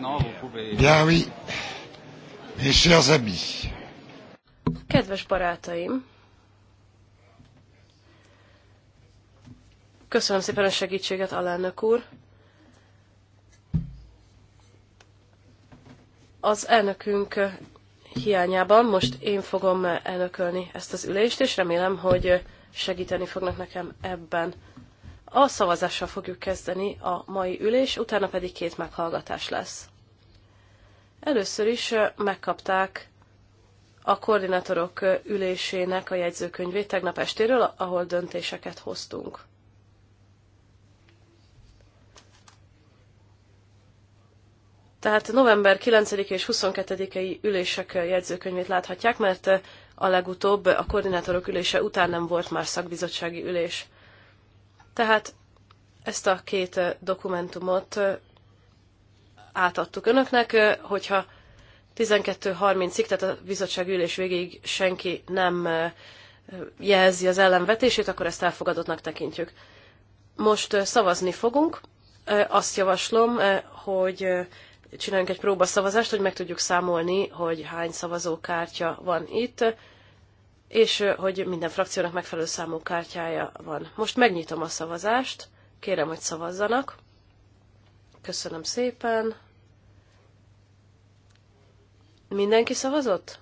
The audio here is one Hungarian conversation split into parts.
maintenant, vous pouvez... Bien oui, mes chers amis. Kedves barátaim, köszönöm szépen a segítséget, alelnök úr. Az elnökünk hiányában most én fogom elnökölni ezt az ülést, és remélem, hogy segíteni fognak nekem ebben. A szavazással fogjuk kezdeni a mai ülés, utána pedig két meghallgatás lesz. Először is megkapták a koordinátorok ülésének a jegyzőkönyvét tegnap estéről, ahol döntéseket hoztunk. Tehát november 9 és 22-i ülések jegyzőkönyvét láthatják, mert a legutóbb a koordinátorok ülése után nem volt már szakbizottsági ülés. Tehát ezt a két dokumentumot átadtuk önöknek, hogyha 12.30-ig, tehát a bizottság ülés végéig senki nem jelzi az ellenvetését, akkor ezt elfogadottnak tekintjük. Most szavazni fogunk. Azt javaslom, hogy csináljunk egy próbaszavazást, hogy meg tudjuk számolni, hogy hány szavazókártya van itt és hogy minden frakciónak megfelelő számú kártyája van. Most megnyitom a szavazást, kérem, hogy szavazzanak. Köszönöm szépen. Mindenki szavazott?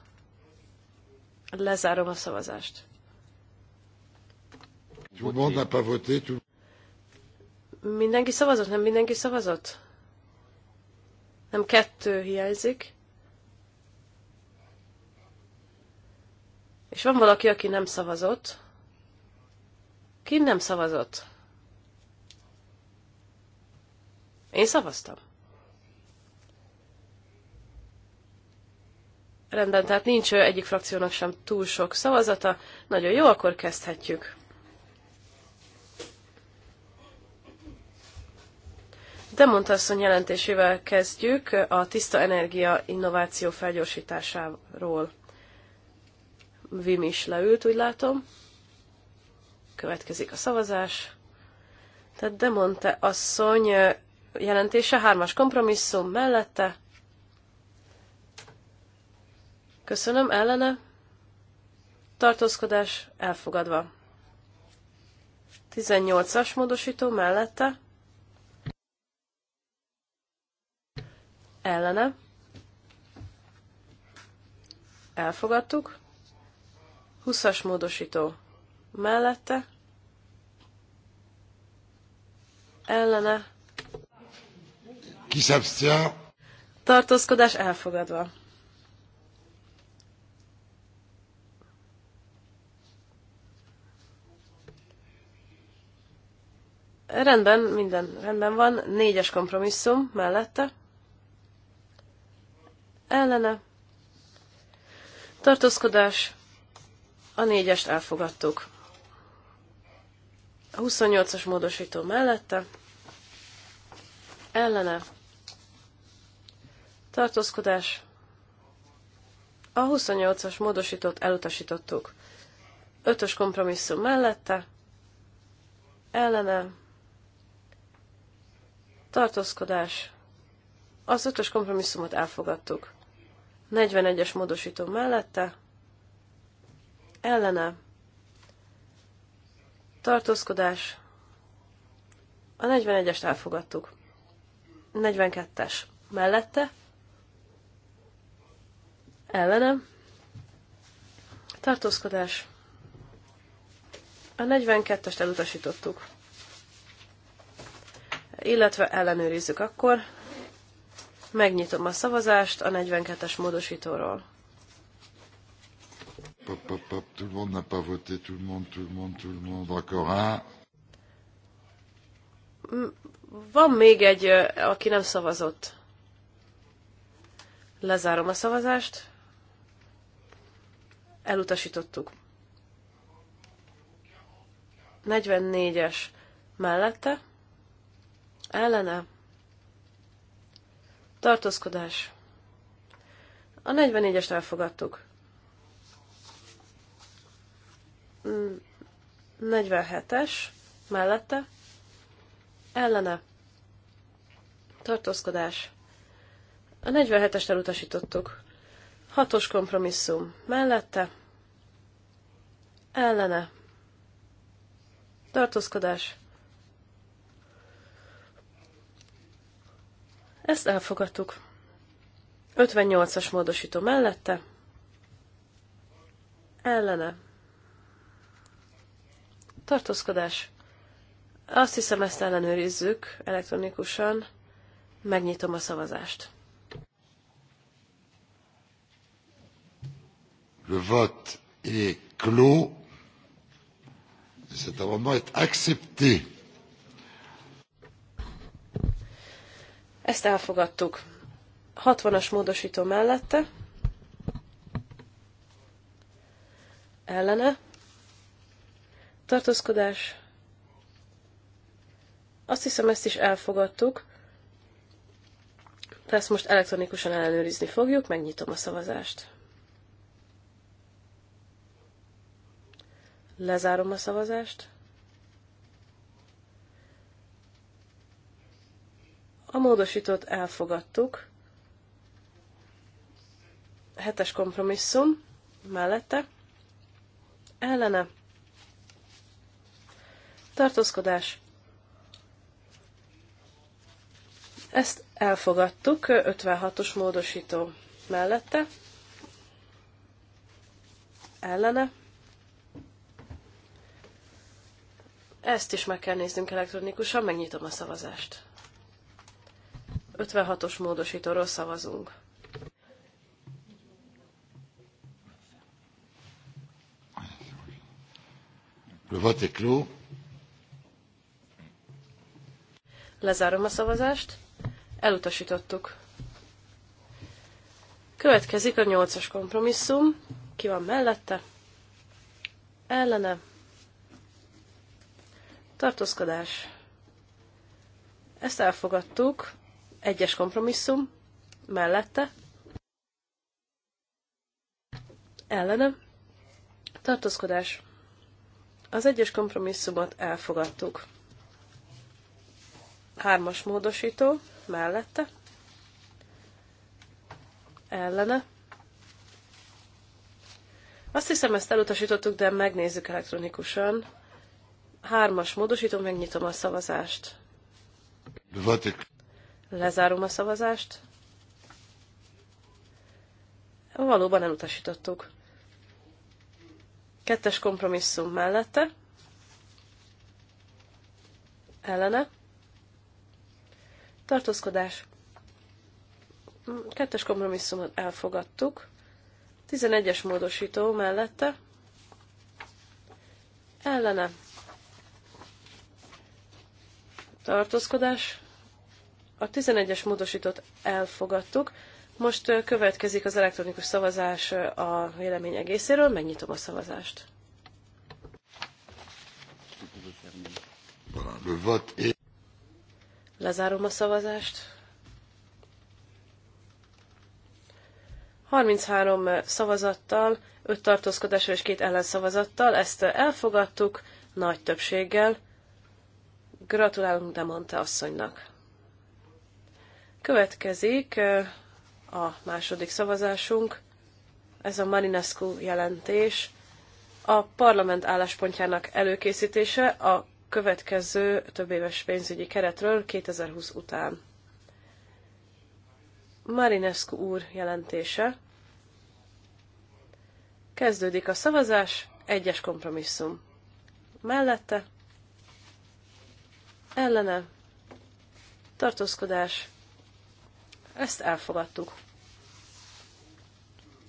Lezárom a szavazást. Mindenki szavazott? Nem mindenki szavazott? Nem kettő hiányzik. És van valaki, aki nem szavazott. Ki nem szavazott? Én szavaztam. Rendben, tehát nincs egyik frakciónak sem túl sok szavazata. Nagyon jó, akkor kezdhetjük. De asszony jelentésével kezdjük a tiszta energia innováció felgyorsításáról. Vim is leült, úgy látom. Következik a szavazás. Tehát Demonte asszony jelentése, hármas kompromisszum mellette. Köszönöm, ellene. Tartózkodás elfogadva. 18-as módosító mellette. Ellene. Elfogadtuk. 20-as módosító mellette, ellene, Kiszabsztia. Tartózkodás elfogadva. Rendben, minden rendben van. Négyes kompromisszum mellette. Ellene. Tartózkodás a négyest elfogadtuk. A 28-as módosító mellette, ellene, tartózkodás, a 28-as módosítót elutasítottuk. Ötös kompromisszum mellette, ellene, tartózkodás, az ötös kompromisszumot elfogadtuk. 41-es módosító mellette, ellene tartózkodás a 41-est elfogadtuk. 42-es mellette ellene tartózkodás a 42-est elutasítottuk. Illetve ellenőrizzük akkor. Megnyitom a szavazást a 42-es módosítóról. Pop, pop, pop, tout le monde n'a pas voté, tout le monde, tout le monde, tout le monde, encore un. Van még egy, aki nem szavazott. Lezárom a szavazást. Elutasítottuk. 44-es mellette. Ellene. Tartózkodás. A 44-est elfogadtuk. 47-es mellette ellene tartózkodás. A 47-est elutasítottuk. Hatos kompromisszum mellette ellene tartózkodás. Ezt elfogadtuk. 58-as módosító mellette ellene Tartózkodás. Azt hiszem, ezt ellenőrizzük elektronikusan. Megnyitom a szavazást. Le vote est clos. Cet amendement est accepté. Ezt elfogadtuk. 60-as módosító mellette. Ellene tartózkodás. Azt hiszem, ezt is elfogadtuk, de ezt most elektronikusan ellenőrizni fogjuk, megnyitom a szavazást. Lezárom a szavazást. A módosítót elfogadtuk. Hetes kompromisszum mellette. Ellene tartózkodás. Ezt elfogadtuk, 56-os módosító mellette, ellene. Ezt is meg kell néznünk elektronikusan, megnyitom a szavazást. 56-os módosítóról szavazunk. Le vote est clos. Lezárom a szavazást. Elutasítottuk. Következik a nyolcas kompromisszum. Ki van mellette? Ellene. Tartózkodás. Ezt elfogadtuk. Egyes kompromisszum. Mellette. Ellene. Tartózkodás. Az egyes kompromisszumot elfogadtuk. Hármas módosító mellette. Ellene. Azt hiszem, ezt elutasítottuk, de megnézzük elektronikusan. Hármas módosító, megnyitom a szavazást. Lezárom a szavazást. Valóban elutasítottuk. Kettes kompromisszum mellette. Ellene tartózkodás. Kettes kompromisszumot elfogadtuk. 11-es módosító mellette, ellene, tartózkodás. A 11-es módosítót elfogadtuk. Most következik az elektronikus szavazás a vélemény egészéről. Megnyitom a szavazást. Lezárom a szavazást. 33 szavazattal, 5 tartózkodással és 2 ellenszavazattal ezt elfogadtuk nagy többséggel. Gratulálunk Demonte asszonynak. Következik eh, a második szavazásunk. Ez a Marinescu jelentés. A parlament álláspontjának előkészítése a következő több éves pénzügyi keretről 2020 után. Marinescu úr jelentése. Kezdődik a szavazás, egyes kompromisszum. Mellette, ellene, tartózkodás, ezt elfogadtuk.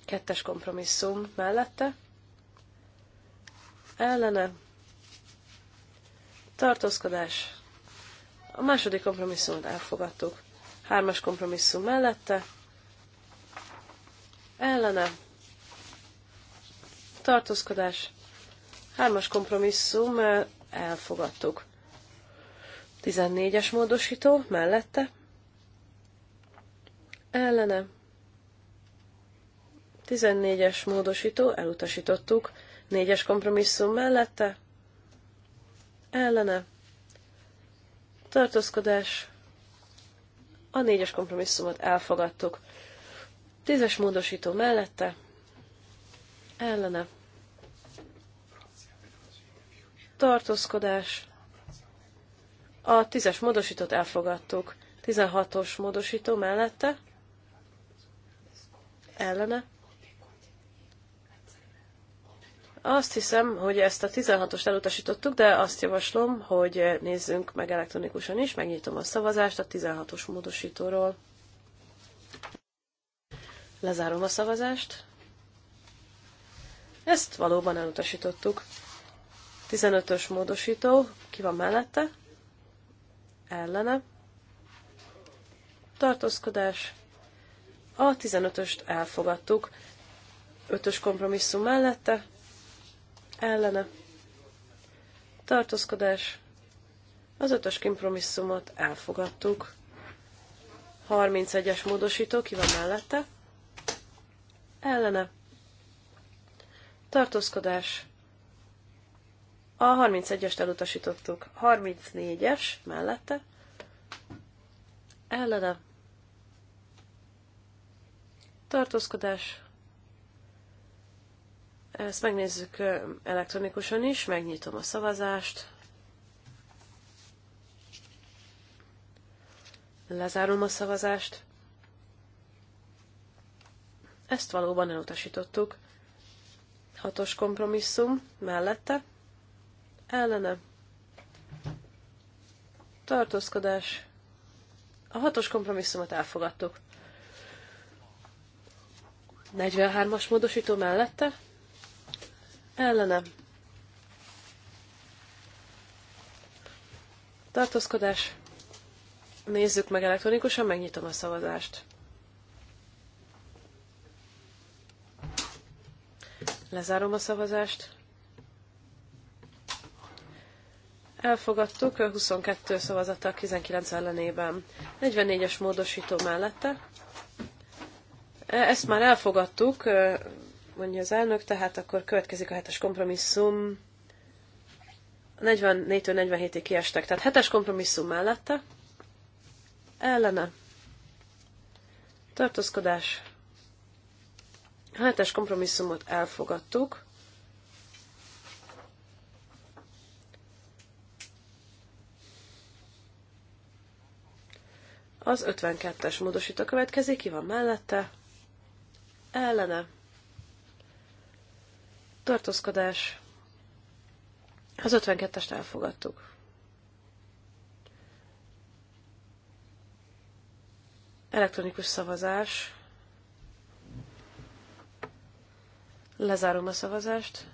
Kettes kompromisszum mellette, ellene, tartózkodás. A második kompromisszumot elfogadtuk. Hármas kompromisszum mellette, ellene, tartózkodás. Hármas kompromisszum eh, elfogadtuk. 14-es módosító mellette, ellene. 14-es módosító elutasítottuk, 4-es kompromisszum mellette, ellene tartózkodás a négyes kompromisszumot elfogadtuk. Tízes módosító mellette ellene tartózkodás a tízes módosítót elfogadtuk. 16-os módosító mellette ellene Azt hiszem, hogy ezt a 16-ost elutasítottuk, de azt javaslom, hogy nézzünk meg elektronikusan is. Megnyitom a szavazást a 16-os módosítóról. Lezárom a szavazást. Ezt valóban elutasítottuk. 15-ös módosító, ki van mellette? Ellene. Tartózkodás. A 15-öst elfogadtuk. 5-ös kompromisszum mellette ellene tartózkodás. Az ötös kompromisszumot elfogadtuk. 31-es módosító, ki van mellette? Ellene. Tartózkodás. A 31-est elutasítottuk. 34-es mellette. Ellene. Tartózkodás. Ezt megnézzük elektronikusan is, megnyitom a szavazást. Lezárom a szavazást. Ezt valóban elutasítottuk. Hatos kompromisszum mellette, ellene, tartózkodás. A hatos kompromisszumot elfogadtuk. 43-as módosító mellette, ellene tartózkodás. Nézzük meg elektronikusan, megnyitom a szavazást. Lezárom a szavazást. Elfogadtuk 22 szavazattal 19 ellenében. 44-es módosító mellette. E, ezt már elfogadtuk, mondja az elnök, tehát akkor következik a hetes kompromisszum. 44 47-ig kiestek, tehát hetes kompromisszum mellette. Ellene. Tartózkodás. A hetes kompromisszumot elfogadtuk. Az 52-es módosító következik, ki van mellette? Ellene tartózkodás. Az 52-est elfogadtuk. Elektronikus szavazás. Lezárom a szavazást.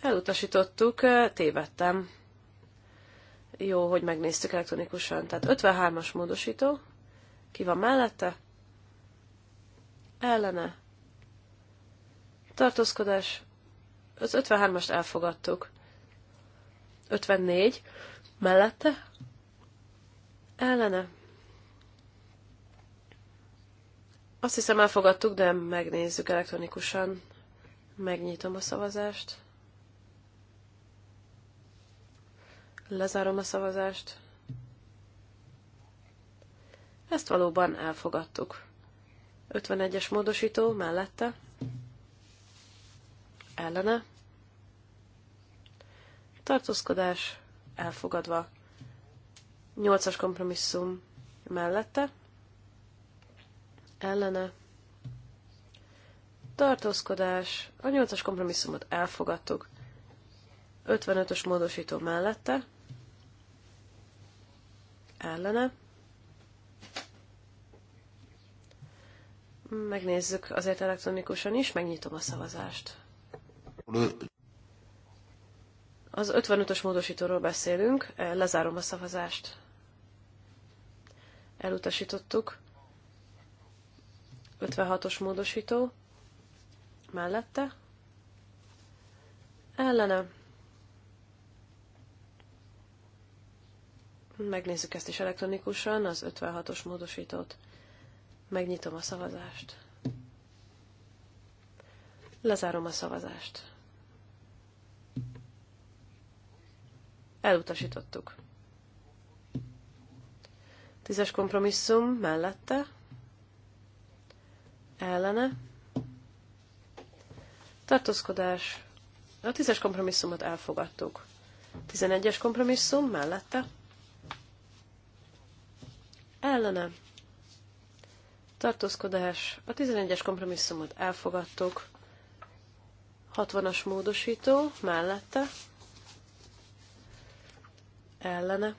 Elutasítottuk, tévedtem. Jó, hogy megnéztük elektronikusan. Tehát 53-as módosító. Ki van mellette? Ellene tartózkodás, az 53-ast elfogadtuk. 54, mellette, ellene. Azt hiszem elfogadtuk, de megnézzük elektronikusan. Megnyitom a szavazást. Lezárom a szavazást. Ezt valóban elfogadtuk. 51-es módosító mellette ellene. Tartózkodás elfogadva. Nyolcas kompromisszum mellette. Ellene. Tartózkodás. A nyolcas kompromisszumot elfogadtuk. 55-ös módosító mellette. Ellene. Megnézzük azért elektronikusan is, megnyitom a szavazást. Az 55-ös módosítóról beszélünk, lezárom a szavazást. Elutasítottuk. 56-os módosító. Mellette. Ellene. Megnézzük ezt is elektronikusan, az 56-os módosítót. Megnyitom a szavazást. Lezárom a szavazást. Elutasítottuk. Tízes kompromisszum mellette. Ellene. Tartózkodás. A tízes kompromisszumot elfogadtuk. Tizenegyes kompromisszum mellette. Ellene. Tartózkodás. A tizenegyes kompromisszumot elfogadtuk. 60-as módosító mellette ellene.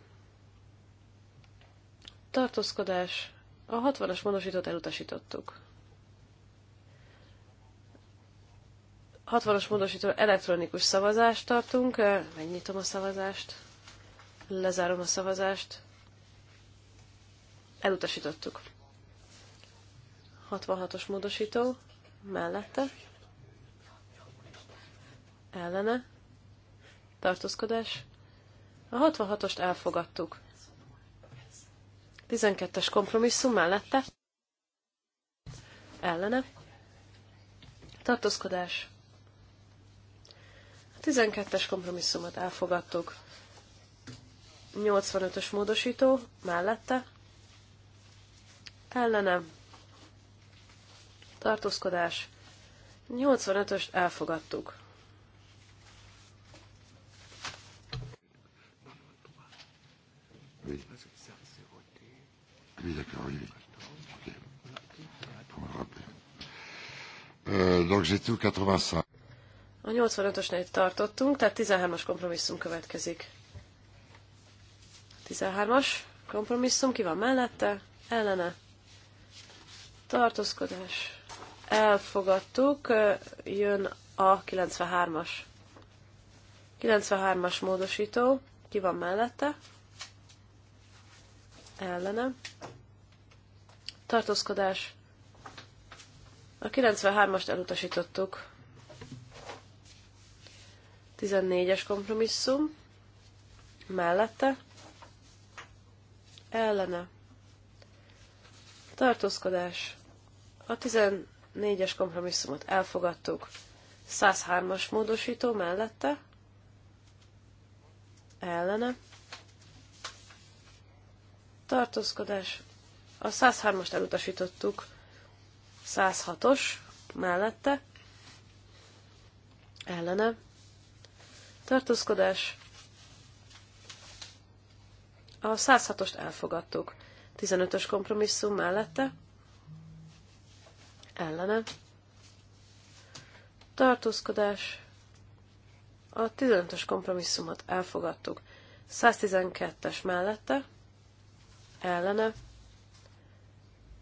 Tartózkodás. A 60-as módosítót elutasítottuk. 60-as módosító elektronikus szavazást tartunk. Megnyitom a szavazást. Lezárom a szavazást. Elutasítottuk. 66-os módosító. Mellette. Ellene. Tartózkodás. A 66-ost elfogadtuk. 12-es kompromisszum mellette. Ellene. Tartózkodás. A 12-es kompromisszumot elfogadtuk. 85-ös módosító mellette. Ellene. Tartózkodás. 85-öst elfogadtuk. A 85-ösnél tartottunk, tehát 13-as kompromisszum következik. 13-as kompromisszum, ki van mellette? Ellene. Tartózkodás. Elfogadtuk, jön a 93-as. 93-as módosító, ki van mellette? ellene. Tartózkodás. A 93-ast elutasítottuk. 14-es kompromisszum. Mellette. Ellene. Tartózkodás. A 14-es kompromisszumot elfogadtuk. 103-as módosító mellette. Ellene tartózkodás. A 103-ast elutasítottuk, 106-os mellette, ellene, tartózkodás. A 106-ost elfogadtuk, 15-ös kompromisszum mellette, ellene, tartózkodás. A 15-ös kompromisszumot elfogadtuk, 112-es mellette, ellene,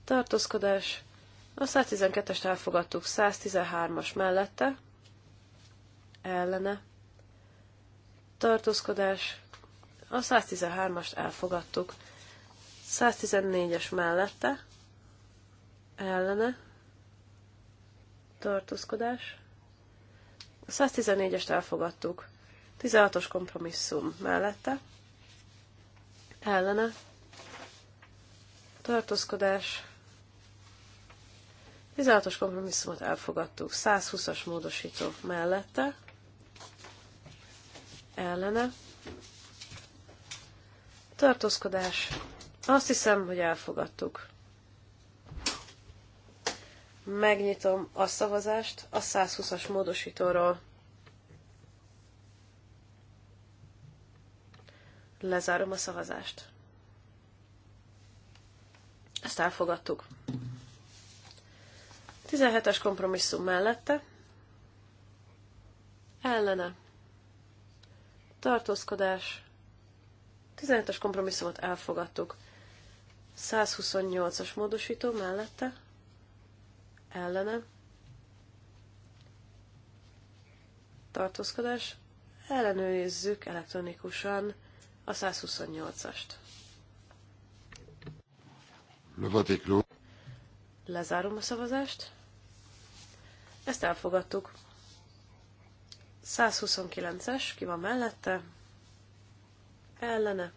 tartózkodás, a 112-est elfogadtuk 113-as mellette, ellene, tartózkodás, a 113-ast elfogadtuk 114-es mellette, ellene, tartózkodás, a 114-est elfogadtuk 16-os kompromisszum mellette, ellene, tartózkodás. 16-os kompromisszumot elfogadtuk. 120-as módosító mellette, ellene, tartózkodás. Azt hiszem, hogy elfogadtuk. Megnyitom a szavazást a 120-as módosítóról. Lezárom a szavazást. Ezt elfogadtuk. 17-es kompromisszum mellette. Ellene. Tartózkodás. 17-es kompromisszumot elfogadtuk. 128-as módosító mellette. Ellene. Tartózkodás. Ellenőrizzük elektronikusan a 128-ast. Lezárom a szavazást. Ezt elfogadtuk. 129-es, ki van mellette? Ellene.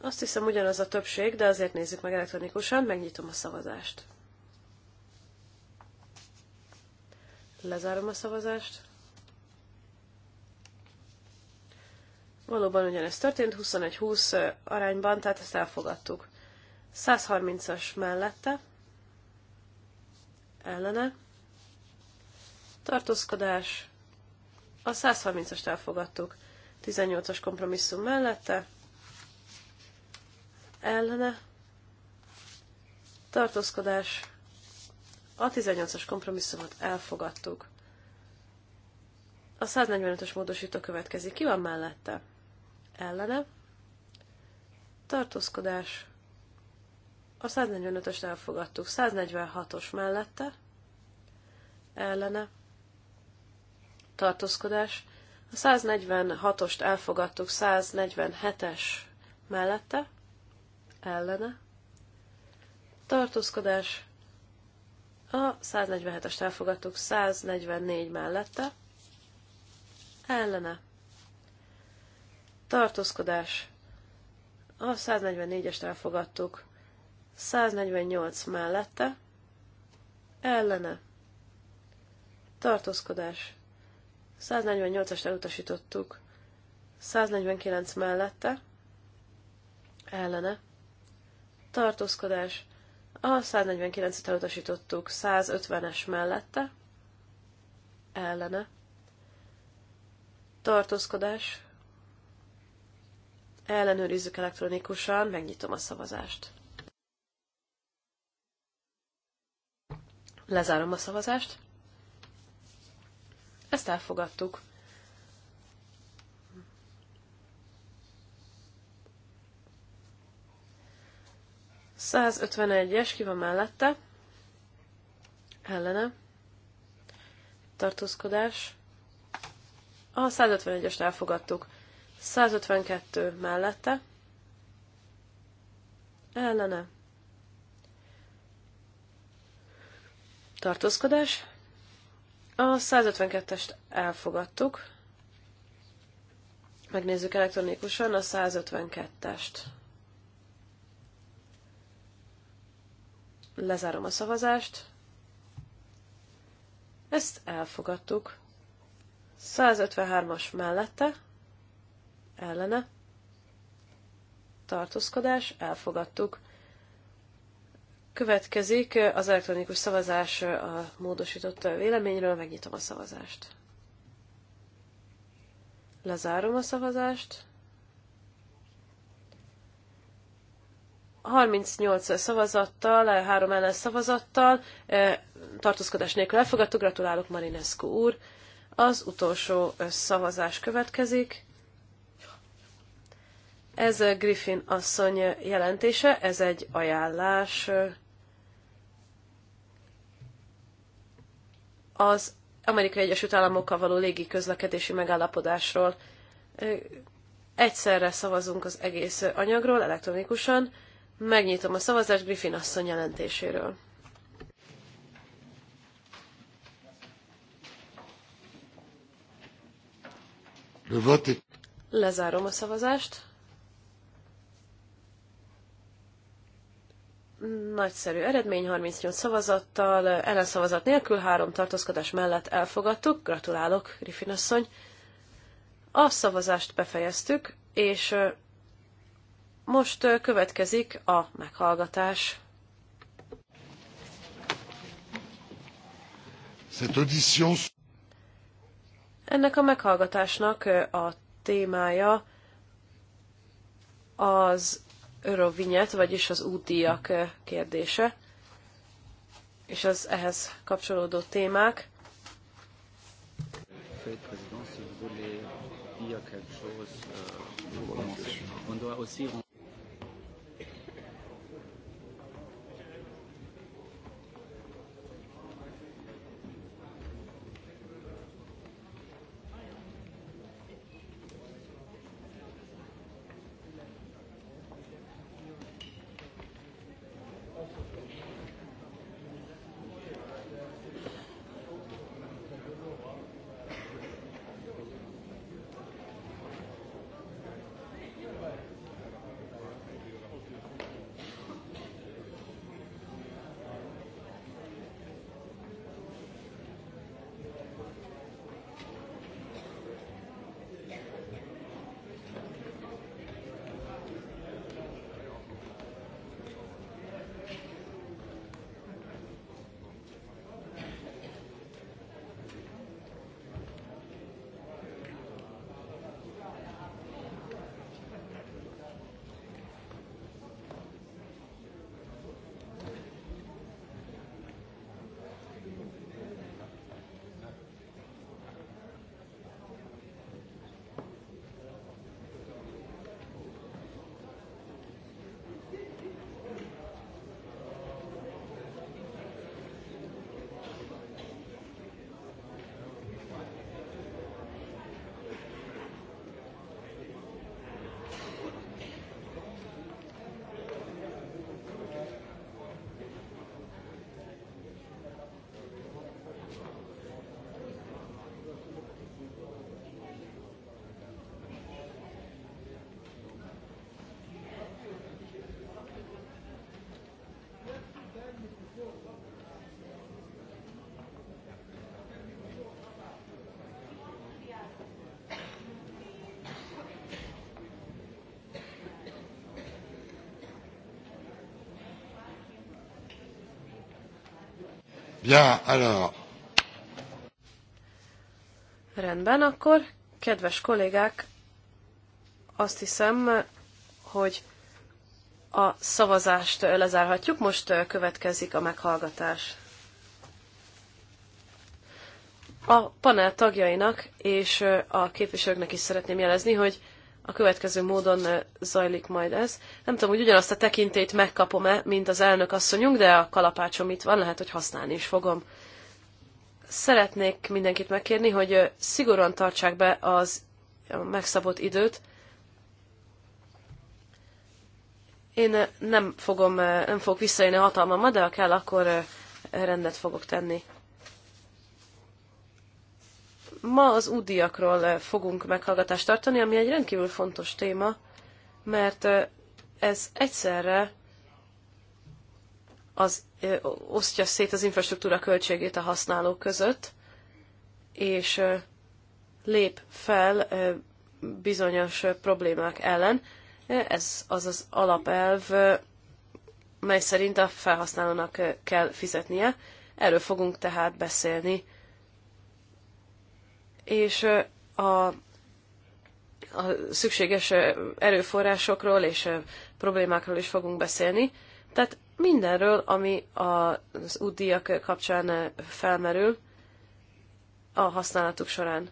Azt hiszem ugyanaz a többség, de azért nézzük meg elektronikusan, megnyitom a szavazást. Lezárom a szavazást. Valóban ugyanez történt, 21-20 arányban, tehát ezt elfogadtuk. 130-as mellette, ellene, tartózkodás, a 130-ast elfogadtuk. 18-as kompromisszum mellette, ellene, tartózkodás, a 18-as kompromisszumot elfogadtuk. A 145-ös módosító következik. Ki van mellette? ellene. Tartózkodás. A 145-öst elfogadtuk. 146-os mellette ellene. Tartózkodás. A 146-ost elfogadtuk. 147-es mellette ellene. Tartózkodás. A 147-est elfogadtuk 144 mellette. Ellene tartózkodás. A 144-est elfogadtuk. 148 mellette, ellene, tartózkodás. 148-est elutasítottuk. 149 mellette, ellene, tartózkodás. A 149-et elutasítottuk 150-es mellette, ellene, tartózkodás, Ellenőrizzük elektronikusan, megnyitom a szavazást. Lezárom a szavazást. Ezt elfogadtuk. es ki van mellette? Ellene. Tartózkodás. A 151-est elfogadtuk. 152 mellette, ellene, tartózkodás. A 152-est elfogadtuk. Megnézzük elektronikusan a 152-est. Lezárom a szavazást. Ezt elfogadtuk. 153-as mellette ellene, tartózkodás, elfogadtuk. Következik az elektronikus szavazás a módosított véleményről, megnyitom a szavazást. Lezárom a szavazást. 38 szavazattal, 3 ellen szavazattal, eh, tartózkodás nélkül elfogadtuk, gratulálok Marinescu úr. Az utolsó eh, szavazás következik. Ez Griffin asszony jelentése, ez egy ajánlás az Amerikai Egyesült Államokkal való légi közlekedési megállapodásról. Egyszerre szavazunk az egész anyagról elektronikusan. Megnyitom a szavazást Griffin asszony jelentéséről. Lezárom a szavazást. Nagyszerű eredmény, 38 szavazattal, ellenszavazat nélkül, három tartózkodás mellett elfogadtuk. Gratulálok, Griffin asszony. A szavazást befejeztük, és most következik a meghallgatás. Ennek a meghallgatásnak a témája az Eurovinyet, vagyis az útdíjak eh, kérdése, és az ehhez kapcsolódó témák. Bien, alors. Rendben, akkor, kedves kollégák, azt hiszem, hogy a szavazást lezárhatjuk, most következik a meghallgatás. A panel tagjainak és a képviselőknek is szeretném jelezni, hogy a következő módon zajlik majd ez. Nem tudom, hogy ugyanazt a tekintét megkapom-e, mint az elnök asszonyunk, de a kalapácsom itt van, lehet, hogy használni is fogom. Szeretnék mindenkit megkérni, hogy szigorúan tartsák be az megszabott időt. Én nem fogom, nem fogok visszajönni a hatalmammal, de ha kell, akkor rendet fogok tenni. Ma az údiakról eh, fogunk meghallgatást tartani, ami egy rendkívül fontos téma, mert eh, ez egyszerre az, eh, osztja szét az infrastruktúra költségét a használók között, és lép fel bizonyos problémák ellen. Ez az az alapelv, mely szerint a felhasználónak kell fizetnie. Erről fogunk tehát beszélni és a a szükséges erőforrásokról és problémákról is fogunk beszélni. Tehát mindenről, ami az útdíjak kapcsán felmerül a használatuk során.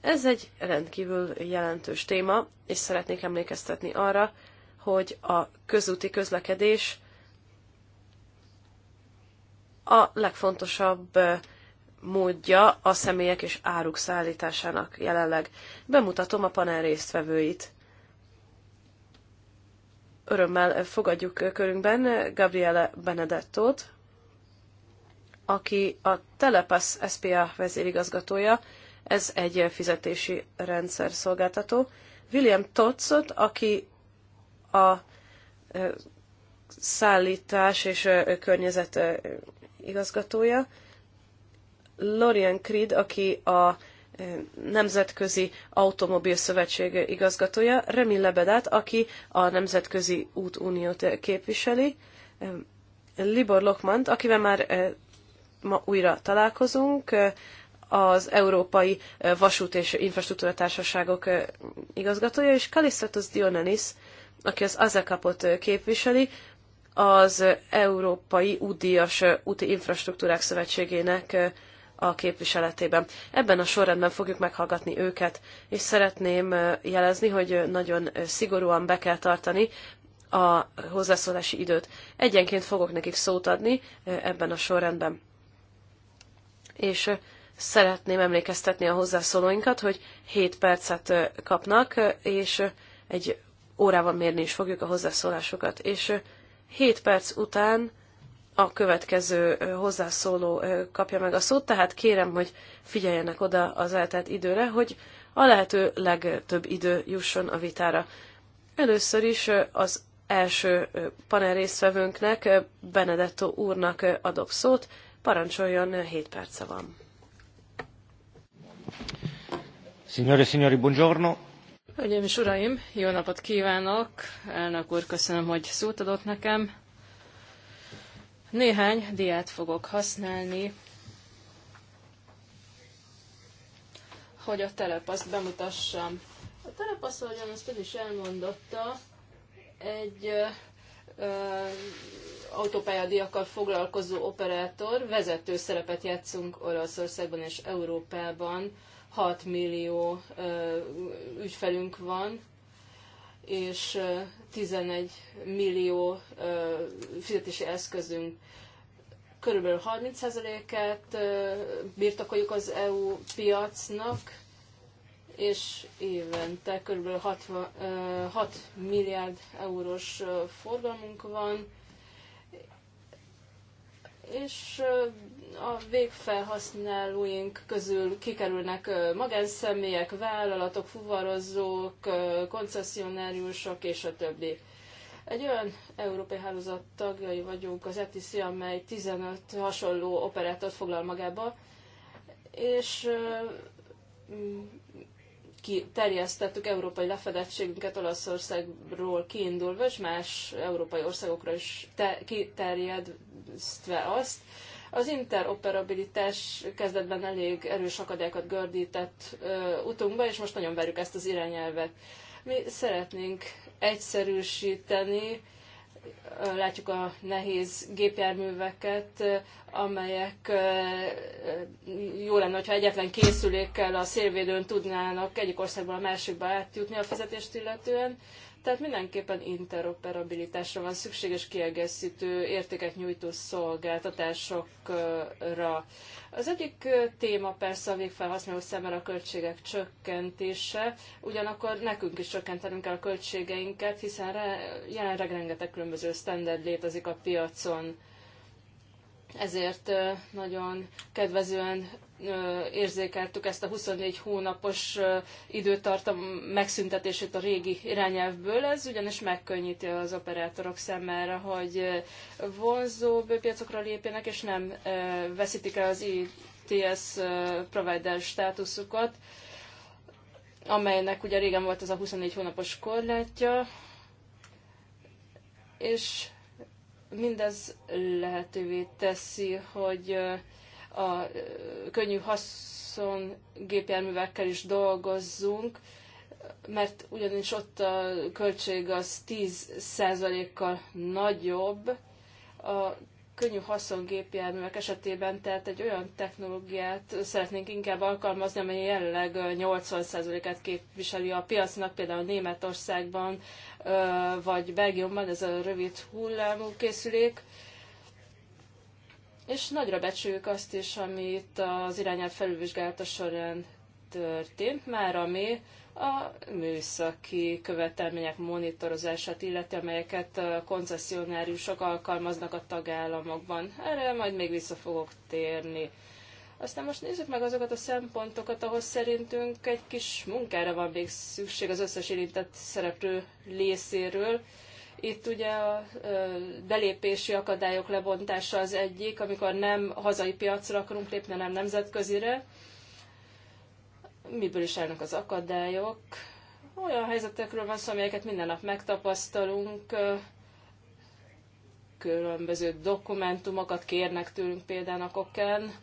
Ez egy rendkívül jelentős téma, és szeretnék emlékeztetni arra, hogy a közúti közlekedés a legfontosabb módja a személyek és áruk szállításának jelenleg. Bemutatom a panel résztvevőit. Örömmel fogadjuk körünkben Gabriele Benedettót, aki a Telepass SPA vezérigazgatója, ez egy fizetési rendszer szolgáltató, William Totsot, aki a szállítás és környezet igazgatója, Lorien Creed, aki a eh, Nemzetközi Automobil Szövetség igazgatója, Remi Lebedát, aki a Nemzetközi Útuniót képviseli, eh, Libor Lokmant, akivel már eh, ma újra találkozunk, az Európai Vasút és Infrastruktúra Társaságok igazgatója, és Kalisztratos Dionanis, aki az azekapot ot képviseli, az Európai Útdíjas Úti Infrastruktúrák Szövetségének a képviseletében. Ebben a sorrendben fogjuk meghallgatni őket, és szeretném jelezni, hogy nagyon szigorúan be kell tartani a hozzászólási időt. Egyenként fogok nekik szót adni ebben a sorrendben. És szeretném emlékeztetni a hozzászólóinkat, hogy 7 percet kapnak, és egy órában mérni is fogjuk a hozzászólásokat. És 7 perc után a következő hozzászóló kapja meg a szót, tehát kérem, hogy figyeljenek oda az eltelt időre, hogy a lehető legtöbb idő jusson a vitára. Először is az első panel résztvevőnknek, Benedetto úrnak adok szót, parancsoljon, 7 perce van. Signore, e signori, buongiorno. Hölgyeim és uraim, jó napot kívánok! Elnök úr, köszönöm, hogy szót adott nekem. Néhány diát fogok használni, hogy a telepaszt bemutassam. A telepasz, ahogyan azt is elmondotta, egy autópályadiakkal foglalkozó operátor, vezető szerepet játszunk Oroszországban és Európában. 6 millió ö, ügyfelünk van, és 11 millió fizetési eszközünk körülbelül 30%-et birtokoljuk az EU piacnak, és évente körülbelül 60, 6 milliárd eurós forgalmunk van, és a végfelhasználóink közül kikerülnek magánszemélyek, vállalatok, fuvarozók, koncessionáriusok és a többi. Egy olyan európai hálózat tagjai vagyunk, az ETC, amely 15 hasonló operátort foglal magába, és kiterjesztettük európai lefedettségünket Olaszországról kiindulva, és más európai országokra is te- kiterjesztve azt, az interoperabilitás kezdetben elég erős akadályokat gördített utunkba, és most nagyon verjük ezt az irányelvet. Mi szeretnénk egyszerűsíteni, látjuk a nehéz gépjárműveket, amelyek jó lenne, hogyha egyetlen készülékkel a szélvédőn tudnának egyik országból a másikba átjutni a fizetést illetően. Tehát mindenképpen interoperabilitásra van szükséges kiegészítő értéket nyújtó szolgáltatásokra. Az egyik téma persze a végfelhasználó számára a költségek csökkentése, ugyanakkor nekünk is csökkentenünk kell a költségeinket, hiszen jelenleg rengeteg különböző standard létezik a piacon ezért nagyon kedvezően érzékeltük ezt a 24 hónapos időtartam megszüntetését a régi irányelvből. Ez ugyanis megkönnyíti az operátorok számára, hogy vonzó piacokra lépjenek, és nem veszítik el az ITS provider státuszukat, amelynek ugye régen volt ez a 24 hónapos korlátja, és mindez lehetővé teszi, hogy a könnyű haszon gépjárművekkel is dolgozzunk, mert ugyanis ott a költség az 10%-kal nagyobb, a könnyű haszongépjárművek esetében, tehát egy olyan technológiát szeretnénk inkább alkalmazni, amely jelenleg 80%-át képviseli a piacnak, például Németországban vagy Belgiumban ez a rövid hullámú készülék. És nagyra becsüljük azt is, amit az irányát felülvizsgálata során történt, már ami a műszaki követelmények monitorozását illeti, amelyeket a koncessionáriusok alkalmaznak a tagállamokban. Erre majd még vissza fogok térni. Aztán most nézzük meg azokat a szempontokat, ahol szerintünk egy kis munkára van még szükség az összes érintett szereplő részéről. Itt ugye a belépési akadályok lebontása az egyik, amikor nem hazai piacra akarunk lépni, hanem nemzetközire miből is állnak az akadályok. Olyan helyzetekről van szó, amelyeket minden nap megtapasztalunk, különböző dokumentumokat kérnek tőlünk például a okán.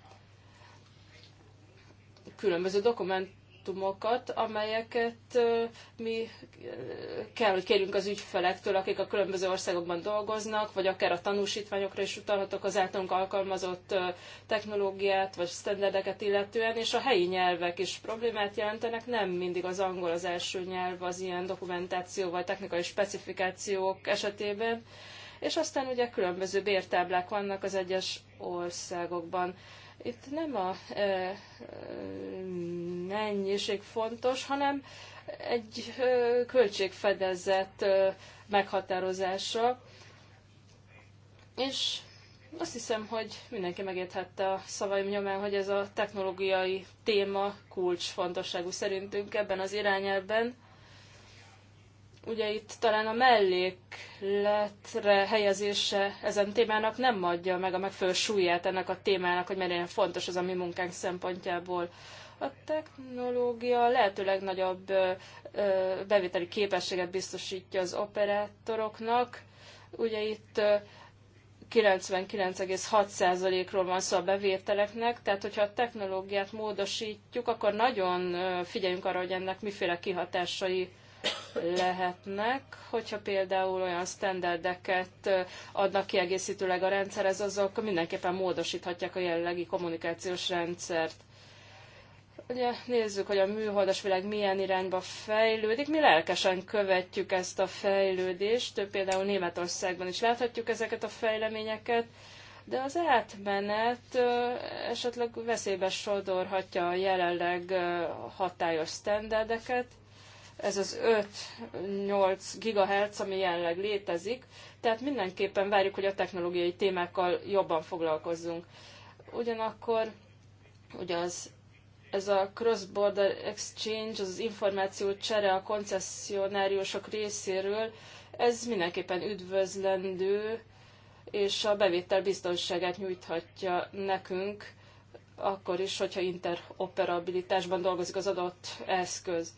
Különböző dokumentumokat dokumentumokat, amelyeket mi kell, hogy kérjünk az ügyfelektől, akik a különböző országokban dolgoznak, vagy akár a tanúsítványokra is utalhatok az általunk alkalmazott technológiát, vagy standardeket illetően, és a helyi nyelvek is problémát jelentenek, nem mindig az angol az első nyelv az ilyen dokumentáció, vagy technikai specifikációk esetében, és aztán ugye különböző bértáblák vannak az egyes országokban. Itt nem a e, mennyiség fontos, hanem egy e, költségfedezet e, meghatározása. És azt hiszem, hogy mindenki megérthette a szavaim nyomán, hogy ez a technológiai téma kulcsfontosságú szerintünk ebben az irányelben ugye itt talán a mellékletre helyezése ezen témának nem adja meg a megfelelő súlyát ennek a témának, hogy mennyire fontos az a mi munkánk szempontjából. A technológia lehetőleg nagyobb bevételi képességet biztosítja az operátoroknak. Ugye itt 99,6%-ról van szó a bevételeknek, tehát hogyha a technológiát módosítjuk, akkor nagyon figyeljünk arra, hogy ennek miféle kihatásai lehetnek, hogyha például olyan standardeket adnak kiegészítőleg a rendszerhez, azok mindenképpen módosíthatják a jelenlegi kommunikációs rendszert. Ugye nézzük, hogy a műholdas világ milyen irányba fejlődik. Mi lelkesen követjük ezt a fejlődést, például Németországban is láthatjuk ezeket a fejleményeket, de az átmenet esetleg veszélybe sodorhatja a jelenleg hatályos standardeket ez az 5-8 GHz, ami jelenleg létezik, tehát mindenképpen várjuk, hogy a technológiai témákkal jobban foglalkozzunk. Ugyanakkor ugye az, ez a cross-border exchange, az, az információ csere a koncessionáriusok részéről, ez mindenképpen üdvözlendő, és a bevétel biztonságát nyújthatja nekünk, akkor is, hogyha interoperabilitásban dolgozik az adott eszköz.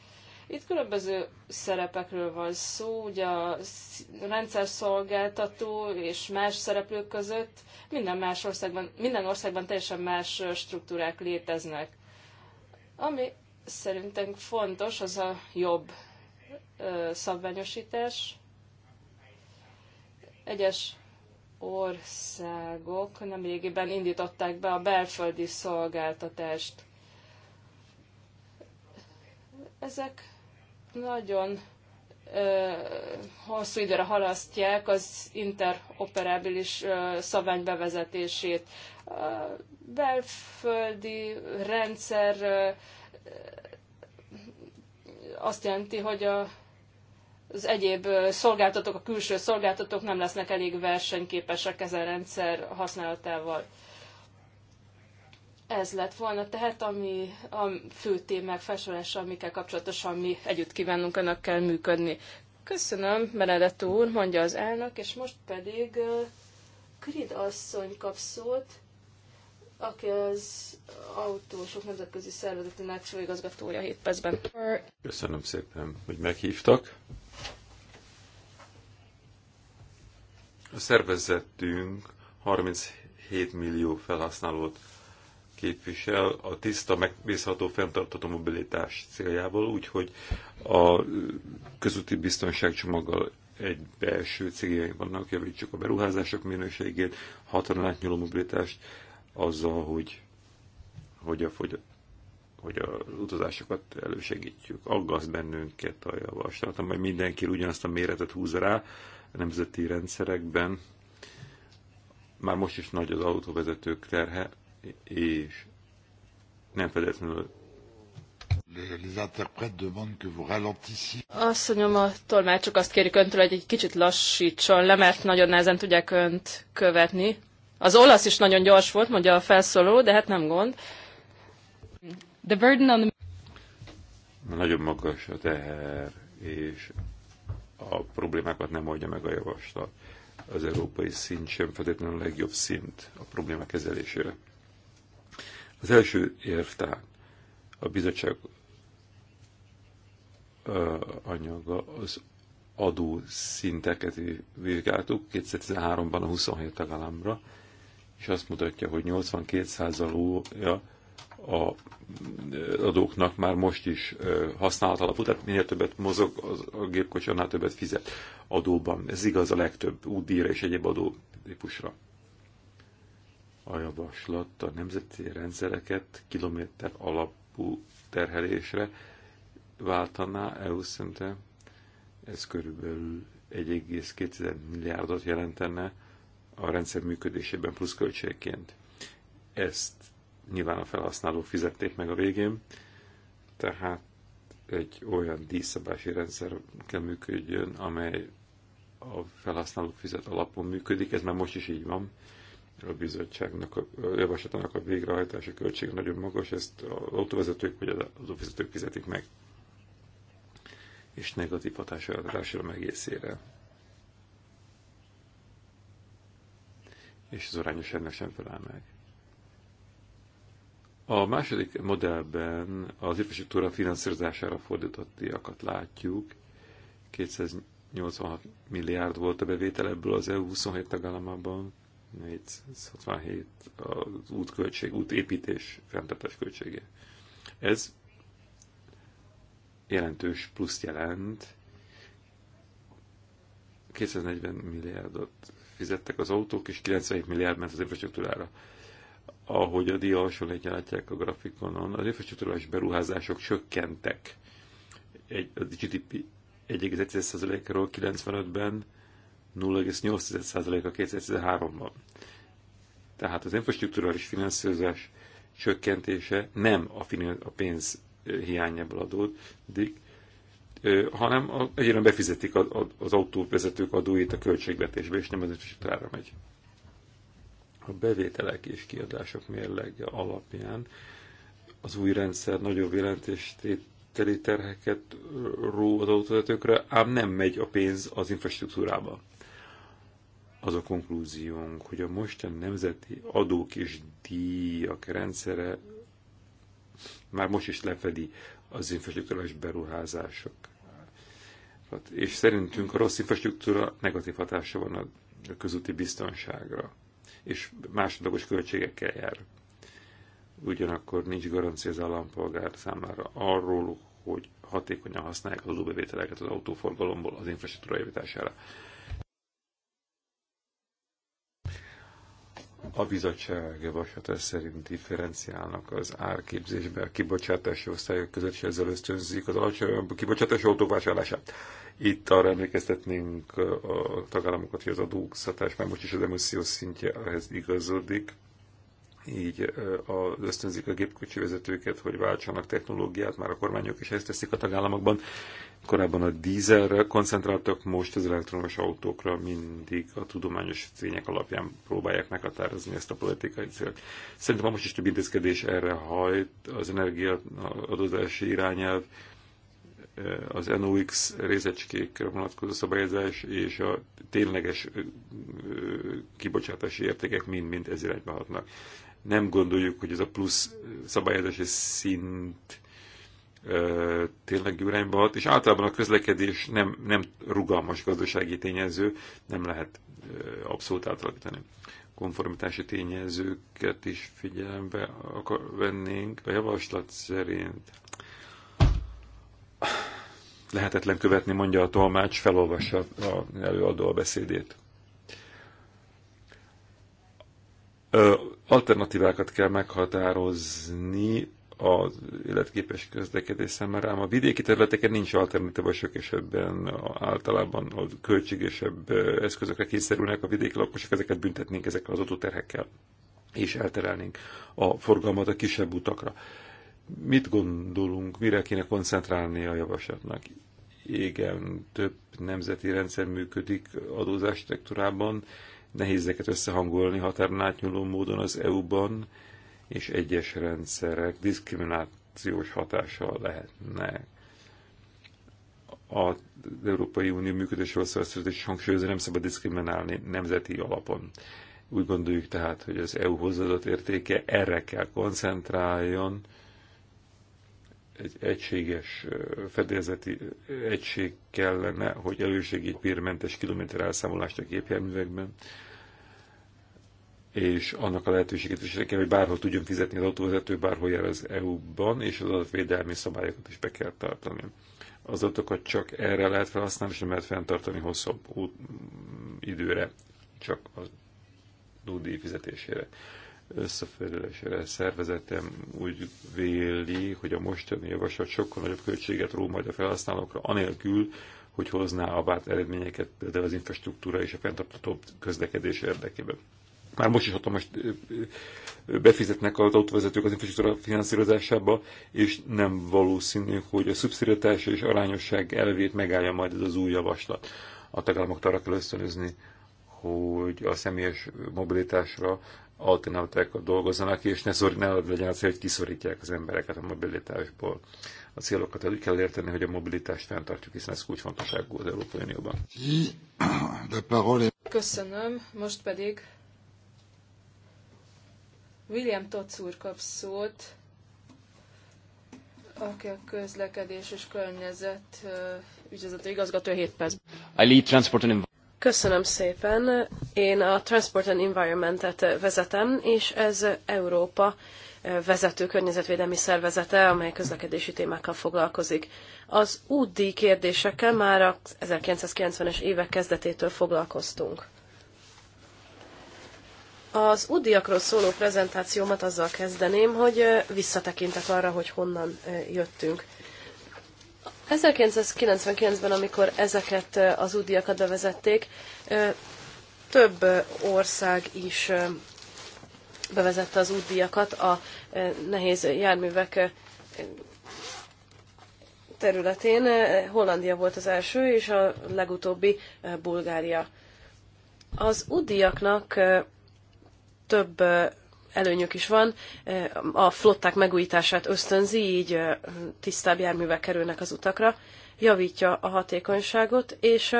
Itt különböző szerepekről van szó, ugye a szolgáltató és más szereplők között minden, más országban, minden országban teljesen más struktúrák léteznek. Ami szerintem fontos, az a jobb szabványosítás. Egyes országok nemrégiben indították be a belföldi szolgáltatást. Ezek nagyon ö, hosszú időre halasztják az interoperábilis szabvány bevezetését. A belföldi rendszer ö, azt jelenti, hogy a az egyéb szolgáltatók, a külső szolgáltatók nem lesznek elég versenyképesek ezen rendszer használatával. Ez lett volna tehát ami a fő témák felsorolása, amikkel kapcsolatosan mi együtt kívánunk önökkel működni. Köszönöm, Benedett úr, mondja az elnök, és most pedig uh, Krid asszony kap szót, aki az autósok nemzetközi szervezetének főigazgatója 7 percben. Köszönöm szépen, hogy meghívtak. A szervezetünk 37 millió felhasználót képvisel a tiszta, megbízható, fenntartható mobilitás céljából, úgyhogy a közúti biztonságcsomaggal egy belső céljai vannak, javítsuk a beruházások minőségét, határon átnyúló mobilitást azzal, hogy, hogy a fogy hogy az utazásokat elősegítjük. Aggaszt bennünket a javaslat, amely mindenki ugyanazt a méretet húz rá a nemzeti rendszerekben, már most is nagy az autóvezetők terhe, és nem feltétlenül Asszonyom, a tolmácsok azt kérik öntől, hogy egy kicsit lassítson le, mert nagyon nehezen tudják önt követni. Az olasz is nagyon gyors volt, mondja a felszóló, de hát nem gond. The burden on the... Nagyon magas a teher, és a problémákat nem oldja meg a javaslat. Az európai szint sem feltétlenül a legjobb szint a probléma kezelésére. Az első tehát a bizottság anyaga az adó szinteket vizsgáltuk 2013-ban a 27 tagállamra, és azt mutatja, hogy 82 ja a adóknak már most is használat alapú, tehát minél többet mozog az, a gépkocsi, annál többet fizet adóban. Ez igaz a legtöbb útdíjra és egyéb adó típusra a javaslat a nemzeti rendszereket kilométer alapú terhelésre váltaná EU szinte. Ez körülbelül 1,2 milliárdot jelentene a rendszer működésében pluszköltségként. Ezt nyilván a felhasználók fizették meg a végén, tehát egy olyan díszabási rendszer kell működjön, amely a felhasználók fizet alapon működik, ez már most is így van, a bizottságnak, a javaslatának a végrehajtási költsége nagyon magas, ezt az autóvezetők vagy az autóvezetők fizetik meg, és negatív hatása a társadalom egészére. És az arányos ennek sem felel meg. A második modellben az infrastruktúra finanszírozására fordítottiakat látjuk. 286 milliárd volt a bevétel ebből az EU 27 tagállamában, 467 az útköltség, útépítés fenntartás költsége. Ez jelentős plusz jelent. 240 milliárdot fizettek az autók, és 97 milliárd ment az infrastruktúrára. Ahogy a dia hasonlítja látják a grafikonon, az infrastruktúrális beruházások csökkentek. Egy, a GDP 1,1%-ról 95-ben 0,8%-a 2013-ban. Tehát az infrastruktúrális finanszírozás csökkentése nem a, a pénz hiányából adódik, hanem egyébként befizetik a, az autóvezetők adóit a költségvetésbe, és nem az infrastruktúrára megy. A bevételek és kiadások mérlegje alapján az új rendszer nagyobb jelentéstételi terheket ró az autóvezetőkre, ám nem megy a pénz az infrastruktúrába az a konklúziónk, hogy a mostani nemzeti adók és díjak rendszere már most is lefedi az infrastruktúrás beruházások. Hát, és szerintünk a rossz infrastruktúra negatív hatása van a közúti biztonságra, és másodlagos költségekkel jár. Ugyanakkor nincs garancia az állampolgár számára arról, hogy hatékonyan használják az adóbevételeket az autóforgalomból az infrastruktúra javítására. a bizottság javaslata szerint differenciálnak az árképzésben a kibocsátási osztályok között, és ezzel ösztönzik az alacsonyabb kibocsátási autóvásárlását. Itt arra emlékeztetnénk a tagállamokat, hogy az adóztatás már most is az emissziós szintje ehhez igazodik, így az ösztönzik a gépkocsi vezetőket, hogy váltsanak technológiát, már a kormányok is ezt teszik a tagállamokban. Korábban a dízelre koncentráltak, most az elektromos autókra mindig a tudományos tények alapján próbálják meghatározni ezt a politikai célt. Szerintem most is több intézkedés erre hajt, az energia adózási irányelv, az NOx részecskékre vonatkozó szabályozás és a tényleges kibocsátási értékek mind-mind ez irányba hatnak nem gondoljuk, hogy ez a plusz szabályozási szint ö, tényleg jó irányba hat, és általában a közlekedés nem, nem rugalmas gazdasági tényező, nem lehet abszolút átalakítani. Konformitási tényezőket is figyelembe akar, vennénk. A javaslat szerint lehetetlen követni, mondja a tolmács, felolvassa a előadó a beszédét. Alternatívákat kell meghatározni az életképes közlekedés számára, ám a vidéki területeken nincs alternatíva sok esetben, általában a költségesebb eszközökre kényszerülnek a vidéki lakosok, ezeket büntetnénk ezekkel az autóterhekkel, és elterelnénk a forgalmat a kisebb utakra. Mit gondolunk, mire kéne koncentrálni a javaslatnak? Igen, több nemzeti rendszer működik adózás struktúrában, Nehéz ezeket összehangolni határon átnyúló módon az EU-ban, és egyes rendszerek diszkriminációs hatással lehetne. Az Európai Unió működésével szerződés hangsúlyozó nem szabad diszkriminálni nemzeti alapon. Úgy gondoljuk tehát, hogy az EU hozzáadott értéke erre kell koncentráljon, egy egységes fedélzeti egység kellene, hogy elősegít pérmentes kilométer elszámolást a gépjárművekben, és annak a lehetőséget is kell, hogy bárhol tudjon fizetni az autóvezető, bárhol jár az EU-ban, és az adatvédelmi szabályokat is be kell tartani. Az adatokat csak erre lehet felhasználni, és nem lehet fenntartani hosszabb út, időre, csak a dúdi fizetésére összeférülésére szervezetem úgy véli, hogy a mostani javaslat sokkal nagyobb költséget ró majd a felhasználókra, anélkül, hogy hozná a várt eredményeket, de az infrastruktúra és a fenntartható közlekedés érdekében már most is hatalmas befizetnek az autóvezetők az infrastruktúra finanszírozásába, és nem valószínű, hogy a szubszidiatása és arányosság elvét megállja majd ez az új javaslat. A tagállamok arra kell ösztönözni, hogy a személyes mobilitásra alternatívákat dolgozzanak, és ne, szor, ne legyen az, hogy kiszorítják az embereket a mobilitásból. A célokat úgy kell érteni, hogy a mobilitást fenntartjuk, hiszen ez kulcsfontosságú az Európai Unióban. Köszönöm, most pedig William Totz úr kap szót, aki a közlekedés és környezet ügyvezető igazgatója 7 percben. I lead transport and Köszönöm szépen. Én a Transport and Environment-et vezetem, és ez Európa vezető környezetvédelmi szervezete, amely közlekedési témákkal foglalkozik. Az útdíj kérdésekkel már a 1990-es évek kezdetétől foglalkoztunk. Az UDIakról szóló prezentációmat azzal kezdeném, hogy visszatekintek arra, hogy honnan jöttünk. 1999-ben, amikor ezeket az údiakat bevezették, több ország is bevezette az útdíjakat a nehéz járművek területén. Hollandia volt az első, és a legutóbbi Bulgária. Az útdíjaknak több előnyök is van. A flották megújítását ösztönzi, így tisztább járművek kerülnek az utakra, javítja a hatékonyságot, és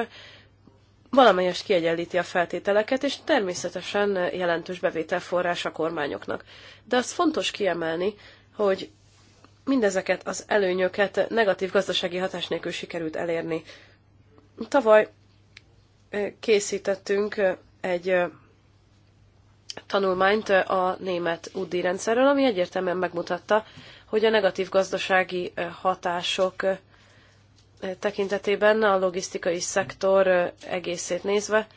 valamelyest kiegyenlíti a feltételeket, és természetesen jelentős bevételforrás a kormányoknak. De az fontos kiemelni, hogy mindezeket az előnyöket negatív gazdasági hatás nélkül sikerült elérni. Tavaly készítettünk egy tanulmányt a német UDI rendszerről, ami egyértelműen megmutatta, hogy a negatív gazdasági hatások tekintetében a logisztikai szektor egészét nézve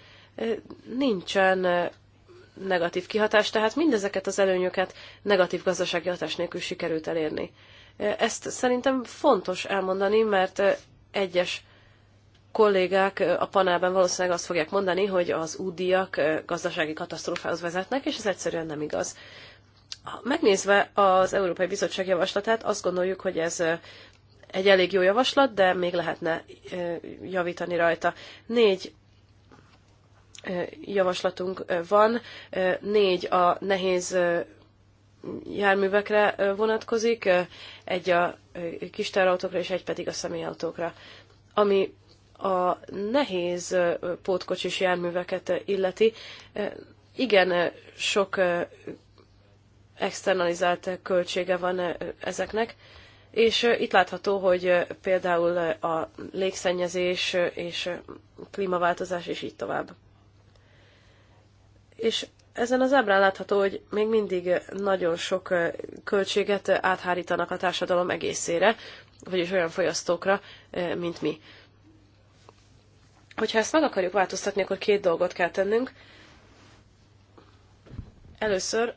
nincsen negatív kihatás, tehát mindezeket az előnyöket negatív gazdasági hatás nélkül sikerült elérni. Ezt szerintem fontos elmondani, mert egyes kollégák a panelben valószínűleg azt fogják mondani, hogy az útdíjak gazdasági katasztrófához vezetnek, és ez egyszerűen nem igaz. Megnézve az Európai Bizottság javaslatát, azt gondoljuk, hogy ez egy elég jó javaslat, de még lehetne javítani rajta. Négy javaslatunk van, négy a nehéz járművekre vonatkozik, egy a kis és egy pedig a személyautókra. Ami a nehéz pótkocsis járműveket illeti, igen sok externalizált költsége van ezeknek, és itt látható, hogy például a légszennyezés és klímaváltozás és így tovább. És ezen az ábrán látható, hogy még mindig nagyon sok költséget áthárítanak a társadalom egészére, vagyis olyan fogyasztókra, mint mi. Hogyha ezt meg akarjuk változtatni, akkor két dolgot kell tennünk. Először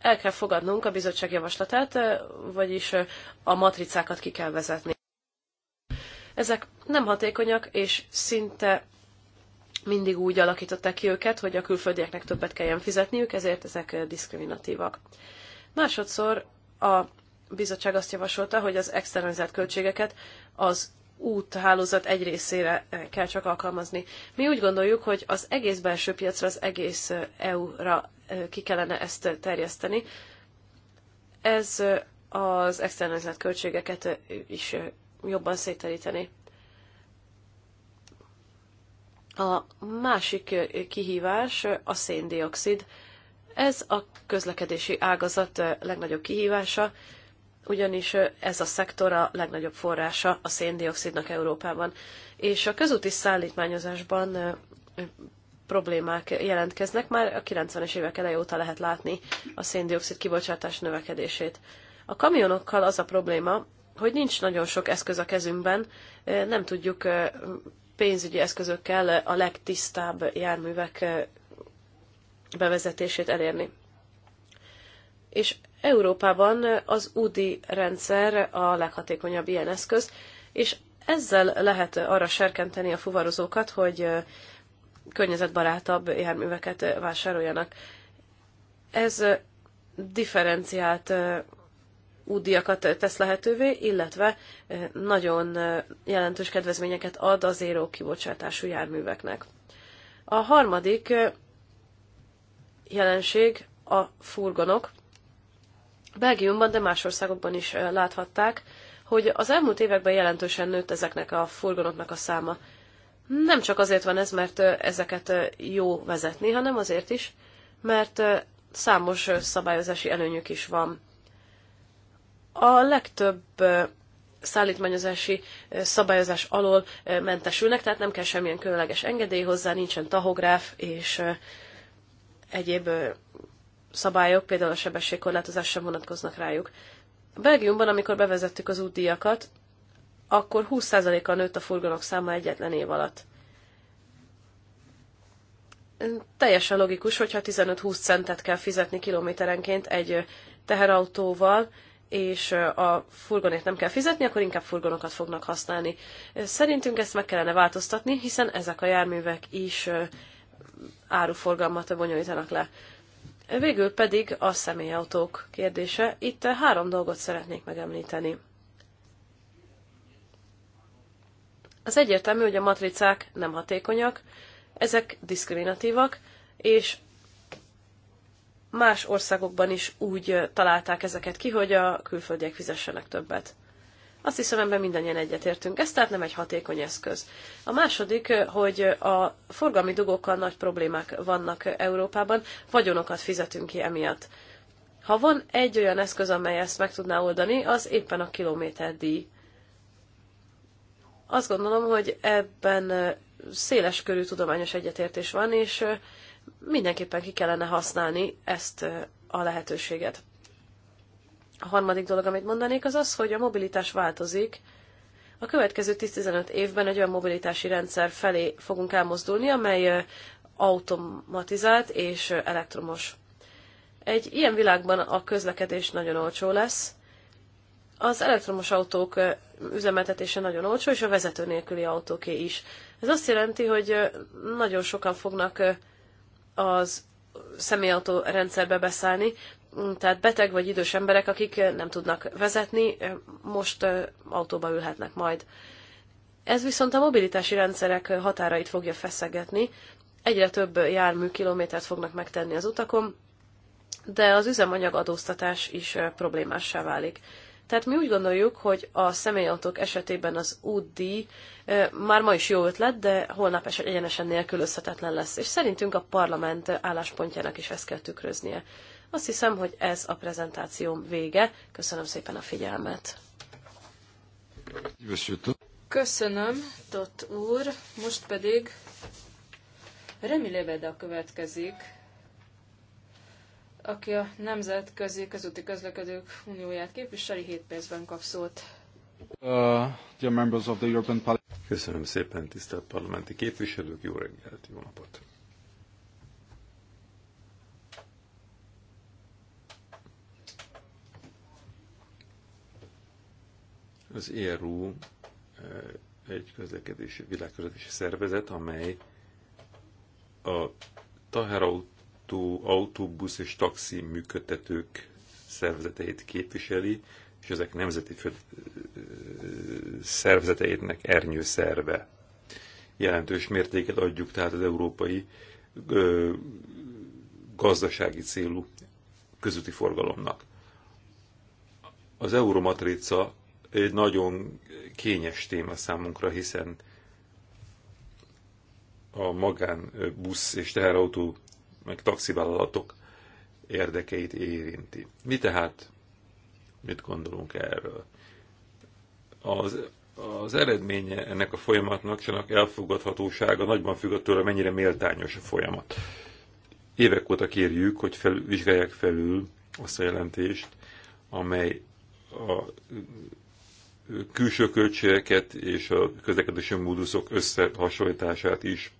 el kell fogadnunk a bizottság javaslatát, vagyis a matricákat ki kell vezetni. Ezek nem hatékonyak, és szinte mindig úgy alakították ki őket, hogy a külföldieknek többet kelljen fizetniük, ezért ezek diszkriminatívak. Másodszor a bizottság azt javasolta, hogy az externalizált költségeket az úthálózat egy részére eh, kell csak alkalmazni. Mi úgy gondoljuk, hogy az egész belső piacra, az egész eh, EU-ra eh, ki kellene ezt terjeszteni. Ez az externalizált költségeket is jobban széteríteni. A másik kihívás a széndiokszid. Ez a közlekedési ágazat legnagyobb kihívása, ugyanis ez a szektor a legnagyobb forrása a széndiokszidnak Európában. És a közúti szállítmányozásban problémák jelentkeznek, már a 90-es évek elejé óta lehet látni a széndiokszid kibocsátás növekedését. A kamionokkal az a probléma, hogy nincs nagyon sok eszköz a kezünkben, nem tudjuk pénzügyi eszközökkel a legtisztább járművek bevezetését elérni. És Európában az UDI rendszer a leghatékonyabb ilyen eszköz, és ezzel lehet arra serkenteni a fuvarozókat, hogy környezetbarátabb járműveket vásároljanak. Ez differenciált údiakat tesz lehetővé, illetve nagyon jelentős kedvezményeket ad az éró kibocsátású járműveknek. A harmadik jelenség a furgonok, Belgiumban, de más országokban is láthatták, hogy az elmúlt években jelentősen nőtt ezeknek a furgonoknak a száma. Nem csak azért van ez, mert ezeket jó vezetni, hanem azért is, mert számos szabályozási előnyük is van. A legtöbb szállítmányozási szabályozás alól mentesülnek, tehát nem kell semmilyen különleges engedély hozzá, nincsen tahográf és egyéb szabályok, például a sebességkorlátozás sem vonatkoznak rájuk. A Belgiumban, amikor bevezettük az útdíjakat, akkor 20%-kal nőtt a furgonok száma egyetlen év alatt. Teljesen logikus, hogyha 15-20 centet kell fizetni kilométerenként egy teherautóval, és a furgonért nem kell fizetni, akkor inkább furgonokat fognak használni. Szerintünk ezt meg kellene változtatni, hiszen ezek a járművek is áruforgalmat bonyolítanak le. Végül pedig a személyautók kérdése. Itt három dolgot szeretnék megemlíteni. Az egyértelmű, hogy a matricák nem hatékonyak, ezek diszkriminatívak, és más országokban is úgy találták ezeket ki, hogy a külföldiek fizessenek többet. Azt hiszem, ebben mindannyian egyetértünk. Ez tehát nem egy hatékony eszköz. A második, hogy a forgalmi dugókkal nagy problémák vannak Európában, vagyonokat fizetünk ki emiatt. Ha van egy olyan eszköz, amely ezt meg tudná oldani, az éppen a kilométerdíj. Azt gondolom, hogy ebben széles körű tudományos egyetértés van, és mindenképpen ki kellene használni ezt a lehetőséget. A harmadik dolog, amit mondanék, az az, hogy a mobilitás változik. A következő 10-15 évben egy olyan mobilitási rendszer felé fogunk elmozdulni, amely automatizált és elektromos. Egy ilyen világban a közlekedés nagyon olcsó lesz, az elektromos autók üzemeltetése nagyon olcsó, és a vezető nélküli autóké is. Ez azt jelenti, hogy nagyon sokan fognak az személyautó rendszerbe beszállni, tehát beteg vagy idős emberek, akik nem tudnak vezetni, most autóba ülhetnek majd. Ez viszont a mobilitási rendszerek határait fogja feszegetni, egyre több jármű kilométert fognak megtenni az utakon, de az üzemanyag adóztatás is problémássá válik. Tehát mi úgy gondoljuk, hogy a személyautók esetében az útdíj már ma is jó ötlet, de holnap eset egyenesen nélkülözhetetlen lesz, és szerintünk a parlament álláspontjának is ezt kell tükröznie. Azt hiszem, hogy ez a prezentációm vége. Köszönöm szépen a figyelmet. Köszönöm, Tott úr. Most pedig Remi Lebeda következik, aki a Nemzetközi Közúti Közlekedők Unióját képviseli, 7 percben kap szót. Uh, Köszönöm szépen, tisztelt parlamenti képviselők, jó reggelt, jó napot! Az ERU eh, egy közlekedési, világközlekedési szervezet, amely a teherautó, autóbusz és taxi működtetők szervezeteit képviseli, és ezek nemzeti föld, eh, szervezeteitnek ernyő szerve. Jelentős mértéket adjuk tehát az európai ö, eh, gazdasági célú közúti forgalomnak. Az Euromatrica egy nagyon kényes téma számunkra, hiszen a magán busz és teherautó, meg taxivállalatok érdekeit érinti. Mi tehát, mit gondolunk erről? Az, az eredménye ennek a folyamatnak, és annak elfogadhatósága nagyban függ attól, mennyire méltányos a folyamat. Évek óta kérjük, hogy fel, vizsgálják felül azt a jelentést, amely a külső költségeket és a közlekedési móduszok összehasonlítását is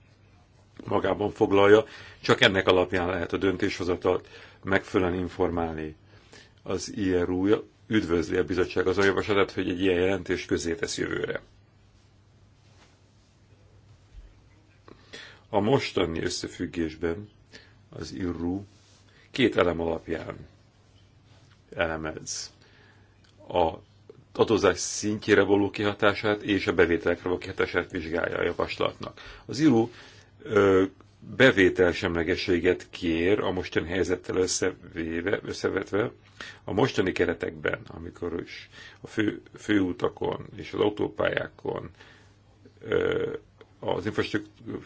magában foglalja, csak ennek alapján lehet a döntéshozatat megfelelően informálni. Az IRU -ja üdvözli a bizottság az a javaslatát, hogy egy ilyen jelentés közé tesz jövőre. A mostani összefüggésben az IRU két elem alapján elemez a adózás szintjére való kihatását és a bevételekre való kihatását vizsgálja a javaslatnak. Az író bevételsemlegességet kér a mostani helyzettel összevéve, összevetve a mostani keretekben, amikor is a fő, főutakon és az autópályákon az infrastruktúra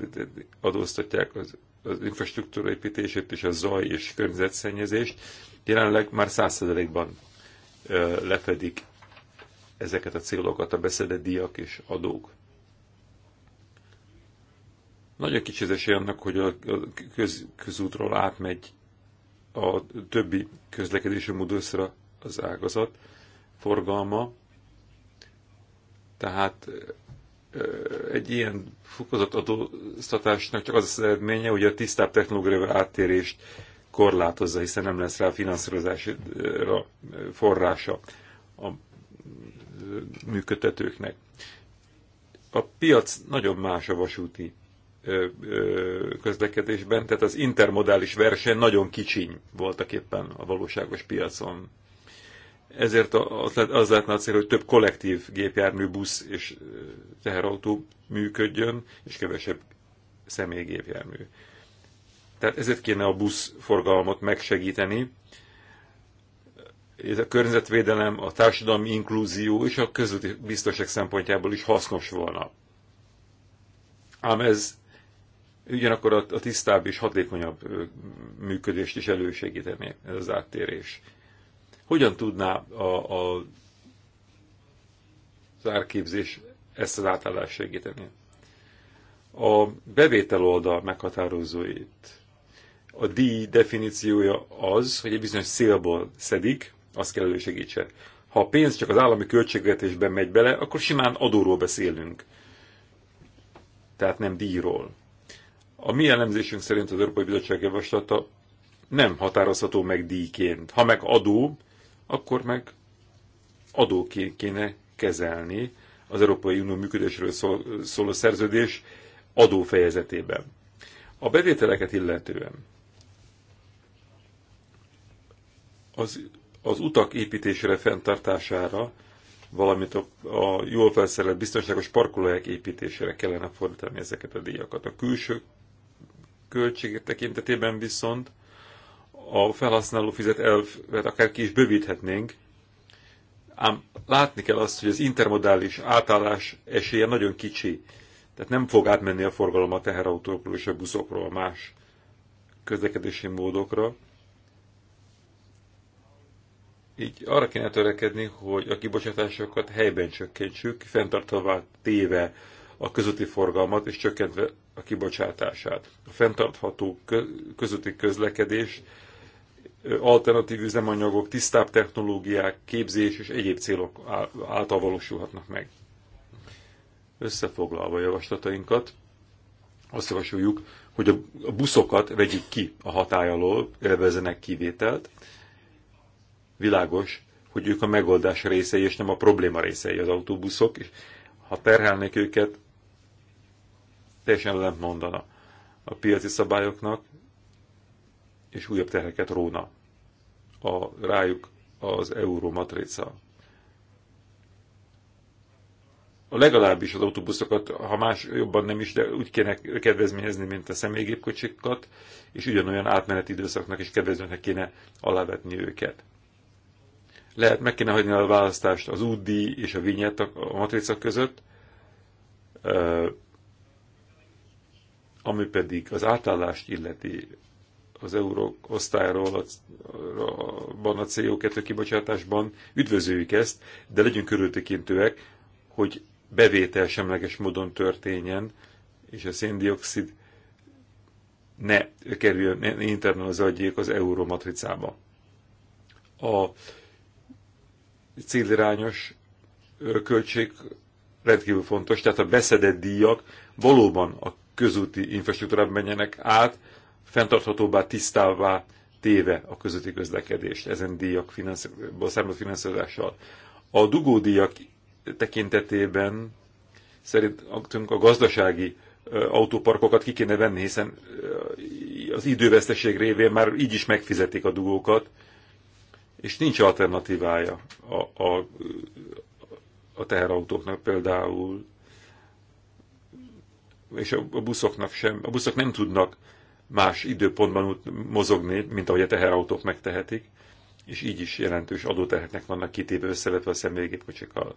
adóztatják az, az infrastruktúra építését és a zaj és környezetszennyezést, jelenleg már 100 lefedik ezeket a célokat a beszedett díjak és adók. Nagy kicsi az esély annak, hogy a köz, közútról átmegy a többi közlekedési módusra az ágazat forgalma. Tehát egy ilyen fokozat adóztatásnak csak az az eredménye, hogy a tisztább technológiai áttérést korlátozza, hiszen nem lesz rá finanszírozásra forrása a működtetőknek. A piac nagyon más a vasúti közlekedésben, tehát az intermodális verseny nagyon kicsiny voltak éppen a valóságos piacon. Ezért az lehetne a cél, hogy több kollektív gépjármű, busz és teherautó működjön, és kevesebb személygépjármű. Tehát ezért kéne a busz forgalmat megsegíteni, a környezetvédelem, a társadalmi inklúzió és a közúti biztonság szempontjából is hasznos volna. Ám ez ugyanakkor a tisztább és hatékonyabb működést is elősegíteni ez az áttérés. Hogyan tudná a, a, az árképzés ezt az átállást segíteni? A bevétel oldal meghatározóit a díj definíciója az, hogy egy bizonyos célból szedik, azt kell elősegítse. Ha a pénz csak az állami költségvetésben megy bele, akkor simán adóról beszélünk. Tehát nem díjról. A mi elemzésünk szerint az Európai Bizottság javaslata nem határozható meg díjként. Ha meg adó, akkor meg adóként kéne kezelni az Európai Unió működésről szóló szerződés adófejezetében. A bevételeket illetően az az utak építésére, fenntartására, valamint a, a jól felszerelt biztonságos parkolóhelyek építésére kellene fordítani ezeket a díjakat. A külső költségek tekintetében viszont a felhasználó fizet elvet akár ki is bővíthetnénk, ám látni kell azt, hogy az intermodális átállás esélye nagyon kicsi. Tehát nem fog átmenni a forgalom a teherautókról és a buszokról más közlekedési módokra. Így arra kéne törekedni, hogy a kibocsátásokat helyben csökkentsük, fenntartva téve a közúti forgalmat és csökkentve a kibocsátását. A fenntartható közúti közlekedés alternatív üzemanyagok, tisztább technológiák, képzés és egyéb célok által valósulhatnak meg. Összefoglalva a javaslatainkat, azt javasoljuk, hogy a buszokat vegyük ki a hatály alól, élvezzenek kivételt, Világos, hogy ők a megoldás részei, és nem a probléma részei az autóbuszok, és ha terhelnék őket, teljesen lent mondana a piaci szabályoknak, és újabb terheket róna a, rájuk az euró matrica. A legalábbis az autóbuszokat, ha más jobban nem is, de úgy kéne kedvezményezni, mint a személygépkocsikat, és ugyanolyan átmeneti időszaknak is kedvezménynek kéne alávetni őket. Lehet, meg kéne hagyni a választást az UDI és a vinyet a matrica között, ami pedig az átállást illeti az euró osztályról a, a CO2 kibocsátásban. Üdvözöljük ezt, de legyünk körültekintőek, hogy bevétel semleges módon történjen, és a széndiokszid ne kerüljön, ne internalizáljék az euró matricába. A célirányos költség rendkívül fontos, tehát a beszedett díjak valóban a közúti infrastruktúrában menjenek át, fenntarthatóbbá, tisztává téve a közúti közlekedést ezen díjak finansz származó finanszírozással. A dugódíjak tekintetében szerintünk a gazdasági autóparkokat ki kéne venni, hiszen az időveszteség révén már így is megfizetik a dugókat, és nincs alternatívája a, a, a teherautóknak például, és a, a buszoknak sem. A buszok nem tudnak más időpontban mozogni, mint ahogy a teherautók megtehetik, és így is jelentős adóterheknek vannak kitéve összevetve a személygépkocsikkal.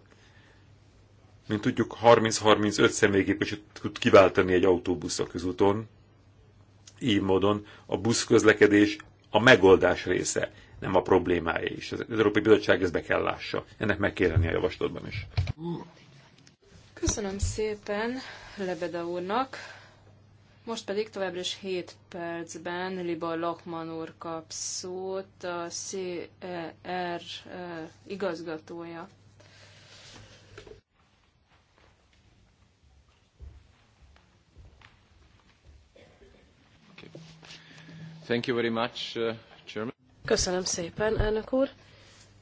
Mint tudjuk, 30-35 személygépkocsit tud kiváltani egy autóbusz a közúton. Így módon a buszközlekedés a megoldás része nem a problémája is. Az Európai Bizottság ezt be kell lássa. Ennek meg kell lenni a javaslatban is. Köszönöm szépen Lebeda úrnak. Most pedig továbbra is 7 percben Liba Lakman úr kap szót, a CER igazgatója. Thank you very much, uh, Chairman. Köszönöm szépen, elnök úr,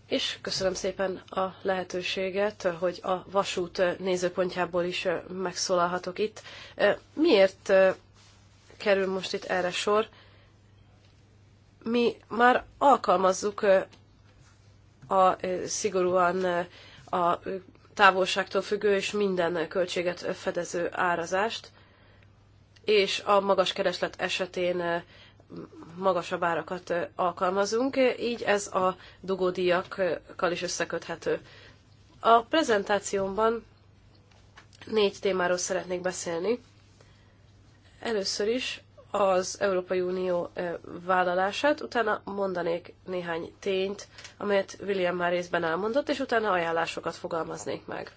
és köszönöm szépen a lehetőséget, hogy a vasút nézőpontjából is megszólalhatok itt. Miért kerül most itt erre sor? Mi már alkalmazzuk a szigorúan a távolságtól függő és minden költséget fedező árazást, és a magas kereslet esetén magasabb árakat alkalmazunk, így ez a dugódíjakkal is összeköthető. A prezentációmban négy témáról szeretnék beszélni. Először is az Európai Unió vállalását, utána mondanék néhány tényt, amelyet William már részben elmondott, és utána ajánlásokat fogalmaznék meg.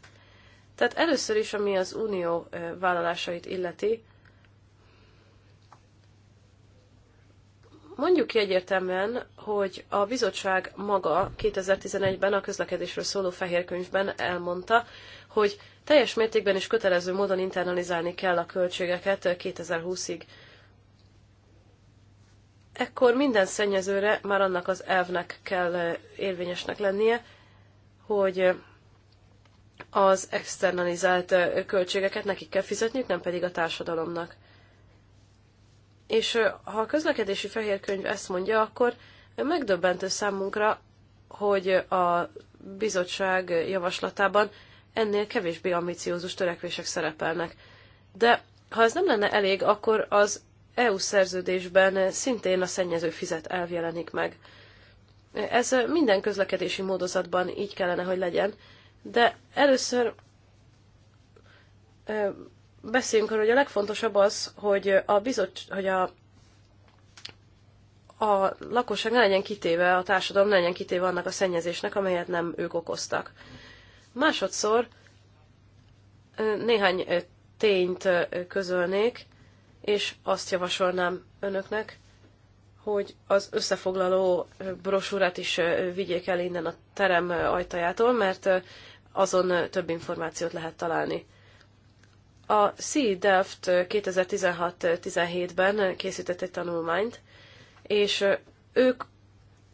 Tehát először is, ami az Unió vállalásait illeti, Mondjuk ki egyértelműen, hogy a bizottság maga 2011-ben a közlekedésről szóló fehér könyvben elmondta, hogy teljes mértékben és kötelező módon internalizálni kell a költségeket 2020-ig. Ekkor minden szennyezőre már annak az elvnek kell érvényesnek lennie, hogy az externalizált költségeket nekik kell fizetniük, nem pedig a társadalomnak. És ha a közlekedési könyv ezt mondja, akkor megdöbbentő számunkra, hogy a bizottság javaslatában ennél kevésbé ambiciózus törekvések szerepelnek. De ha ez nem lenne elég, akkor az EU szerződésben szintén a szennyező fizet elv jelenik meg. Ez minden közlekedési módozatban így kellene, hogy legyen, de először beszéljünk arról, hogy a legfontosabb az, hogy a, bizot, hogy a, a lakosság ne legyen kitéve, a társadalom ne legyen kitéve annak a szennyezésnek, amelyet nem ők okoztak. Másodszor néhány tényt közölnék, és azt javasolnám önöknek, hogy az összefoglaló brosúrát is vigyék el innen a terem ajtajától, mert azon több információt lehet találni. A C Delft 2016-17-ben készített egy tanulmányt, és ők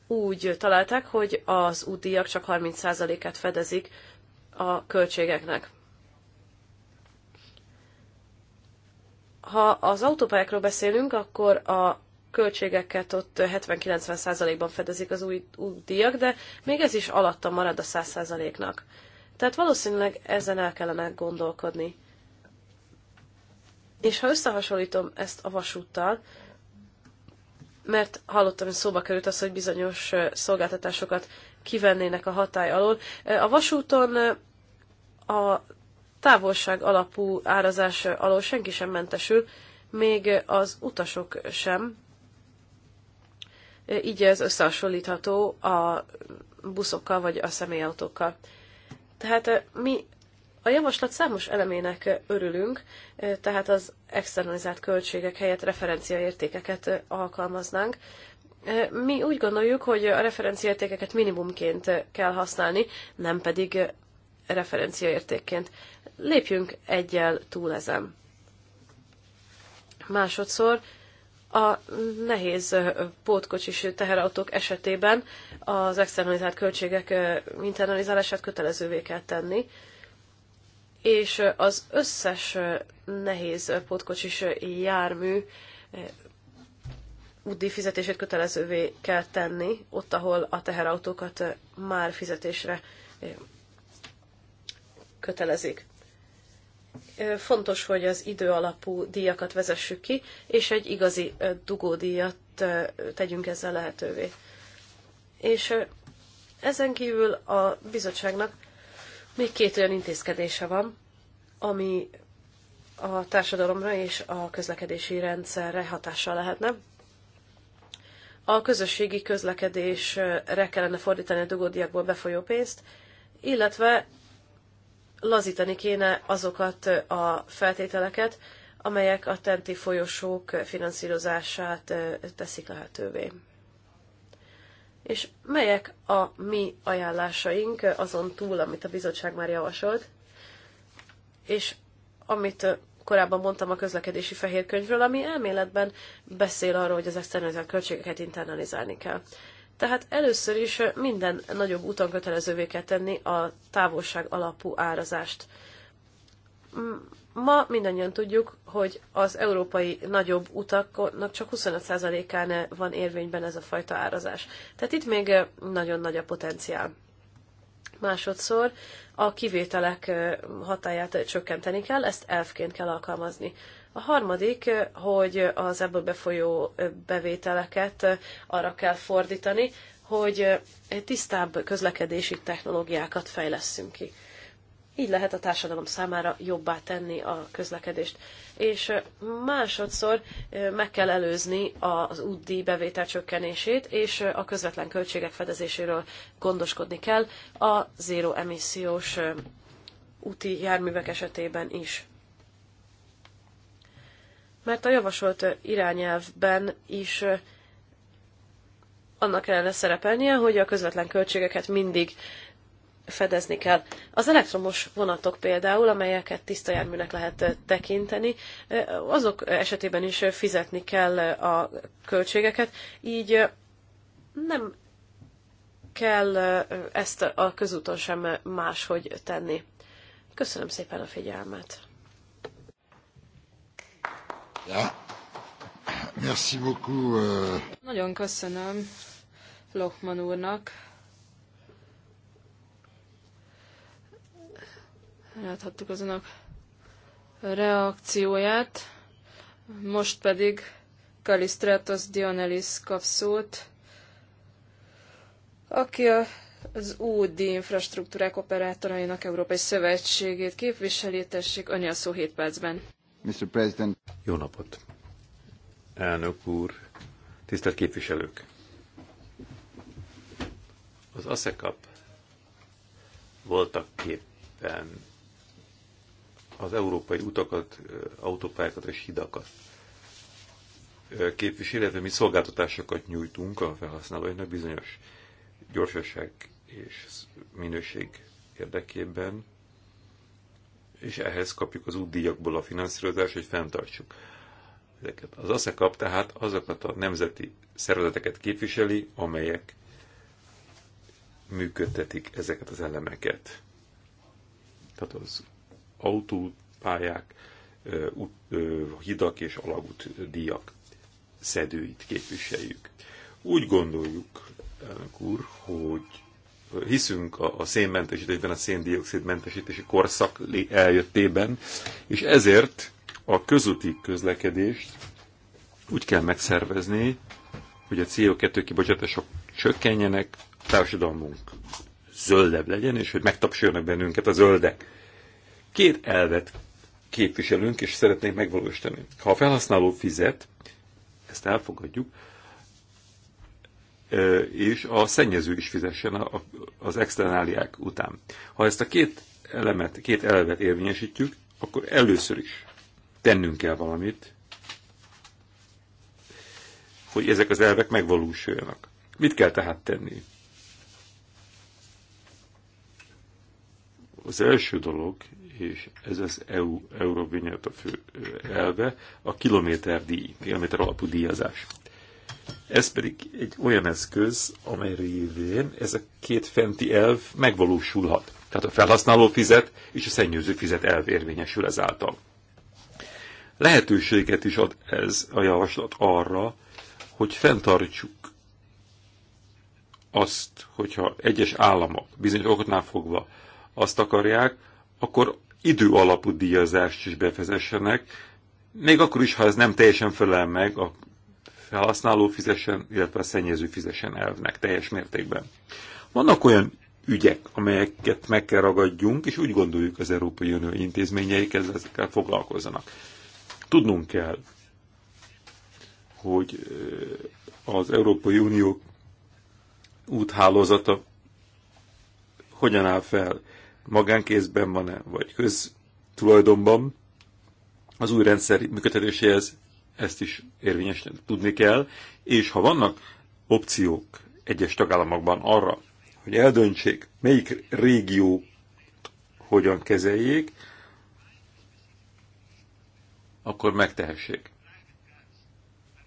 úgy találták, hogy az útdíjak csak 30%-át fedezik a költségeknek. Ha az autópályákról beszélünk, akkor a költségeket ott 70-90%-ban fedezik az új de még ez is alatta marad a 100%-nak. Tehát valószínűleg ezen el kellene gondolkodni. És ha összehasonlítom ezt a vasúttal, mert hallottam, hogy szóba került az, hogy bizonyos szolgáltatásokat kivennének a hatály alól. A vasúton a távolság alapú árazás alól senki sem mentesül, még az utasok sem. Így ez összehasonlítható a buszokkal vagy a személyautókkal. Tehát mi a javaslat számos elemének örülünk, e, tehát az externalizált költségek helyett referenciaértékeket alkalmaznánk. E, Mi úgy gondoljuk, hogy a referenciaértékeket minimumként kell használni, nem pedig referenciaértékként. Lépjünk egyel túl ezen. Másodszor a nehéz pótkocsis teherautók esetében az externalizált költségek internalizálását kötelezővé kell tenni és az összes nehéz pótkocsis jármű úti fizetését kötelezővé kell tenni, ott, ahol a teherautókat már fizetésre kötelezik. Fontos, hogy az idő alapú díjakat vezessük ki, és egy igazi dugódíjat tegyünk ezzel lehetővé. És ezen kívül a bizottságnak még két olyan intézkedése van, ami a társadalomra és a közlekedési rendszerre hatással lehetne. A közösségi közlekedésre kellene fordítani a dugódiakból befolyó pénzt, illetve lazítani kéne azokat a feltételeket, amelyek a tenti folyosók finanszírozását teszik lehetővé és melyek a mi ajánlásaink azon túl, amit a bizottság már javasolt, és amit korábban mondtam a közlekedési könyvről, ami elméletben beszél arról, hogy az externalizált költségeket internalizálni kell. Tehát először is minden nagyobb úton kötelezővé kell tenni a távolság alapú árazást. Mm, Ma mindannyian tudjuk, hogy az európai nagyobb utaknak csak 25%-án van érvényben ez a fajta árazás. Tehát itt még nagyon nagy a potenciál. Másodszor a kivételek hatáját csökkenteni kell, ezt elfként kell alkalmazni. A harmadik, hogy az ebből befolyó bevételeket arra kell fordítani, hogy tisztább közlekedési technológiákat fejlesszünk ki így lehet a társadalom számára jobbá tenni a közlekedést. És másodszor meg kell előzni az útdi bevétel csökkenését, és a közvetlen költségek fedezéséről gondoskodni kell a zéro emissziós úti járművek esetében is. Mert a javasolt irányelvben is annak kellene szerepelnie, hogy a közvetlen költségeket mindig fedezni kell. Az elektromos vonatok például, amelyeket tiszta járműnek lehet tekinteni, azok esetében is fizetni kell a költségeket, így nem kell ezt a közúton sem máshogy tenni. Köszönöm szépen a figyelmet. Ja. Merci beaucoup. Nagyon köszönöm Lokman úrnak. Láthattuk az önök reakcióját. Most pedig Kalistratos Dionelis kap szót, aki az UD infrastruktúrák operátorainak Európai Szövetségét képviseli. Tessék, annyi a szó 7 percben. Mr. President. Jó napot. Elnök úr, tisztelt képviselők. Az ASECAP voltak képen az európai utakat, autópályákat és hidakat képvisel, illetve mi szolgáltatásokat nyújtunk a felhasználóinak bizonyos gyorsaság és minőség érdekében, és ehhez kapjuk az útdíjakból a finanszírozást, hogy fenntartsuk ezeket. Az ASZEKAP tehát azokat a nemzeti szervezeteket képviseli, amelyek működtetik ezeket az elemeket. Tehát az autópályák, hidak és alagút díjak szedőit képviseljük. Úgy gondoljuk, elnök úr, hogy hiszünk a, a szénmentesítésben, a széndiokszid mentesítési korszak eljöttében, és ezért a közúti közlekedést úgy kell megszervezni, hogy a CO2 kibocsátások csökkenjenek, társadalmunk zöldebb legyen, és hogy megtapsoljanak bennünket a zöldek. Két elvet képviselünk, és szeretnénk megvalósítani. Ha a felhasználó fizet, ezt elfogadjuk, és a szennyező is fizessen az externáliák után. Ha ezt a két elemet, két elvet érvényesítjük, akkor először is tennünk kell valamit, hogy ezek az elvek megvalósuljanak. Mit kell tehát tenni? Az első dolog és ez az EU, Eurovinyet a fő elve, a díj, kilométer alapú díjazás. Ez pedig egy olyan eszköz, amely révén ez a két fenti elv megvalósulhat. Tehát a felhasználó fizet és a szennyőző fizet elv érvényesül ezáltal. Lehetőséget is ad ez a javaslat arra, hogy fenntartsuk azt, hogyha egyes államok bizonyos okotnál fogva azt akarják, akkor idő alapú díjazást is befezessenek, még akkor is, ha ez nem teljesen felel meg a felhasználó fizessen, illetve a szennyező fizessen elvnek teljes mértékben. Vannak olyan ügyek, amelyeket meg kell ragadjunk, és úgy gondoljuk az Európai Unió intézményeik ezekkel foglalkozzanak. Tudnunk kell, hogy az Európai Unió úthálózata hogyan áll fel magánkézben van-e, vagy köztulajdonban, az új rendszer működtetéséhez ezt is érvényes tudni kell, és ha vannak opciók egyes tagállamokban arra, hogy eldöntsék, melyik régió hogyan kezeljék, akkor megtehessék.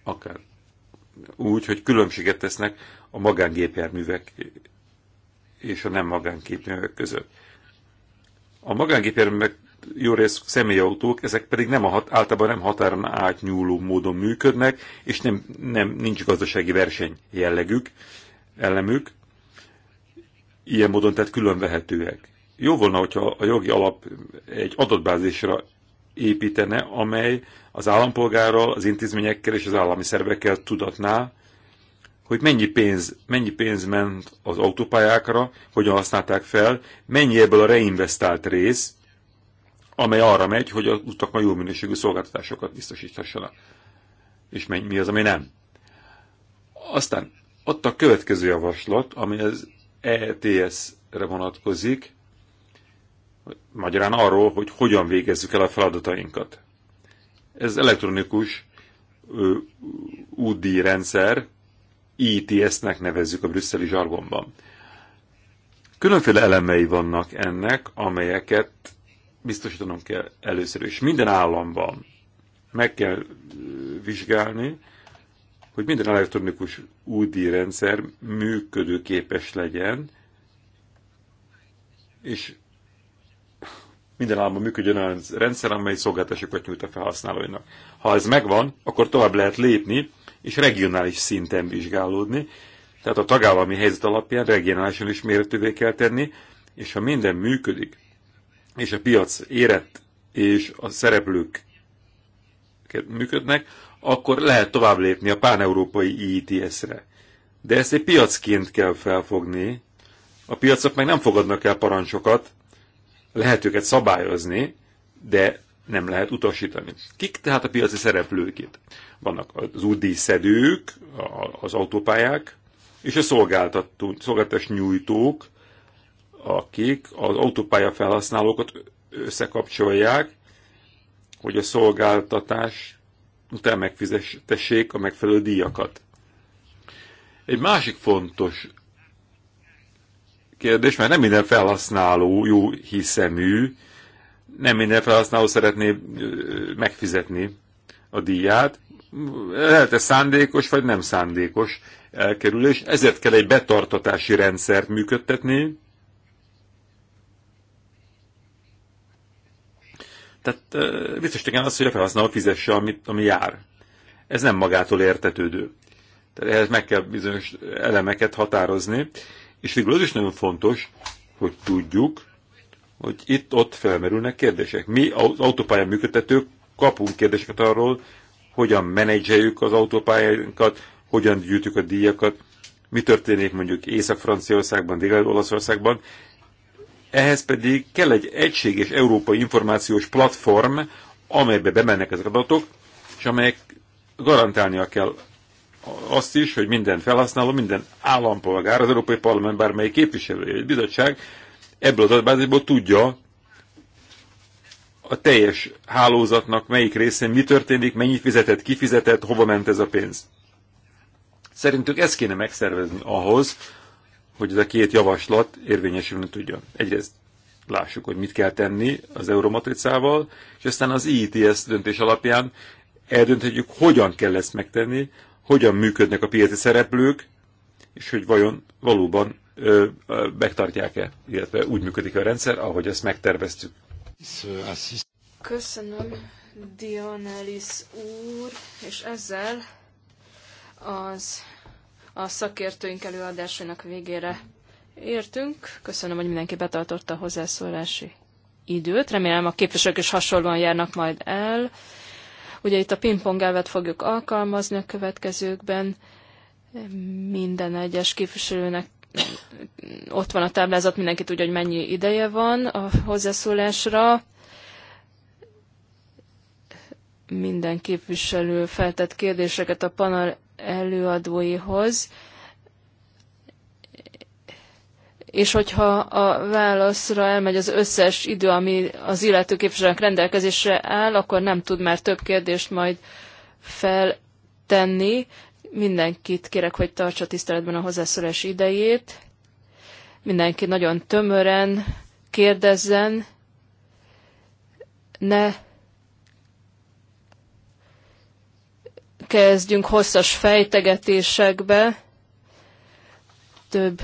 Akár úgy, hogy különbséget tesznek a magángépjárművek és a nem magángépjárművek között. A magángépjárművek jó rész személyautók, ezek pedig nem a hat, általában nem határon átnyúló módon működnek, és nem, nem, nincs gazdasági verseny jellegük, ellemük, ilyen módon tehát külön vehetőek. Jó volna, hogyha a jogi alap egy adatbázisra építene, amely az állampolgárral, az intézményekkel és az állami szervekkel tudatná, hogy mennyi pénz, mennyi pénz ment az autópályákra, hogyan használták fel, mennyi ebből a reinvestált rész, amely arra megy, hogy az utak majd jó minőségű szolgáltatásokat biztosíthassanak. És mi az, ami nem. Aztán ott a következő javaslat, ami az ETS-re vonatkozik, magyarán arról, hogy hogyan végezzük el a feladatainkat. Ez elektronikus UDI rendszer ets nek nevezzük a brüsszeli zsargonban. Különféle elemei vannak ennek, amelyeket biztosítanom kell először is. Minden államban meg kell vizsgálni, hogy minden elektronikus UDI rendszer működőképes legyen, és minden államban működjön olyan rendszer, amely szolgáltatásokat nyújt a felhasználóinak. Ha ez megvan, akkor tovább lehet lépni, és regionális szinten vizsgálódni, tehát a tagállami helyzet alapján regionálisan is mérhetővé kell tenni, és ha minden működik, és a piac érett, és a szereplők működnek, akkor lehet tovább lépni a páneurópai IETS-re. De ezt egy piacként kell felfogni, a piacok meg nem fogadnak el parancsokat, lehet őket szabályozni, de nem lehet utasítani. Kik tehát a piaci szereplők itt? Vannak az szedők, az autópályák, és a szolgáltatás nyújtók, akik az autópálya felhasználókat összekapcsolják, hogy a szolgáltatás után megfizessék a megfelelő díjakat. Egy másik fontos kérdés, mert nem minden felhasználó jó hiszemű, nem minden felhasználó szeretné megfizetni a díját. Lehet e szándékos, vagy nem szándékos elkerülés. Ezért kell egy betartatási rendszert működtetni. Tehát biztos kell az, hogy a felhasználó fizesse, amit, ami jár. Ez nem magától értetődő. Tehát ehhez meg kell bizonyos elemeket határozni. És végül az is nagyon fontos, hogy tudjuk, hogy itt-ott felmerülnek kérdések. Mi az autópályán működtetők kapunk kérdéseket arról, hogyan menedzseljük az autópályánkat, hogyan gyűjtjük a díjakat, mi történik mondjuk Észak-Franciaországban, Dél-Olaszországban. Ehhez pedig kell egy egységes európai információs platform, amelybe bemennek ezek adatok, és amelyek garantálnia kell azt is, hogy minden felhasználó, minden állampolgár, az Európai Parlament bármelyik képviselője, egy bizottság ebből az adatbázisból tudja a teljes hálózatnak melyik részén mi történik, mennyit fizetett, kifizetett, hova ment ez a pénz. Szerintük ezt kéne megszervezni ahhoz, hogy ez a két javaslat érvényesülni tudjon. Egyrészt lássuk, hogy mit kell tenni az euromatricával, és aztán az IETS döntés alapján eldönthetjük, hogyan kell ezt megtenni, hogyan működnek a piaci szereplők, és hogy vajon valóban ö, megtartják-e, illetve úgy működik a rendszer, ahogy ezt megterveztük. Köszönöm, Dionelis úr, és ezzel az a szakértőink előadásainak végére értünk. Köszönöm, hogy mindenki betartotta a hozzászólási időt. Remélem a képviselők is hasonlóan járnak majd el. Ugye itt a pingpong elvet fogjuk alkalmazni a következőkben. Minden egyes képviselőnek ott van a táblázat, mindenki tudja, hogy mennyi ideje van a hozzászólásra. Minden képviselő feltett kérdéseket a panel előadóihoz. És hogyha a válaszra elmegy az összes idő, ami az illető képviselőnek rendelkezésre áll, akkor nem tud már több kérdést majd feltenni, Mindenkit kérek, hogy tartsa tiszteletben a hozzászólás idejét. Mindenki nagyon tömören kérdezzen. Ne kezdjünk hosszas fejtegetésekbe. Több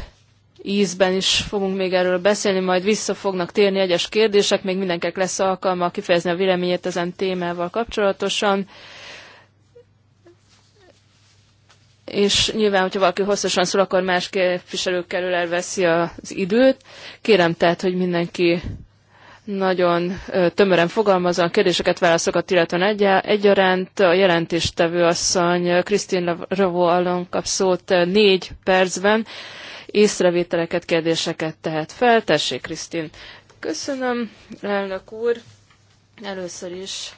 ízben is fogunk még erről beszélni, majd vissza fognak térni egyes kérdések, még mindenkinek lesz alkalma kifejezni a véleményét ezen témával kapcsolatosan. és nyilván, hogyha valaki hosszasan szól, akkor más képviselőkkel elveszi az időt. Kérem tehát, hogy mindenki nagyon tömören fogalmazza a kérdéseket, válaszokat, illetve egy, egyaránt a jelentéstevő asszony Krisztin Ravó Allon kap szót négy percben. Észrevételeket, kérdéseket tehet fel. Tessék, Krisztin. Köszönöm, elnök úr. Először is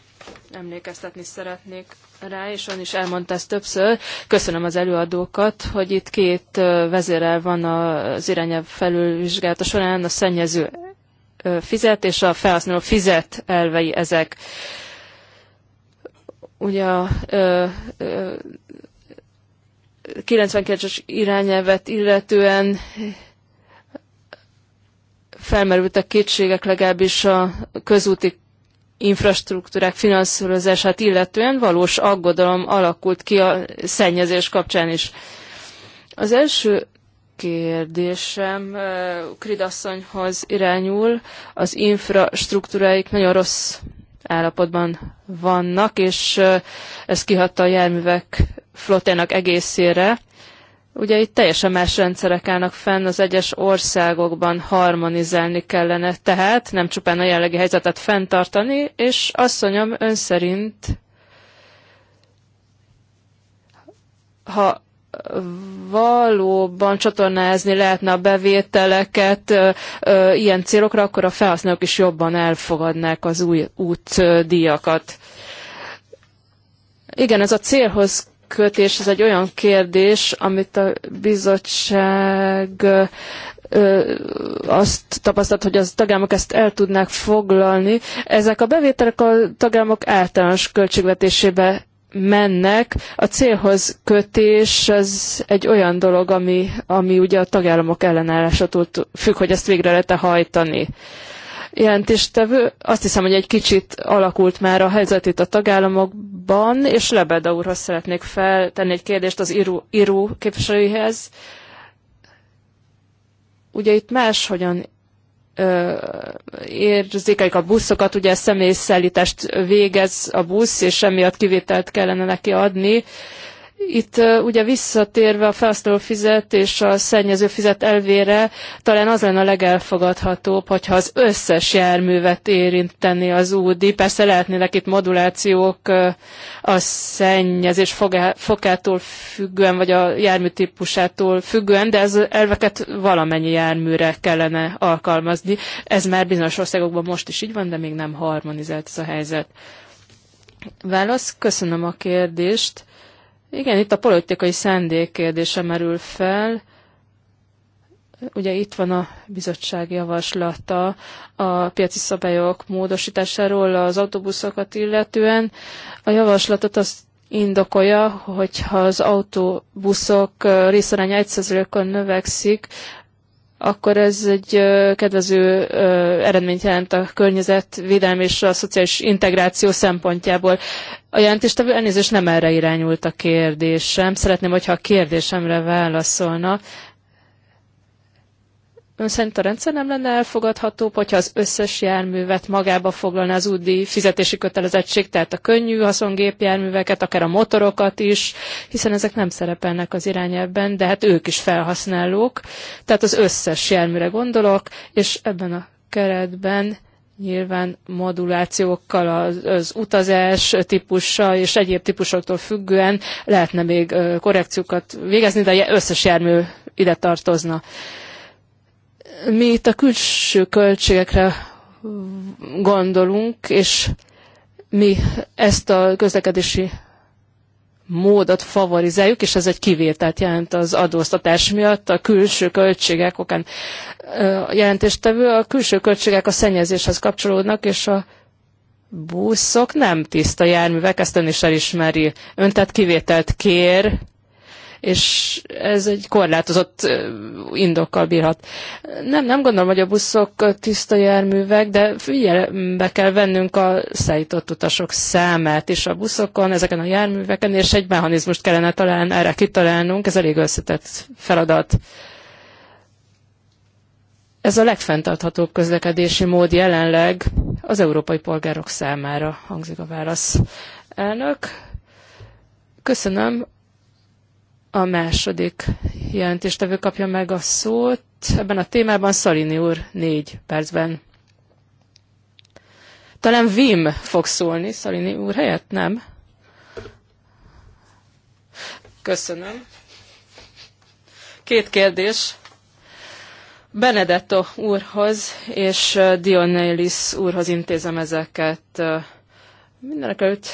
emlékeztetni szeretnék rá, és ön is elmondta ezt többször. Köszönöm az előadókat, hogy itt két vezérel van az irányelv felülvizsgálata során, a szennyező fizet és a felhasználó fizet elvei ezek. Ugye a 99 es irányelvet illetően felmerültek kétségek legalábbis a közúti infrastruktúrák finanszírozását illetően valós aggodalom alakult ki a szennyezés kapcsán is. Az első kérdésem Kridasszonyhoz irányul. Az infrastruktúráik nagyon rossz állapotban vannak, és ez kihatta a járművek flottának egészére. Ugye itt teljesen más rendszerek állnak fenn, az egyes országokban harmonizálni kellene, tehát nem csupán a jelenlegi helyzetet fenntartani, és asszonyom ön szerint, ha valóban csatornázni lehetne a bevételeket ö, ö, ilyen célokra, akkor a felhasználók is jobban elfogadnák az új útdíjakat. Igen, ez a célhoz költés, ez egy olyan kérdés, amit a bizottság azt tapasztalt, hogy az tagállamok ezt el tudnák foglalni. Ezek a bevételek a tagállamok általános költségvetésébe mennek. A célhoz kötés az egy olyan dolog, ami, ami ugye a tagállamok ellenállásától függ, hogy ezt végre lehet -e hajtani jelentéstevő. Azt hiszem, hogy egy kicsit alakult már a helyzet itt a tagállamok ban és Lebeda úrhoz szeretnék feltenni egy kérdést az IRU, IRU képviselőihez. Ugye itt máshogyan érzékelik a buszokat, ugye személyszállítást végez a busz, és emiatt kivételt kellene neki adni. Itt ugye visszatérve a felhasználó fizet és a szennyező fizet elvére, talán az lenne a legelfogadhatóbb, hogyha az összes járművet érinteni az údi. Persze lehetnének itt modulációk a szennyezés fokától függően, vagy a jármű típusától függően, de ez elveket valamennyi járműre kellene alkalmazni. Ez már bizonyos országokban most is így van, de még nem harmonizált ez a helyzet. Válasz, köszönöm a kérdést igen, itt a politikai szándék kérdése merül fel. Ugye itt van a bizottság javaslata a piaci szabályok módosításáról az autóbuszokat illetően. A javaslatot azt indokolja, hogyha az autóbuszok részaránya 1%-on növekszik, akkor ez egy kedvező eredményt jelent a környezetvédelem és a szociális integráció szempontjából. A jelentéstevő elnézést nem erre irányult a kérdésem. Szeretném, hogyha a kérdésemre válaszolna. Ön szerint a rendszer nem lenne elfogadható, hogyha az összes járművet magába foglalna az údi fizetési kötelezettség, tehát a könnyű haszongépjárműveket, akár a motorokat is, hiszen ezek nem szerepelnek az irányelvben, de hát ők is felhasználók. Tehát az összes járműre gondolok, és ebben a keretben nyilván modulációkkal, az, az utazás típusa és egyéb típusoktól függően lehetne még korrekciókat végezni, de összes jármű ide tartozna mi itt a külső költségekre gondolunk, és mi ezt a közlekedési módot favorizáljuk, és ez egy kivételt jelent az adóztatás miatt, a külső költségek okán jelentéstevő, a külső költségek a szennyezéshez kapcsolódnak, és a buszok nem tiszta járművek, ezt ön is elismeri. Ön tehát kivételt kér és ez egy korlátozott indokkal bírhat. Nem, nem gondolom, hogy a buszok tiszta járművek, de figyelembe kell vennünk a szállított utasok számát is a buszokon, ezeken a járműveken, és egy mechanizmust kellene talán erre kitalálnunk, ez elég összetett feladat. Ez a legfenntarthatóbb közlekedési mód jelenleg az európai polgárok számára, hangzik a válasz. Elnök, köszönöm. A második jelentéstevő kapja meg a szót. Ebben a témában Szalini úr négy percben. Talán Vim fog szólni Szalini úr helyett, nem? Köszönöm. Két kérdés. Benedetto úrhoz és Dionelis úrhoz intézem ezeket. Mindenek előtt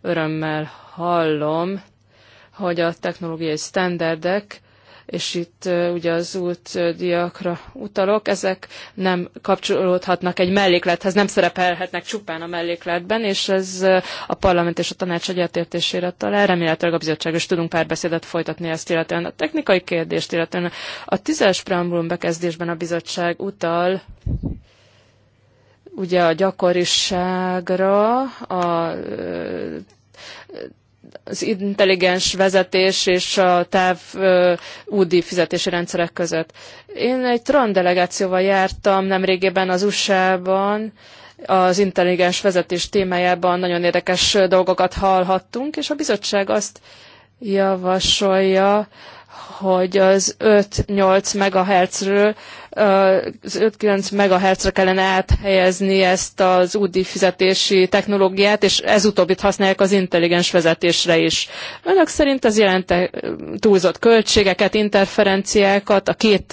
örömmel hallom, hogy a technológiai standardek, és itt ugye az út diakra utalok, ezek nem kapcsolódhatnak egy melléklethez, nem szerepelhetnek csupán a mellékletben, és ez a parlament és a tanács egyetértésére talál. Remélhetőleg a bizottság is tudunk párbeszédet folytatni ezt illetően. A technikai kérdést illetően a tízes preambulum bekezdésben a bizottság utal ugye a gyakoriságra, a az intelligens vezetés és a táv údi fizetési rendszerek között. Én egy Tron delegációval jártam nemrégében az USA-ban, az intelligens vezetés témájában nagyon érdekes dolgokat hallhattunk, és a bizottság azt javasolja, hogy az 5-8 MHz-ről az 5-9 MHz-re kellene áthelyezni ezt az UDI fizetési technológiát, és ez utóbbit használják az intelligens vezetésre is. Önök szerint ez jelent túlzott költségeket, interferenciákat, a két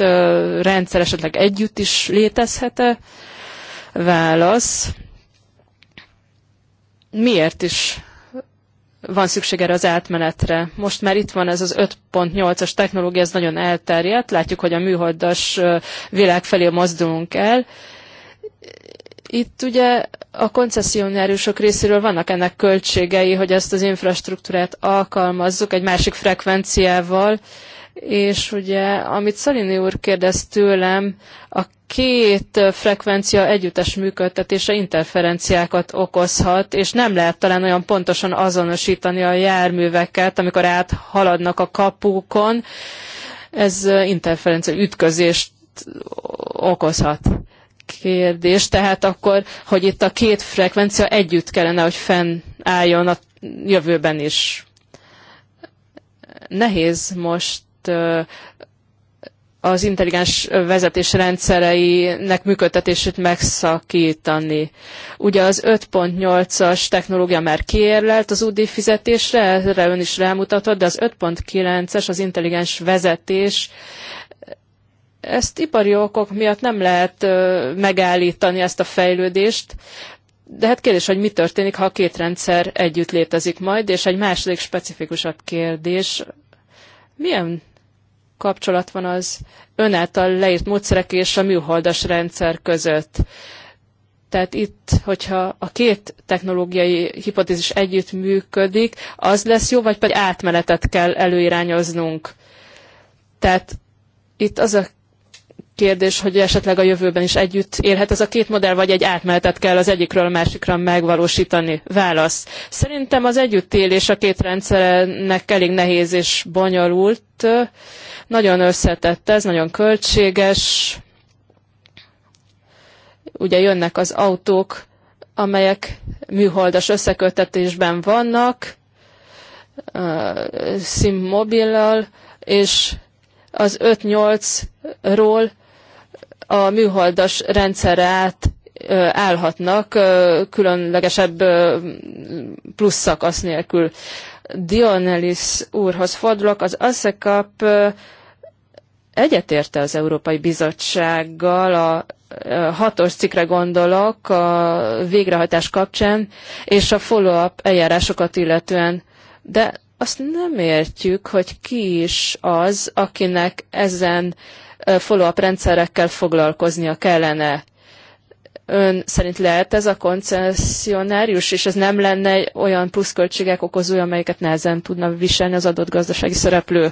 rendszer esetleg együtt is létezhet-e? Válasz. Miért is van szükség erre az átmenetre. Most már itt van ez az 5.8-as technológia, ez nagyon elterjedt, látjuk, hogy a műholdas világ felé mozdulunk el. Itt ugye a koncesszionárusok részéről vannak ennek költségei, hogy ezt az infrastruktúrát alkalmazzuk egy másik frekvenciával, és ugye, amit Szalini úr kérdez tőlem, a két frekvencia együttes működtetése interferenciákat okozhat, és nem lehet talán olyan pontosan azonosítani a járműveket, amikor áthaladnak a kapukon. Ez interferencia ütközést okozhat kérdés, tehát akkor, hogy itt a két frekvencia együtt kellene, hogy fennálljon a jövőben is. Nehéz most az intelligens vezetés rendszereinek működtetését megszakítani. Ugye az 5.8-as technológia már kiérlelt az UDI fizetésre, erre ön is rámutatott, de az 5.9-es, az intelligens vezetés, ezt ipari okok miatt nem lehet megállítani ezt a fejlődést, de hát kérdés, hogy mi történik, ha a két rendszer együtt létezik majd, és egy második specifikusabb kérdés, milyen kapcsolat van az ön által leírt módszerek és a műholdas rendszer között. Tehát itt, hogyha a két technológiai hipotézis együtt működik, az lesz jó, vagy pedig átmenetet kell előirányoznunk. Tehát itt az a kérdés, hogy esetleg a jövőben is együtt élhet ez a két modell, vagy egy átmenetet kell az egyikről a másikra megvalósítani? Válasz. Szerintem az együttélés a két rendszernek elég nehéz és bonyolult. Nagyon összetett ez, nagyon költséges. Ugye jönnek az autók, amelyek műholdas összekötetésben vannak, szimmobilal, és az 5-8-ról a műholdas rendszerre át állhatnak különlegesebb plusz szakasz nélkül. Dionelis úrhoz fordulok, az ASZEKAP egyetérte az Európai Bizottsággal a hatos cikre gondolok a végrehajtás kapcsán, és a follow-up eljárásokat illetően. De azt nem értjük, hogy ki is az, akinek ezen follow-up rendszerekkel foglalkoznia kellene. Ön szerint lehet ez a koncessionárius, és ez nem lenne olyan pluszköltségek okozója, amelyeket nehezen tudna viselni az adott gazdasági szereplő?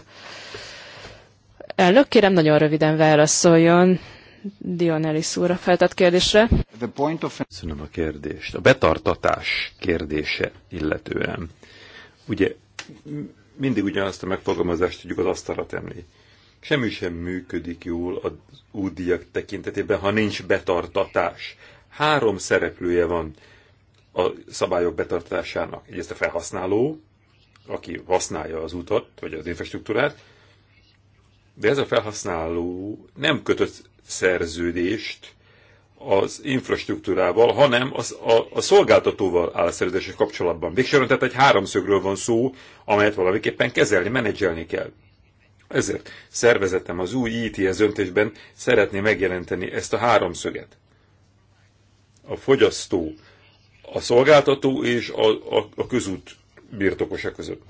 Elnök, kérem, nagyon röviden válaszoljon. Dionelis úr a feltett kérdésre. Köszönöm a kérdést. A betartatás kérdése illetően. Ugye mindig ugyanazt a megfogalmazást tudjuk az asztalra tenni semmi sem működik jól az útdíjak tekintetében, ha nincs betartatás. Három szereplője van a szabályok betartásának. Egyrészt a felhasználó, aki használja az utat, vagy az infrastruktúrát, de ez a felhasználó nem kötött szerződést az infrastruktúrával, hanem az, a, a szolgáltatóval áll a szerződéses kapcsolatban. Végsőről tehát egy háromszögről van szó, amelyet valamiképpen kezelni, menedzselni kell. Ezért szervezetem az új ITS döntésben szeretné megjelenteni ezt a háromszöget. A fogyasztó, a szolgáltató és a, a, a közút birtokosa között.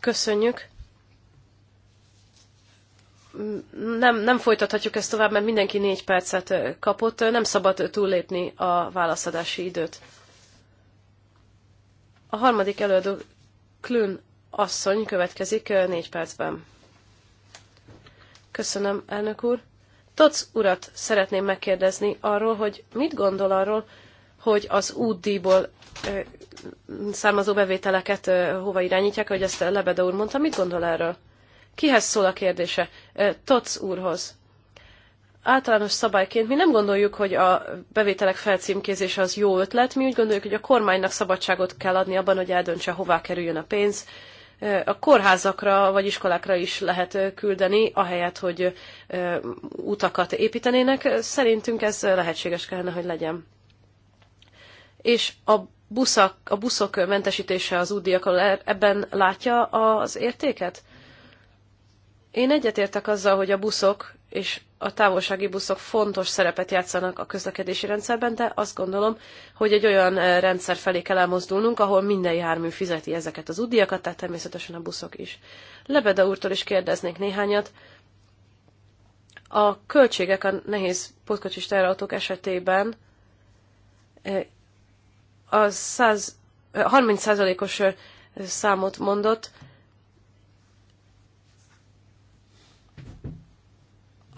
Köszönjük. Nem, nem folytathatjuk ezt tovább, mert mindenki négy percet kapott. Nem szabad túllépni a válaszadási időt. A harmadik előadó Klün asszony következik négy percben. Köszönöm, elnök úr. Tots urat szeretném megkérdezni arról, hogy mit gondol arról, hogy az útdíjból származó bevételeket hova irányítják, hogy ezt Lebede úr mondta, mit gondol erről? Kihez szól a kérdése? Tots úrhoz. Általános szabályként mi nem gondoljuk, hogy a bevételek felcímkézése az jó ötlet, mi úgy gondoljuk, hogy a kormánynak szabadságot kell adni abban, hogy eldöntse, hová kerüljön a pénz, a kórházakra vagy iskolákra is lehet küldeni, ahelyett, hogy utakat építenének. Szerintünk ez lehetséges kellene, hogy legyen. És a, buszak, a buszok mentesítése az útdiak e, ebben látja az értéket? Én egyetértek azzal, hogy a buszok és a távolsági buszok fontos szerepet játszanak a közlekedési rendszerben, de azt gondolom, hogy egy olyan eh, rendszer felé kell elmozdulnunk, ahol minden jármű fizeti ezeket az útdiakat, tehát természetesen a buszok is. Lebeda úrtól is kérdeznék néhányat. A költségek a nehéz pótkocsis teherautók esetében eh, a 100, 30%-os eh, számot mondott,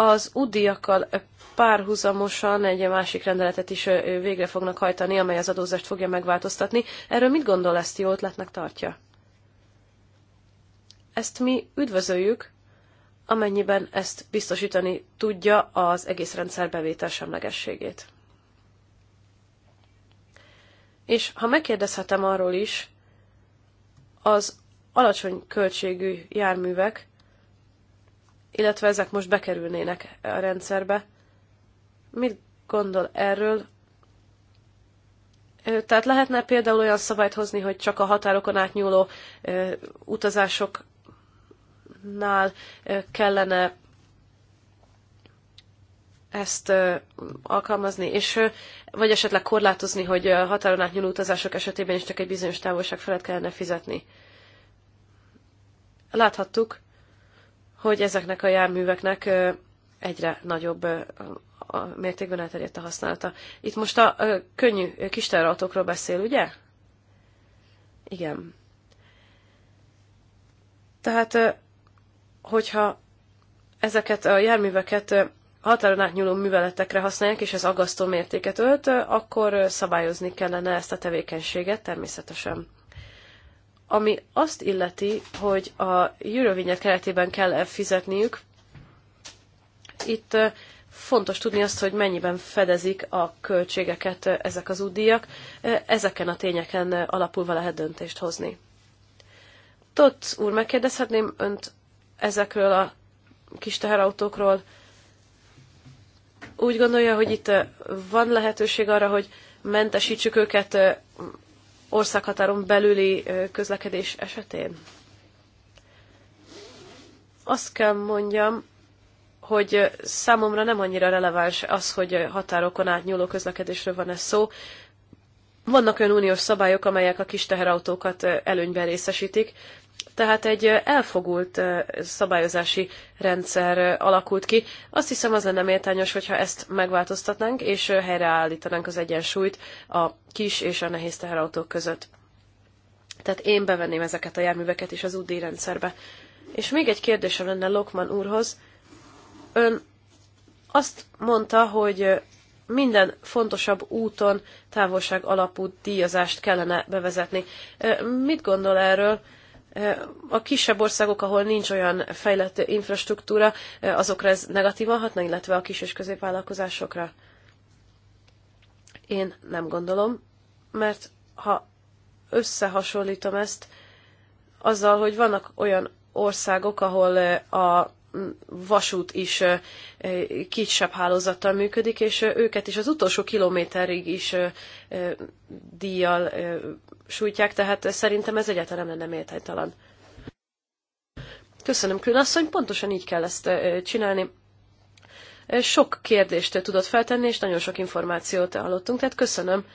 Az UDI-akkal párhuzamosan egy másik rendeletet is végre fognak hajtani, amely az adózást fogja megváltoztatni. Erről mit gondol ezt jó ötletnek tartja? Ezt mi üdvözöljük, amennyiben ezt biztosítani tudja az egész rendszer bevétel semlegességét. És ha megkérdezhetem arról is, az alacsony költségű járművek illetve ezek most bekerülnének a rendszerbe. Mit gondol erről? Tehát lehetne például olyan szabályt hozni, hogy csak a határokon átnyúló utazásoknál kellene ezt alkalmazni, és vagy esetleg korlátozni, hogy határon átnyúló utazások esetében is csak egy bizonyos távolság felett kellene fizetni. Láthattuk, hogy ezeknek a járműveknek egyre nagyobb a mértékben elterjedt a használata. Itt most a könnyű kisterautókról beszél, ugye? Igen. Tehát, hogyha ezeket a járműveket határon átnyúló műveletekre használják, és ez agasztó mértéket ölt, akkor szabályozni kellene ezt a tevékenységet természetesen. Ami azt illeti, hogy a Eurovinyet keretében kell -e fizetniük, itt fontos tudni azt, hogy mennyiben fedezik a költségeket ezek az útdíjak. Ezeken a tényeken alapulva lehet döntést hozni. Tot úr, megkérdezhetném önt ezekről a kis teherautókról. Úgy gondolja, hogy itt van lehetőség arra, hogy mentesítsük őket országhatáron belüli közlekedés esetén? Azt kell mondjam, hogy számomra nem annyira releváns az, hogy határokon átnyúló közlekedésről van ez szó. Vannak olyan uniós szabályok, amelyek a kis teherautókat előnyben részesítik, tehát egy elfogult szabályozási rendszer alakult ki. Azt hiszem, az lenne méltányos, hogyha ezt megváltoztatnánk, és helyreállítanánk az egyensúlyt a kis és a nehéz teherautók között. Tehát én bevenném ezeket a járműveket is az UDI rendszerbe. És még egy kérdésem lenne Lokman úrhoz. Ön azt mondta, hogy minden fontosabb úton távolság alapú díjazást kellene bevezetni. Mit gondol erről? A kisebb országok, ahol nincs olyan fejlett infrastruktúra, azokra ez negatívan hatna, illetve a kis és középvállalkozásokra? Én nem gondolom, mert ha összehasonlítom ezt azzal, hogy vannak olyan országok, ahol a vasút is kisebb hálózattal működik, és őket is az utolsó kilométerig is díjjal sújtják, tehát szerintem ez egyáltalán nem lenne méltánytalan. Köszönöm, Külasszony, pontosan így kell ezt csinálni. Sok kérdést tudott feltenni, és nagyon sok információt hallottunk, tehát köszönöm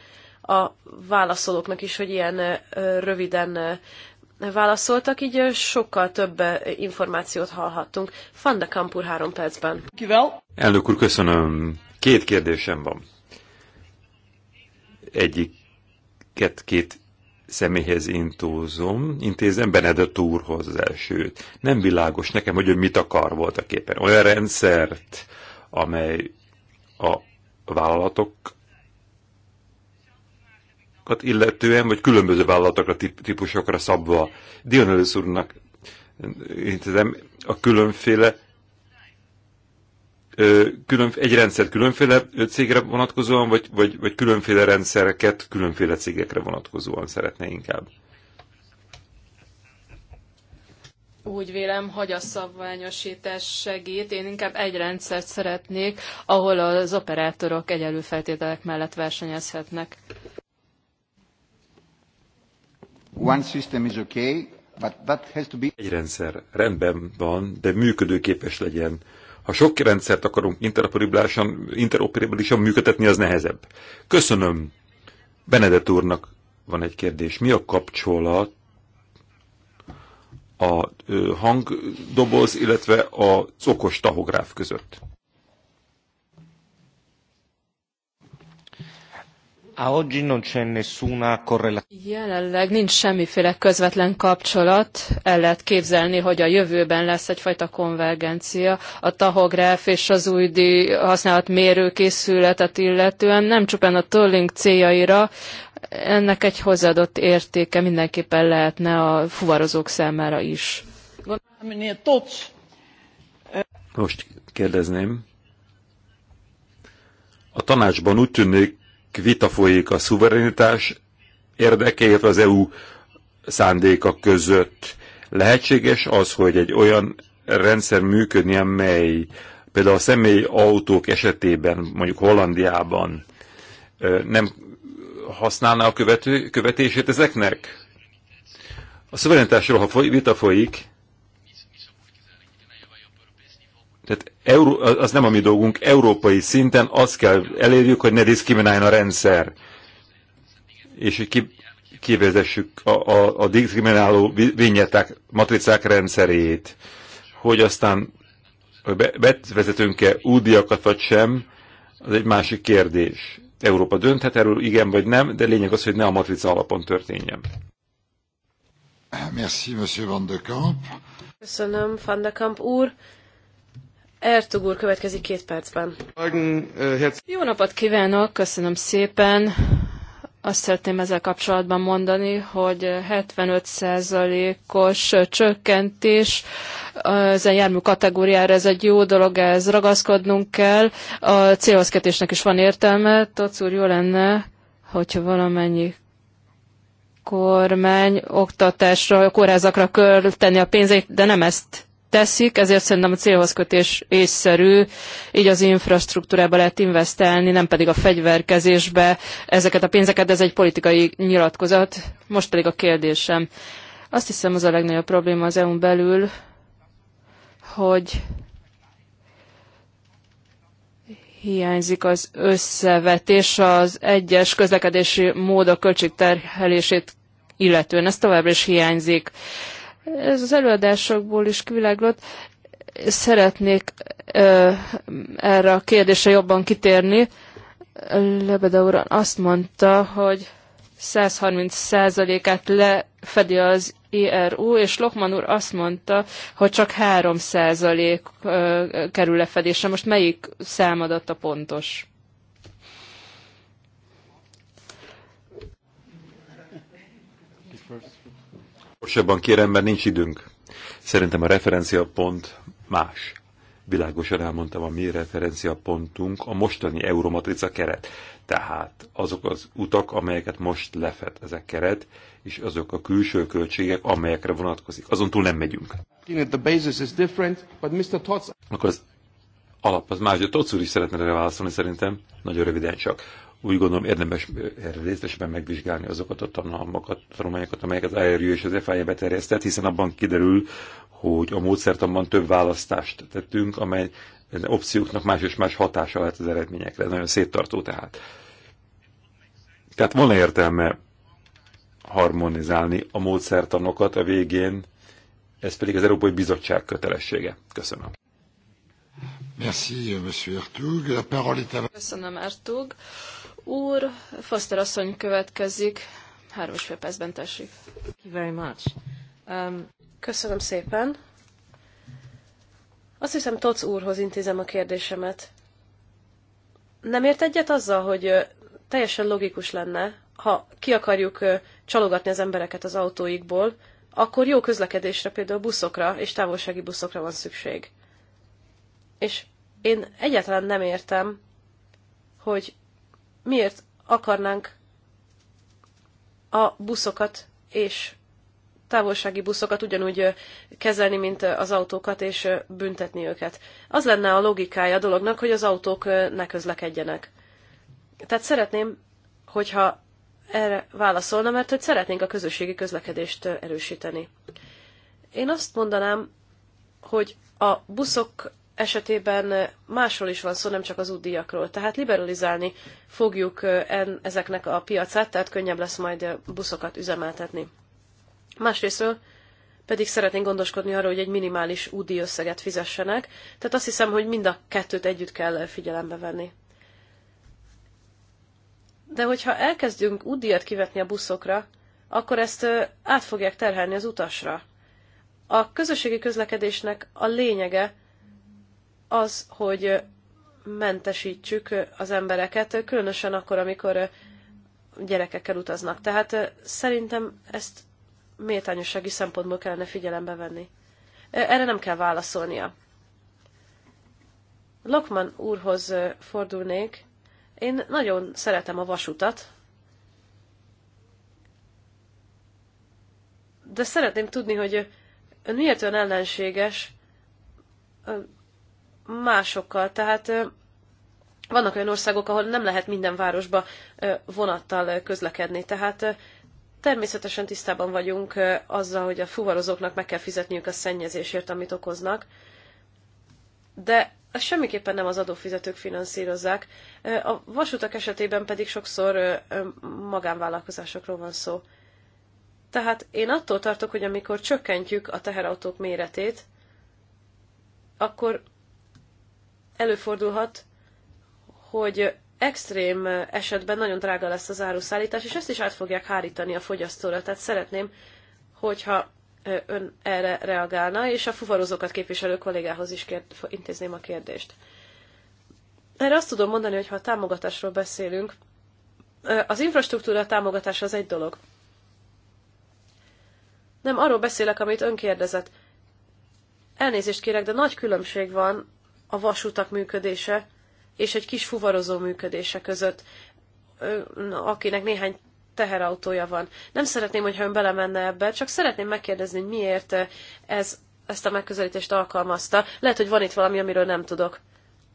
a válaszolóknak is, hogy ilyen röviden válaszoltak, így sokkal több információt hallhattunk. Van de Kampur három percben. Kivel? Elnök úr, köszönöm. Két kérdésem van. Egyik két személyhez intózom, intézem Benedett úrhoz az elsőt. Nem világos nekem, hogy ő mit akar voltak éppen. Olyan rendszert, amely a vállalatok illetően, vagy különböző vállalatokra, típusokra szabva. Dionelősz úrnak eh, intézem a különféle külön, egy rendszer különféle cégre vonatkozóan, vagy, vagy, vagy különféle rendszereket különféle cégekre vonatkozóan szeretne inkább? úgy vélem, hogy a szabványosítás segít. Én inkább egy rendszert szeretnék, ahol az operátorok egyenlő feltételek mellett versenyezhetnek. One system is okay, but that has to be... Egy rendszer rendben van, de működőképes legyen. Ha sok rendszert akarunk interoperabilisan, működtetni, az nehezebb. Köszönöm. Benedett úrnak van egy kérdés. Mi a kapcsolat a hangdoboz, illetve a okos tahográf között? Jelenleg nincs semmiféle közvetlen kapcsolat. El lehet képzelni, hogy a jövőben lesz egyfajta konvergencia a tahográf és az új használat mérőkészületet illetően, nem csupán a Tolling céljaira, ennek egy hozzáadott értéke mindenképpen lehetne a fuvarozók számára is. Most kérdezném. A tanácsban úgy tűnik, vita folyik a szuverenitás érdekeért az EU szándéka között. Lehetséges az, hogy egy olyan rendszer működni, amely például a személy autók esetében, mondjuk Hollandiában nem használná a követő, követését ezeknek? A szuverenitásról, ha foly, vita folyik, Euró, az nem a mi dolgunk, európai szinten azt kell elérjük, hogy ne diszkrimináljon a rendszer. És hogy ki, kivezessük a, a, a diszkrimináló vinyeták, matricák rendszerét, hogy aztán bevezetünk-e údiakat vagy sem, az egy másik kérdés. Európa dönthet erről, igen vagy nem, de lényeg az, hogy ne a matrica alapon történjen. Merci, monsieur Van de Kamp. Köszönöm, Van de Kamp úr. Ertug úr következik két percben. Jó napot kívánok, köszönöm szépen. Azt szeretném ezzel kapcsolatban mondani, hogy 75%-os csökkentés ezen jármű kategóriára, ez egy jó dolog, ez ragaszkodnunk kell. A célhozketésnek is van értelme, Toc úr, jó lenne, hogyha valamennyi kormány oktatásra, kórházakra költeni a pénzét, de nem ezt teszik, ezért szerintem a célhoz kötés észszerű, így az infrastruktúrába lehet investálni, nem pedig a fegyverkezésbe ezeket a pénzeket, ez egy politikai nyilatkozat. Most pedig a kérdésem. Azt hiszem az a legnagyobb probléma az EU-n belül, hogy hiányzik az összevetés az egyes közlekedési módok költségterhelését illetően. Ez továbbra is hiányzik. Uh, ez az előadásokból is kiviláglott. Szeretnék ö, erre a kérdésre jobban kitérni. Lebeda uram azt mondta, hogy 130%-át lefedi az IRU, és Lokman úr azt mondta, hogy csak 3% kerül lefedésre. Most melyik számadat a pontos? Gyorsabban kérem, mert nincs időnk. Szerintem a referenciapont más. Világosan elmondtam, a mi referenciapontunk a mostani Euromatrica keret. Tehát azok az utak, amelyeket most lefed ez a keret, és azok a külső költségek, amelyekre vonatkozik. Azon túl nem megyünk. Akkor az alap az más, de Tocz is szeretne erre válaszolni szerintem, nagyon röviden csak úgy gondolom érdemes eh, erre részletesen megvizsgálni azokat a tanulmányokat, tanulmányokat amelyek az ARU és az FIA beterjesztett, hiszen abban kiderül, hogy a módszertanban több választást tettünk, amely opcióknak más és más hatása lehet az eredményekre. Ez nagyon széttartó tehát. Tehát van értelme harmonizálni a módszertanokat a végén, ez pedig az Európai Bizottság kötelessége. Köszönöm. Merci, monsieur Ertug. La parole est à... Köszönöm, Ertug úr. Foster asszony következik. Három és fél percben tessék. Thank you very much. Um... Köszönöm szépen. Azt hiszem, Toc úrhoz intézem a kérdésemet. Nem ért egyet azzal, hogy teljesen logikus lenne, ha ki akarjuk csalogatni az embereket az autóikból, akkor jó közlekedésre, például buszokra és távolsági buszokra van szükség. És én egyáltalán nem értem, hogy miért akarnánk a buszokat és távolsági buszokat ugyanúgy kezelni, mint az autókat, és büntetni őket. Az lenne a logikája a dolognak, hogy az autók ne közlekedjenek. Tehát szeretném, hogyha erre válaszolna, mert hogy szeretnénk a közösségi közlekedést erősíteni. Én azt mondanám, hogy a buszok esetében másról is van szó, nem csak az útdíjakról. Tehát liberalizálni fogjuk en, ezeknek a piacát, tehát könnyebb lesz majd buszokat üzemeltetni. Másrésztről pedig szeretnénk gondoskodni arról, hogy egy minimális údi összeget fizessenek, tehát azt hiszem, hogy mind a kettőt együtt kell figyelembe venni. De hogyha elkezdünk útdíjat kivetni a buszokra, akkor ezt át fogják terhelni az utasra. A közösségi közlekedésnek a lényege, az, hogy mentesítsük az embereket, különösen akkor, amikor gyerekekkel utaznak. Tehát szerintem ezt méltányossági szempontból kellene figyelembe venni. Erre nem kell válaszolnia. Lokman úrhoz fordulnék. Én nagyon szeretem a vasutat, de szeretném tudni, hogy ön miért olyan ellenséges másokkal. Tehát vannak olyan országok, ahol nem lehet minden városba vonattal közlekedni. Tehát természetesen tisztában vagyunk azzal, hogy a fuvarozóknak meg kell fizetniük a szennyezésért, amit okoznak. De ezt semmiképpen nem az adófizetők finanszírozzák. A vasutak esetében pedig sokszor magánvállalkozásokról van szó. Tehát én attól tartok, hogy amikor csökkentjük a teherautók méretét, akkor előfordulhat, hogy extrém esetben nagyon drága lesz az áruszállítás, és ezt is át fogják hárítani a fogyasztóra. Tehát szeretném, hogyha ön erre reagálna, és a fuvarozókat képviselő kollégához is kérd, intézném a kérdést. Erre azt tudom mondani, hogy ha a támogatásról beszélünk, az infrastruktúra támogatása az egy dolog. Nem, arról beszélek, amit ön kérdezett. Elnézést kérek, de nagy különbség van a vasutak működése és egy kis fuvarozó működése között, akinek néhány teherautója van. Nem szeretném, hogyha ön belemenne ebbe, csak szeretném megkérdezni, hogy miért ez, ezt a megközelítést alkalmazta. Lehet, hogy van itt valami, amiről nem tudok.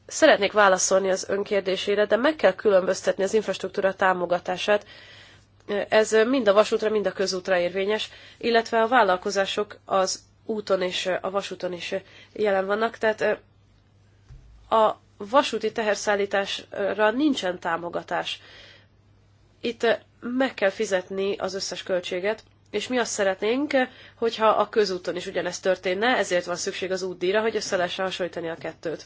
Szeretnék válaszolni az önkérdésére, de meg kell különböztetni az infrastruktúra támogatását. Ez mind a vasútra, mind a közútra érvényes, illetve a vállalkozások az úton és a vasúton is jelen vannak, tehát a vasúti teherszállításra nincsen támogatás. Itt meg kell fizetni az összes költséget, és mi azt szeretnénk, hogyha a közúton is ugyanezt történne, ezért van szükség az útdíjra, hogy össze lehessen hasonlítani a kettőt.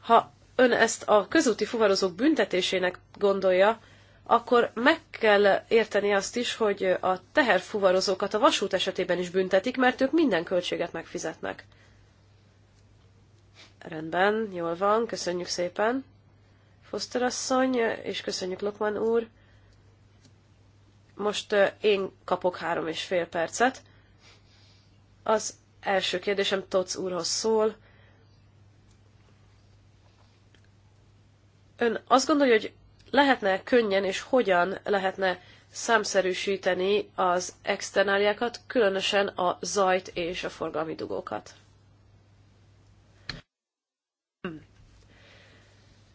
Ha ön ezt a közúti fuvarozók büntetésének gondolja, akkor meg kell érteni azt is, hogy a teherfuvarozókat a vasút esetében is büntetik, mert ők minden költséget megfizetnek. Rendben, jól van, köszönjük szépen. Foster asszony, és köszönjük Lokman úr. Most én kapok három és fél percet. Az első kérdésem Tocz úrhoz szól. Ön azt gondolja, hogy lehetne könnyen és hogyan lehetne számszerűsíteni az externáliákat, különösen a zajt és a forgalmi dugókat?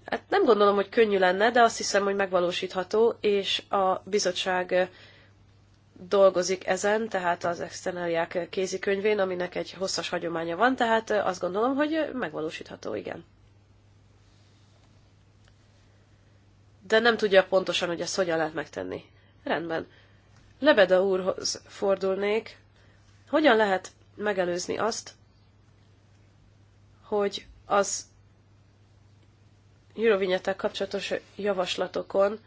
Hát nem gondolom, hogy könnyű lenne, de azt hiszem, hogy megvalósítható, és a bizottság dolgozik ezen, tehát az externaliák kézikönyvén, aminek egy hosszas hagyománya van, tehát azt gondolom, hogy megvalósítható, igen. De nem tudja pontosan, hogy ezt hogyan lehet megtenni. Rendben. Lebeda úrhoz fordulnék. Hogyan lehet megelőzni azt, hogy az Eurovinyettel kapcsolatos javaslatokon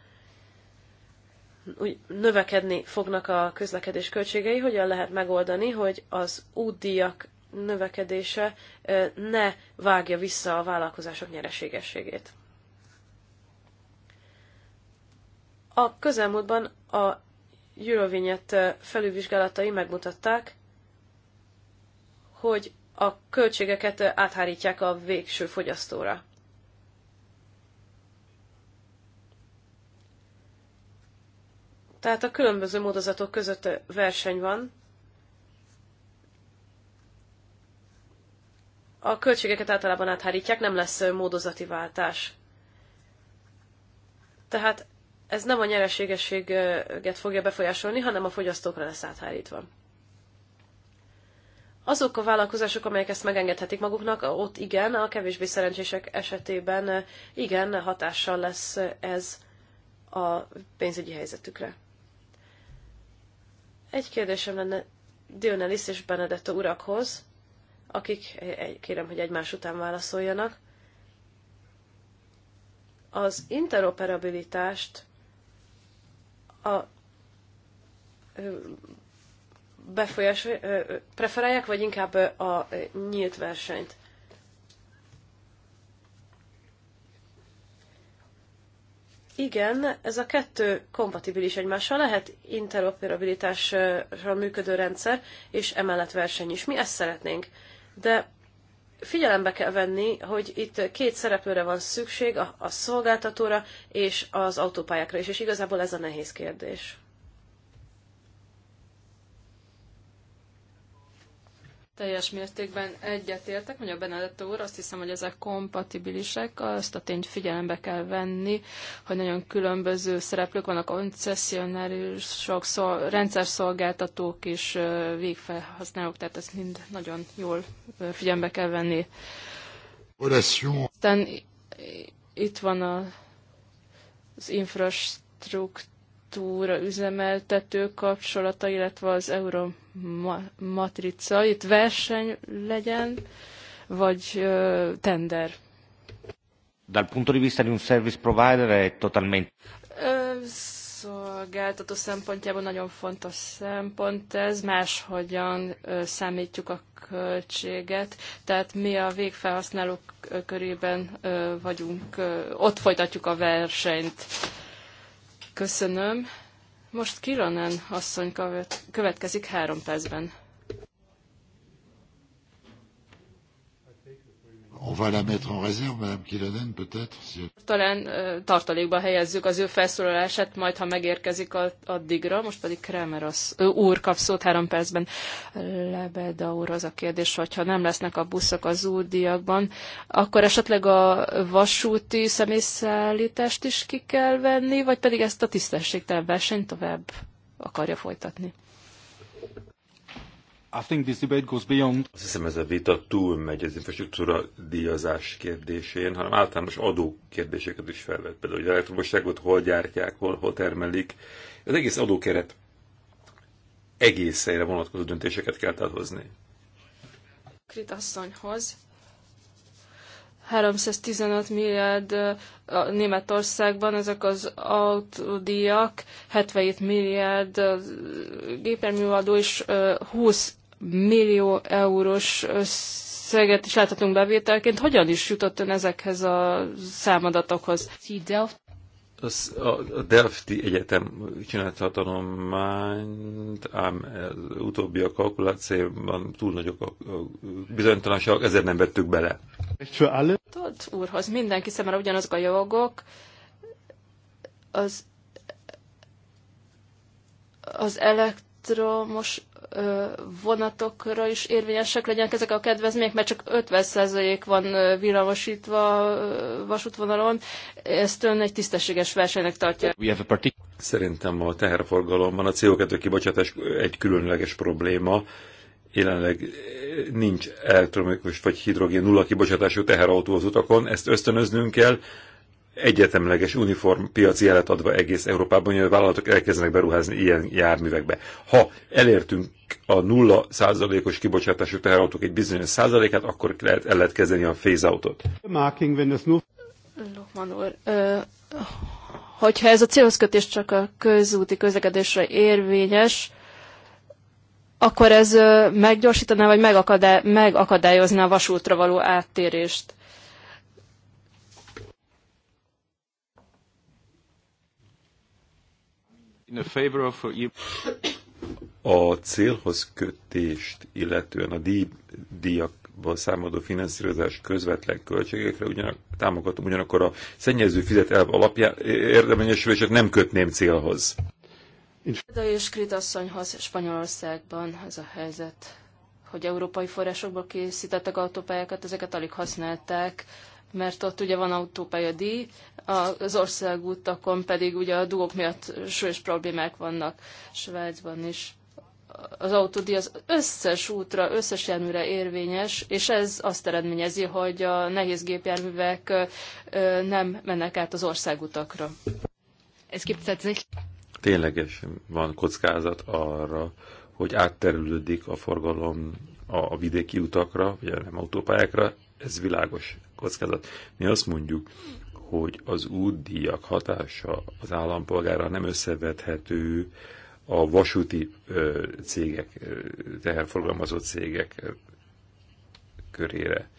úgy növekedni fognak a közlekedés költségei, hogyan lehet megoldani, hogy az útdíjak növekedése ne vágja vissza a vállalkozások nyereségességét. A közelmúltban a Eurovinyet felülvizsgálatai megmutatták, hogy a költségeket áthárítják a végső fogyasztóra. Tehát a különböző módozatok között verseny van. A költségeket általában áthárítják, nem lesz módozati váltás. Tehát ez nem a nyereségességet fogja befolyásolni, hanem a fogyasztókra lesz áthárítva. Azok a vállalkozások, amelyek ezt megengedhetik maguknak, ott igen, a kevésbé szerencsések esetében igen, hatással lesz ez a pénzügyi helyzetükre. Egy kérdésem lenne Dionelis és Benedetto urakhoz, akik kérem, hogy egymás után válaszoljanak. Az interoperabilitást a befolyás preferálják, vagy inkább a nyílt versenyt? Igen, ez a kettő kompatibilis egymással, lehet interoperabilitásra működő rendszer, és emellett verseny is. Mi ezt szeretnénk. De figyelembe kell venni, hogy itt két szereplőre van szükség, a, a szolgáltatóra és az autópályákra is, és igazából ez a nehéz kérdés. teljes mértékben egyetértek, mondja Benedetto úr, azt hiszem, hogy ezek kompatibilisek, azt a tényt figyelembe kell venni, hogy nagyon különböző szereplők vannak, koncessionárusok, rendszer szolgáltatók és végfelhasználók, tehát ezt mind nagyon jól figyelembe kell venni. Aztán itt van a, az infrastruktúra üzemeltető kapcsolata, illetve az euró ma- matrica, itt verseny legyen, vagy ö, tender? Dal punto di vista di un service provider è totalmente... szolgáltató szempontjából nagyon fontos szempont ez, máshogyan számítjuk a költséget, tehát mi a végfelhasználók körében vagyunk, ott folytatjuk a versenyt. Köszönöm. Most Kironen asszony következik három percben. On va la mettre en réserve, Madame Kilonen, peut-être? Si... Talán euh, tartalékba helyezzük az ő felszólalását, majd ha megérkezik a, addigra, most pedig Kramer az, úr kap szót három percben. Lebeda úr, az a kérdés, hogyha nem lesznek a buszok az úrdiakban, akkor esetleg a vasúti személyszállítást is ki kell venni, vagy pedig ezt a tisztességtelen versenyt tovább akarja folytatni? Azt hiszem ez a vita túlmegy az infrastruktúra díjazás kérdésén, hanem általános adó kérdéseket is felvet. Például, hogy elektromosságot hol gyártják, hol, hol termelik. Az egész adókeret egészére vonatkozó döntéseket kell tehát hozni. Krit asszonyhoz. 315 milliárd Németországban, ezek az autódíjak, 77 milliárd gépjárműadó és 20 millió eurós összeget is láthatunk bevételként. Hogyan is jutott ön ezekhez a számadatokhoz? Az, a, Delfti Egyetem csinálta a tanulmányt, ám az utóbbi a kalkulációban túl nagyok a, bizonytalanságok, ezért nem vettük bele. Tudod, úrhoz, mindenki számára ugyanazok a jogok, az az elektromos vonatokra is érvényesek legyenek ezek a kedvezmények, mert csak 50% van villamosítva vasútvonalon, ezt ön egy tisztességes versenynek tartja. Szerintem a teherforgalomban a CO2 kibocsátás egy különleges probléma, jelenleg nincs elektromikus vagy hidrogén nulla kibocsátású teherautó az utakon, ezt ösztönöznünk kell, egyetemleges uniform piaci jelet adva egész Európában, hogy a vállalatok elkezdenek beruházni ilyen járművekbe. Ha elértünk a nulla százalékos kibocsátású teherautók egy bizonyos százalékát, akkor lehet, el lehet kezdeni a phase-outot. Lohman úr, ö, hogyha ez a célhoz kötés csak a közúti közlekedésre érvényes, akkor ez meggyorsítaná, vagy megakadályozná a vasútra való áttérést. Uh, a célhoz kötést, illetően a díj, díjakból számoló finanszírozás közvetlen költségekre ugyanak, támogatom, ugyanakkor a szennyező fizet elv alapján érdemenyesülését nem kötném célhoz. A és Krit asszonyhoz Spanyolországban ez a helyzet, hogy európai forrásokból készítettek autópályákat, ezeket alig használták, mert ott ugye van autópálya díj, az országútakon pedig ugye a dugók miatt súlyos problémák vannak Svájcban is. Az autódi az összes útra, összes járműre érvényes, és ez azt eredményezi, hogy a nehéz gépjárművek nem mennek át az országutakra. Ez tetszik. Ténylegesen van kockázat arra, hogy átterülődik a forgalom a vidéki utakra, vagy nem autópályákra, ez világos kockázat. Mi azt mondjuk, hogy az útdíjak hatása az állampolgára nem összevethető a vasúti ö, cégek, teherforgalmazott cégek ö, körére.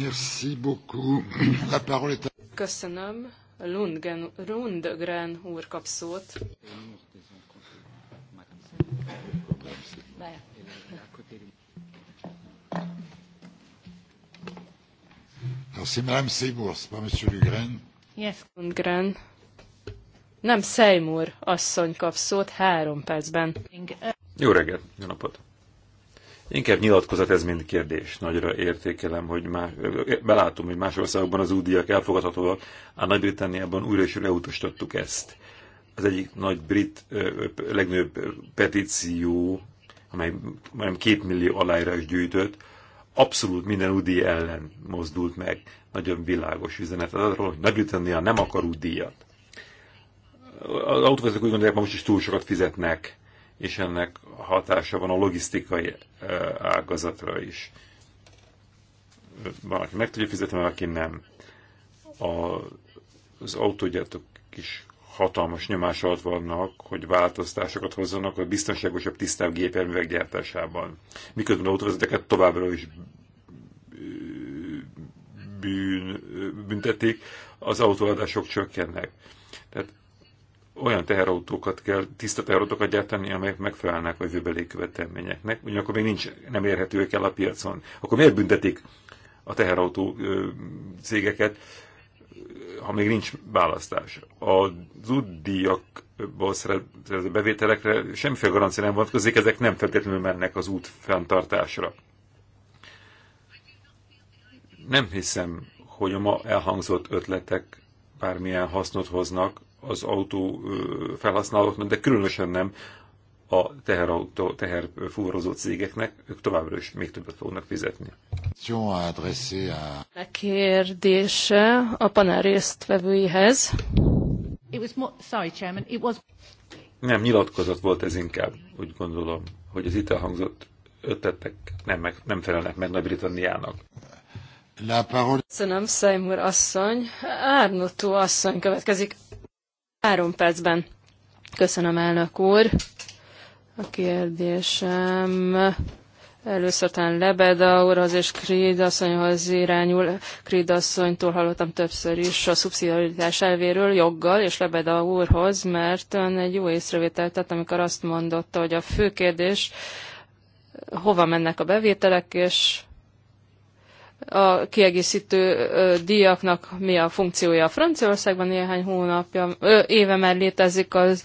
Merci beaucoup. La parole est Köszönöm. Lundgren, Lundgren úr kap szót. C'est Madame Seymour, c'est pas Monsieur Lugren. Yes, Lundgren. Nem Seymour asszony kap szót három percben. Jó reggelt, jó napot. Inkább nyilatkozat ez, mint kérdés. Nagyra értékelem, hogy más, belátom, hogy más országokban az údiak elfogadhatóak, a Nagy-Britanniában újra és újra elutasítottuk ezt. Az egyik nagy brit legnagyobb petíció, amely majdnem két millió aláírás gyűjtött, abszolút minden UDI ellen mozdult meg. Nagyon világos üzenet arról, hogy Nagy-Britannia nem akar UDI-at. Az autóvezetők úgy gondolják, most is túl sokat fizetnek, és ennek hatása van a logisztikai ágazatra is. Van, aki meg tudja fizetni, van, aki nem. A, az autógyártók is hatalmas nyomás alatt vannak, hogy változtásokat hozzanak a biztonságosabb, tisztább gépjárművek gyártásában. Miközben autóvezeteket továbbra is bűn, büntetik, az autóadások csökkennek. Tehát olyan teherautókat kell, tiszta teherautókat gyártani, amelyek megfelelnek a jövőbeli követelményeknek, ugyanakkor még nincs, nem érhetőek el a piacon. Akkor miért büntetik a teherautó cégeket ha még nincs választás. a útdíjakból szerező bevételekre semmiféle garancia nem vonatkozik, ezek nem feltétlenül mennek az út fenntartásra. Nem hiszem, hogy a ma elhangzott ötletek bármilyen hasznot hoznak az autó felhasználóknak, de különösen nem a teherautó, teherfúvarozó cégeknek, ők továbbra is még többet fognak fizetni. A kérdése a panel résztvevőihez. It was more, sorry, Chairman, it was... Nem, nyilatkozat volt ez inkább, úgy gondolom, hogy az itt elhangzott ötletek nem, meg, nem felelnek meg Nagy-Britanniának. parole... Köszönöm, Seymour asszony. Árnotó asszony következik három percben. Köszönöm, elnök úr. A kérdésem először talán Lebeda úrhoz és Creed asszonyhoz irányul. Creed asszonytól hallottam többször is a szubszidiaritás elvéről joggal, és Lebeda úrhoz, mert ön egy jó észrevételt tett, amikor azt mondotta, hogy a fő kérdés, hova mennek a bevételek, és a kiegészítő díjaknak mi a funkciója. A Franciaországban néhány hónapja, ö, éve már létezik az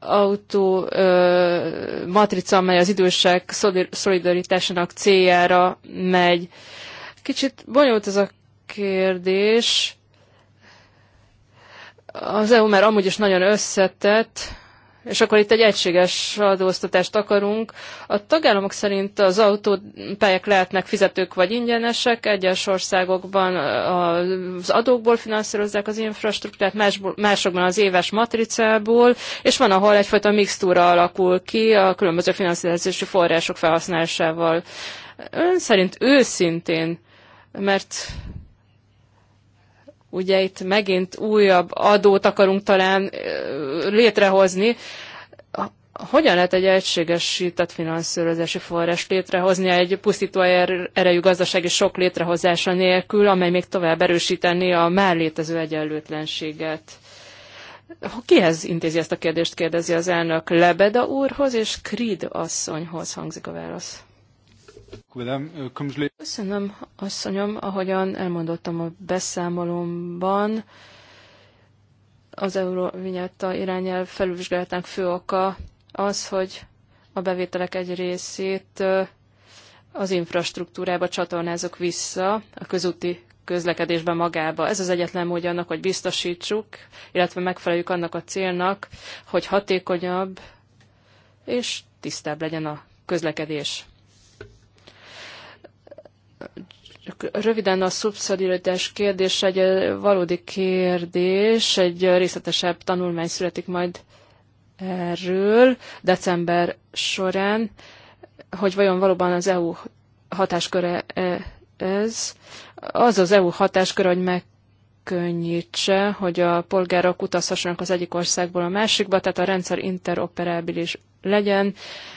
autó ö, matrica, amely az idősek szolidaritásának céljára megy. Kicsit bonyolult ez a kérdés. Az EU már amúgy is nagyon összetett, és akkor itt egy egységes adóztatást akarunk. A tagállamok szerint az autópályák lehetnek fizetők vagy ingyenesek, egyes országokban az adókból finanszírozzák az infrastruktúrát, másokban az éves matricából, és van, ahol egyfajta mixtúra alakul ki a különböző finanszírozási források felhasználásával. Ön szerint őszintén, mert Ugye itt megint újabb adót akarunk talán létrehozni. Hogyan lehet egy egységesített finanszírozási forrás létrehozni egy pusztító er-, erejű gazdasági sok létrehozása nélkül, amely még tovább erősíteni a már létező egyenlőtlenséget? Kihez intézi ezt a kérdést, kérdezi az elnök Lebeda úrhoz, és Creed asszonyhoz hangzik a válasz. Euh, Köszönöm, asszonyom, ahogyan elmondottam a beszámolomban, az Eurovinyetta irányelv felülvizsgálatának fő oka az, hogy a bevételek egy részét az infrastruktúrába csatornázok vissza, a közúti közlekedésbe magába. Ez az egyetlen módja annak, hogy biztosítsuk, illetve megfeleljük annak a célnak, hogy hatékonyabb és tisztább legyen a közlekedés röviden a szubszidiaritás kérdés egy valódi kérdés, egy részletesebb tanulmány születik majd erről december során, hogy vajon valóban az EU hatásköre e, ez. Az az EU hatásköre, hogy meg könnyítse, hogy a polgárok utazhassanak az egyik országból a másikba, tehát a rendszer interoperábilis legyen,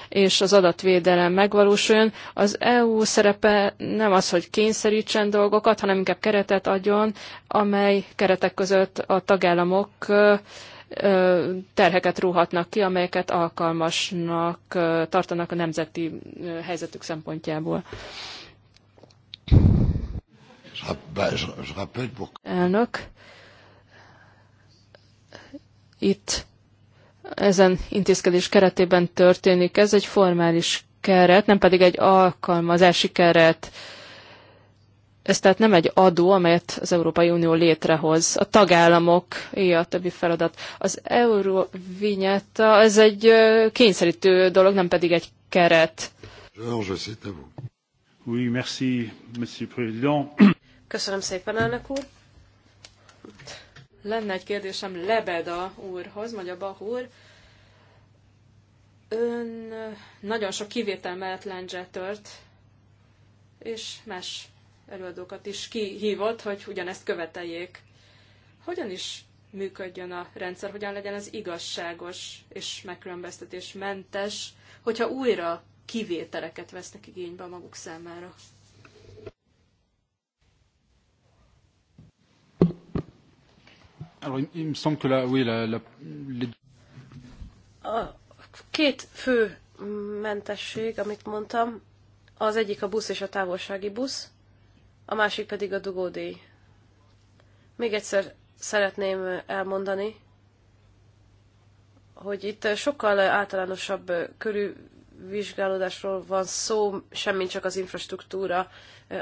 és az adatvédelem megvalósuljon. Az EU szerepe nem az, hogy kényszerítsen dolgokat, hanem inkább keretet adjon, amely keretek között a tagállamok terheket rúhatnak ki, amelyeket alkalmasnak tartanak a nemzeti helyzetük szempontjából. Elnök, itt ezen intézkedés keretében történik. Ez egy formális keret, nem pedig egy alkalmazási keret. Ez tehát nem egy adó, amelyet az Európai Unió létrehoz. A tagállamok, így a többi feladat. Az euróvinyetta, ez egy kényszerítő dolog, nem pedig egy keret. Köszönöm szépen, elnök úr. Lenne egy kérdésem Lebeda úrhoz, mondja Bach úr. Ön eh, nagyon sok kivétel mellett tört, és más előadókat is kihívott, hogy ugyanezt követeljék. Hogyan is működjön a rendszer, hogyan legyen ez igazságos és megkülönböztetésmentes, hogyha újra kivételeket vesznek igénybe maguk számára. Alors, il me semble que là, oui, la, la, les... két fő mentesség, amit mondtam, az egyik a busz és a távolsági busz, a másik pedig a dugódíj. Még egyszer szeretném elmondani, hogy itt sokkal általánosabb körülvizsgálódásról van szó, semmint csak az infrastruktúra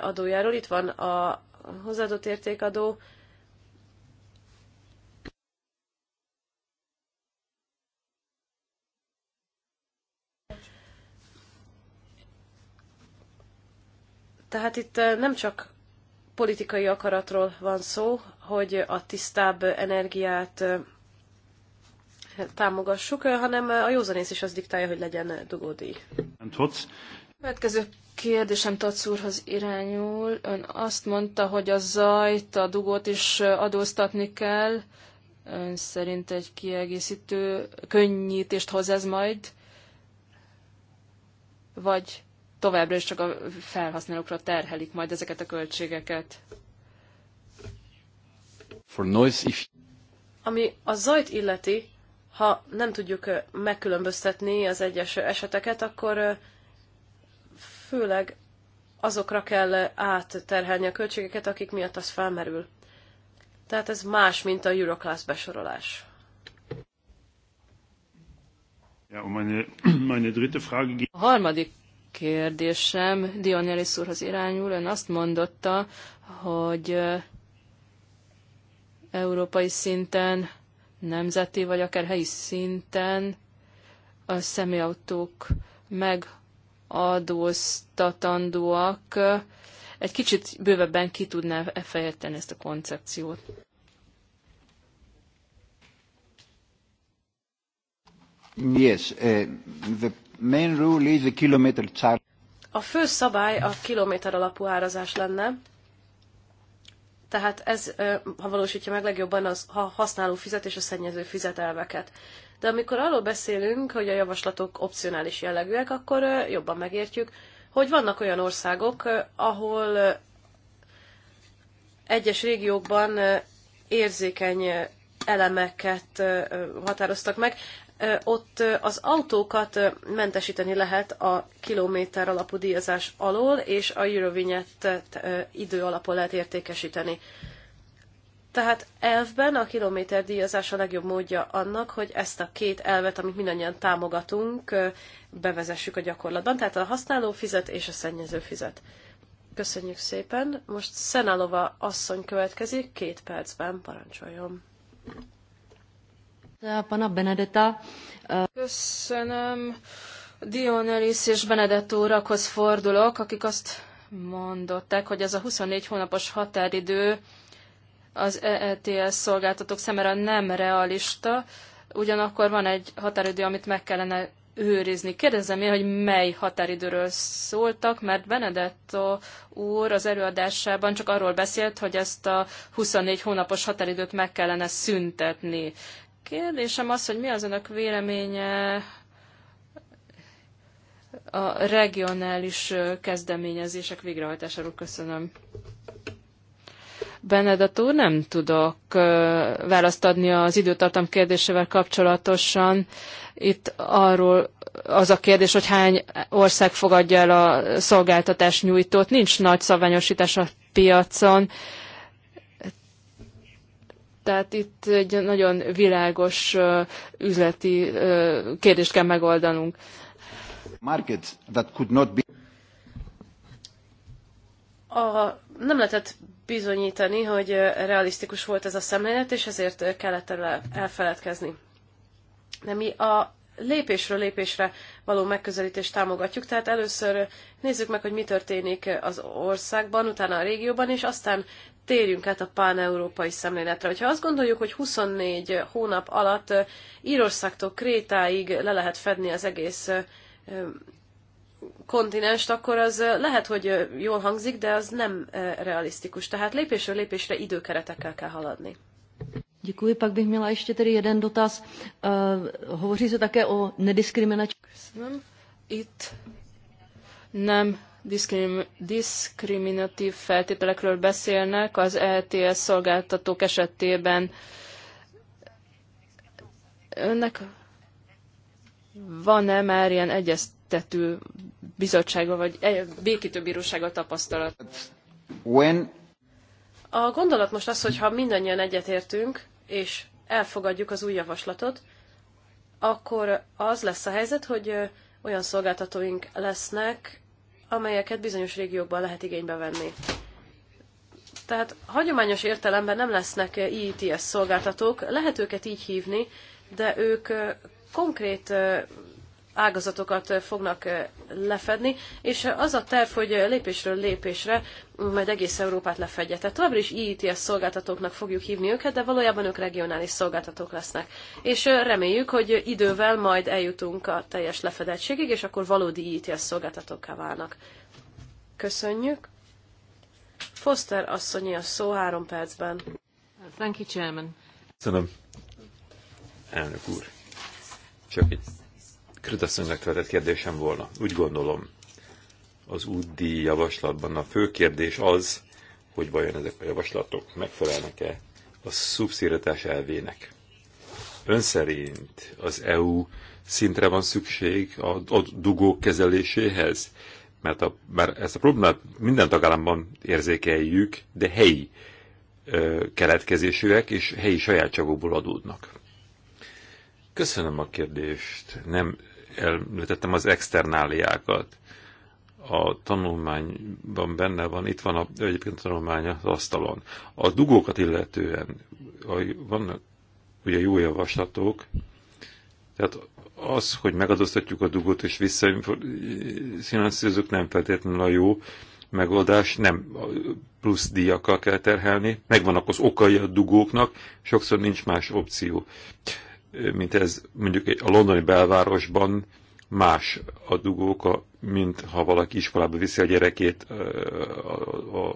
adójáról. Itt van a hozzáadott értékadó, Tehát itt nem csak politikai akaratról van szó, hogy a tisztább energiát támogassuk, hanem a józanész is az diktálja, hogy legyen dugódi. Következő kérdésem Tatsz úrhoz irányul. Ön azt mondta, hogy a zajt, a dugót is adóztatni kell. Ön szerint egy kiegészítő könnyítést hoz ez majd? Vagy továbbra is csak a felhasználókra terhelik majd ezeket a költségeket. For noise if... Ami a zajt illeti, ha nem tudjuk megkülönböztetni az egyes eseteket, akkor főleg azokra kell átterhelni a költségeket, akik miatt az felmerül. Tehát ez más, mint a Euroclass besorolás. A harmadik Kérdésem Dionelis úrhoz irányul. Ön azt mondotta, hogy európai szinten, nemzeti vagy akár helyi szinten a személyautók megadóztatandóak. Egy kicsit bővebben ki tudná e fejteni ezt a koncepciót. Yes, uh, the main rule is a kilometer charge. A fő szabály a kilométer alapú árazás lenne, tehát ez, ha valósítja meg legjobban, az ha használó fizet és a szennyező fizet elveket. De amikor arról beszélünk, hogy a javaslatok opcionális jellegűek, akkor jobban megértjük, hogy vannak olyan országok, ahol egyes régiókban érzékeny elemeket határoztak meg ott az autókat mentesíteni lehet a kilométer alapú díjazás alól, és a Eurovignett idő alapon lehet értékesíteni. Tehát elvben a kilométer díjazás a legjobb módja annak, hogy ezt a két elvet, amit mindannyian támogatunk, bevezessük a gyakorlatban. Tehát a használó fizet és a szennyező fizet. Köszönjük szépen. Most Szenálova asszony következik, két percben parancsoljon. Pana Benedetta. Eh, Köszönöm. Dionelis és Benedett úrakhoz fordulok, akik azt mondották, hogy ez a 24 hónapos határidő az EETS szolgáltatók szemére nem realista, ugyanakkor van egy határidő, amit meg kellene őrizni. Kérdezem én, hogy mely határidőről szóltak, mert Benedetto úr az előadásában csak arról beszélt, hogy ezt a 24 hónapos határidőt meg kellene szüntetni. Kérdésem az, hogy mi az önök véleménye a regionális kezdeményezések végrehajtásáról. Köszönöm. Benedett úr, nem tudok választ adni az időtartam kérdésével kapcsolatosan. Itt arról az a kérdés, hogy hány ország fogadja el a szolgáltatás nyújtót. Nincs nagy szabványosítás a piacon. Tehát itt egy nagyon világos üzleti kérdést kell megoldanunk. A, nem lehetett bizonyítani, hogy realisztikus volt ez a szemlélet, és ezért kellett elfeledkezni. De mi a lépésről lépésre való megközelítést támogatjuk, tehát először nézzük meg, hogy mi történik az országban, utána a régióban, és aztán térjünk át a pán-európai szemléletre. Hogyha azt gondoljuk, hogy 24 hónap alatt Írországtól Krétáig le lehet fedni az egész kontinenst, akkor az lehet, hogy jól hangzik, de az nem realisztikus. Tehát lépésről lépésre időkeretekkel kell haladni. Děkuji, pak bych měla ještě tedy jeden dotaz. Uh, hovoří se také o nediskriminační... Itt nem diszkrim, diszkriminatív feltételekről beszélnek az ETS szolgáltatók esetében. Önnek van-e már ilyen egyeztető bizottsága, vagy békítő bírósága tapasztalat? When... A gondolat most az, hogy ha mindannyian egyetértünk, és elfogadjuk az új javaslatot, akkor az lesz a helyzet, hogy olyan szolgáltatóink lesznek, amelyeket bizonyos régiókban lehet igénybe venni. Tehát hagyományos értelemben nem lesznek eh, IETS szolgáltatók, lehet őket így hívni, de ők eh, konkrét eh, ágazatokat fognak lefedni, és az a terv, hogy lépésről lépésre majd egész Európát lefedje. Tehát továbbra is IITS e szolgáltatóknak fogjuk hívni őket, de valójában ők regionális szolgáltatók lesznek. És reméljük, hogy idővel majd eljutunk a teljes lefedettségig, és akkor valódi IITS e szolgáltatókká válnak. Köszönjük. Foster asszonyi a szó három percben. Thank you, Chairman. Köszönöm. Elnök úr. Csak egy Kritasszonynak feltett kérdésem volna. Úgy gondolom, az útdíj javaslatban a fő kérdés az, hogy vajon ezek a javaslatok megfelelnek-e a szubszidiaritás elvének. Ön szerint az EU szintre van szükség a, a dugók kezeléséhez? Mert, a, mert ezt a problémát minden tagállamban érzékeljük, de helyi ö, keletkezésűek és helyi sajátságokból adódnak. Köszönöm a kérdést. Nem említettem az externáliákat. A tanulmányban benne van, itt van a, egyébként a tanulmány az asztalon. A dugókat illetően a, vannak ugye jó javaslatok, tehát az, hogy megadóztatjuk a dugót és visszafinanszírozunk, nem feltétlenül a jó megoldás, nem plusz díjakkal kell terhelni, megvannak az okai a dugóknak, sokszor nincs más opció mint ez mondjuk a londoni belvárosban más a dugók, mint ha valaki iskolába viszi a gyerekét a, a,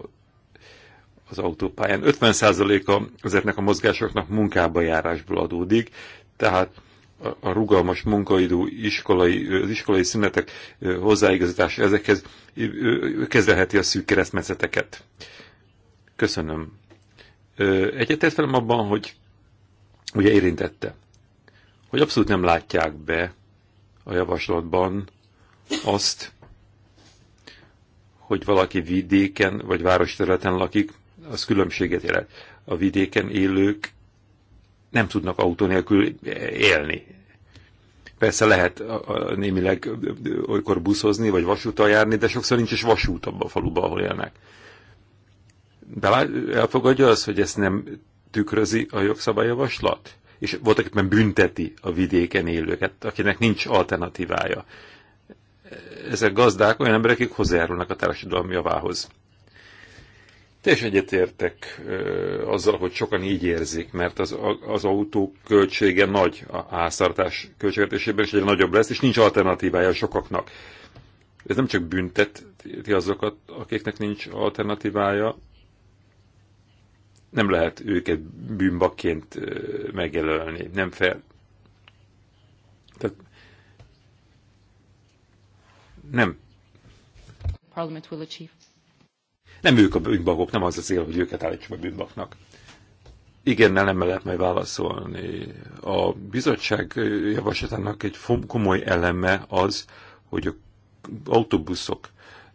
az autópályán. 50%-a ezeknek a mozgásoknak munkába járásból adódik, tehát a rugalmas munkaidő, iskolai, az iskolai szünetek hozzáigazítása ezekhez kezelheti a szűk keresztmetszeteket. Köszönöm. Egyetért felem abban, hogy ugye érintette hogy abszolút nem látják be a javaslatban azt, hogy valaki vidéken vagy város területen lakik, az különbséget jelent. A vidéken élők nem tudnak autó nélkül élni. Persze lehet a, a, némileg olykor buszozni, vagy vasúttal járni, de sokszor nincs is vasút abban a faluban, ahol élnek. De elfogadja az, hogy ezt nem tükrözi a jogszabályjavaslat? és voltak éppen bünteti a vidéken élőket, akinek nincs alternatívája. Ezek gazdák olyan emberek, akik hozzájárulnak a társadalmi javához. Teljesen egyetértek ö, azzal, hogy sokan így érzik, mert az, az autó költsége nagy a háztartás költségvetésében, és egyre nagyobb lesz, és nincs alternatívája sokaknak. Ez nem csak büntet azokat, akiknek nincs alternatívája, nem lehet őket bűnbakként megjelölni. Nem fel... Tehát nem. Parliament will achieve. Nem ők a bűnbakok, nem az a cél, hogy őket állítsuk a bűnbaknak. Igen, nem lehet majd válaszolni. A bizottság javaslatának egy komoly eleme az, hogy a autóbuszok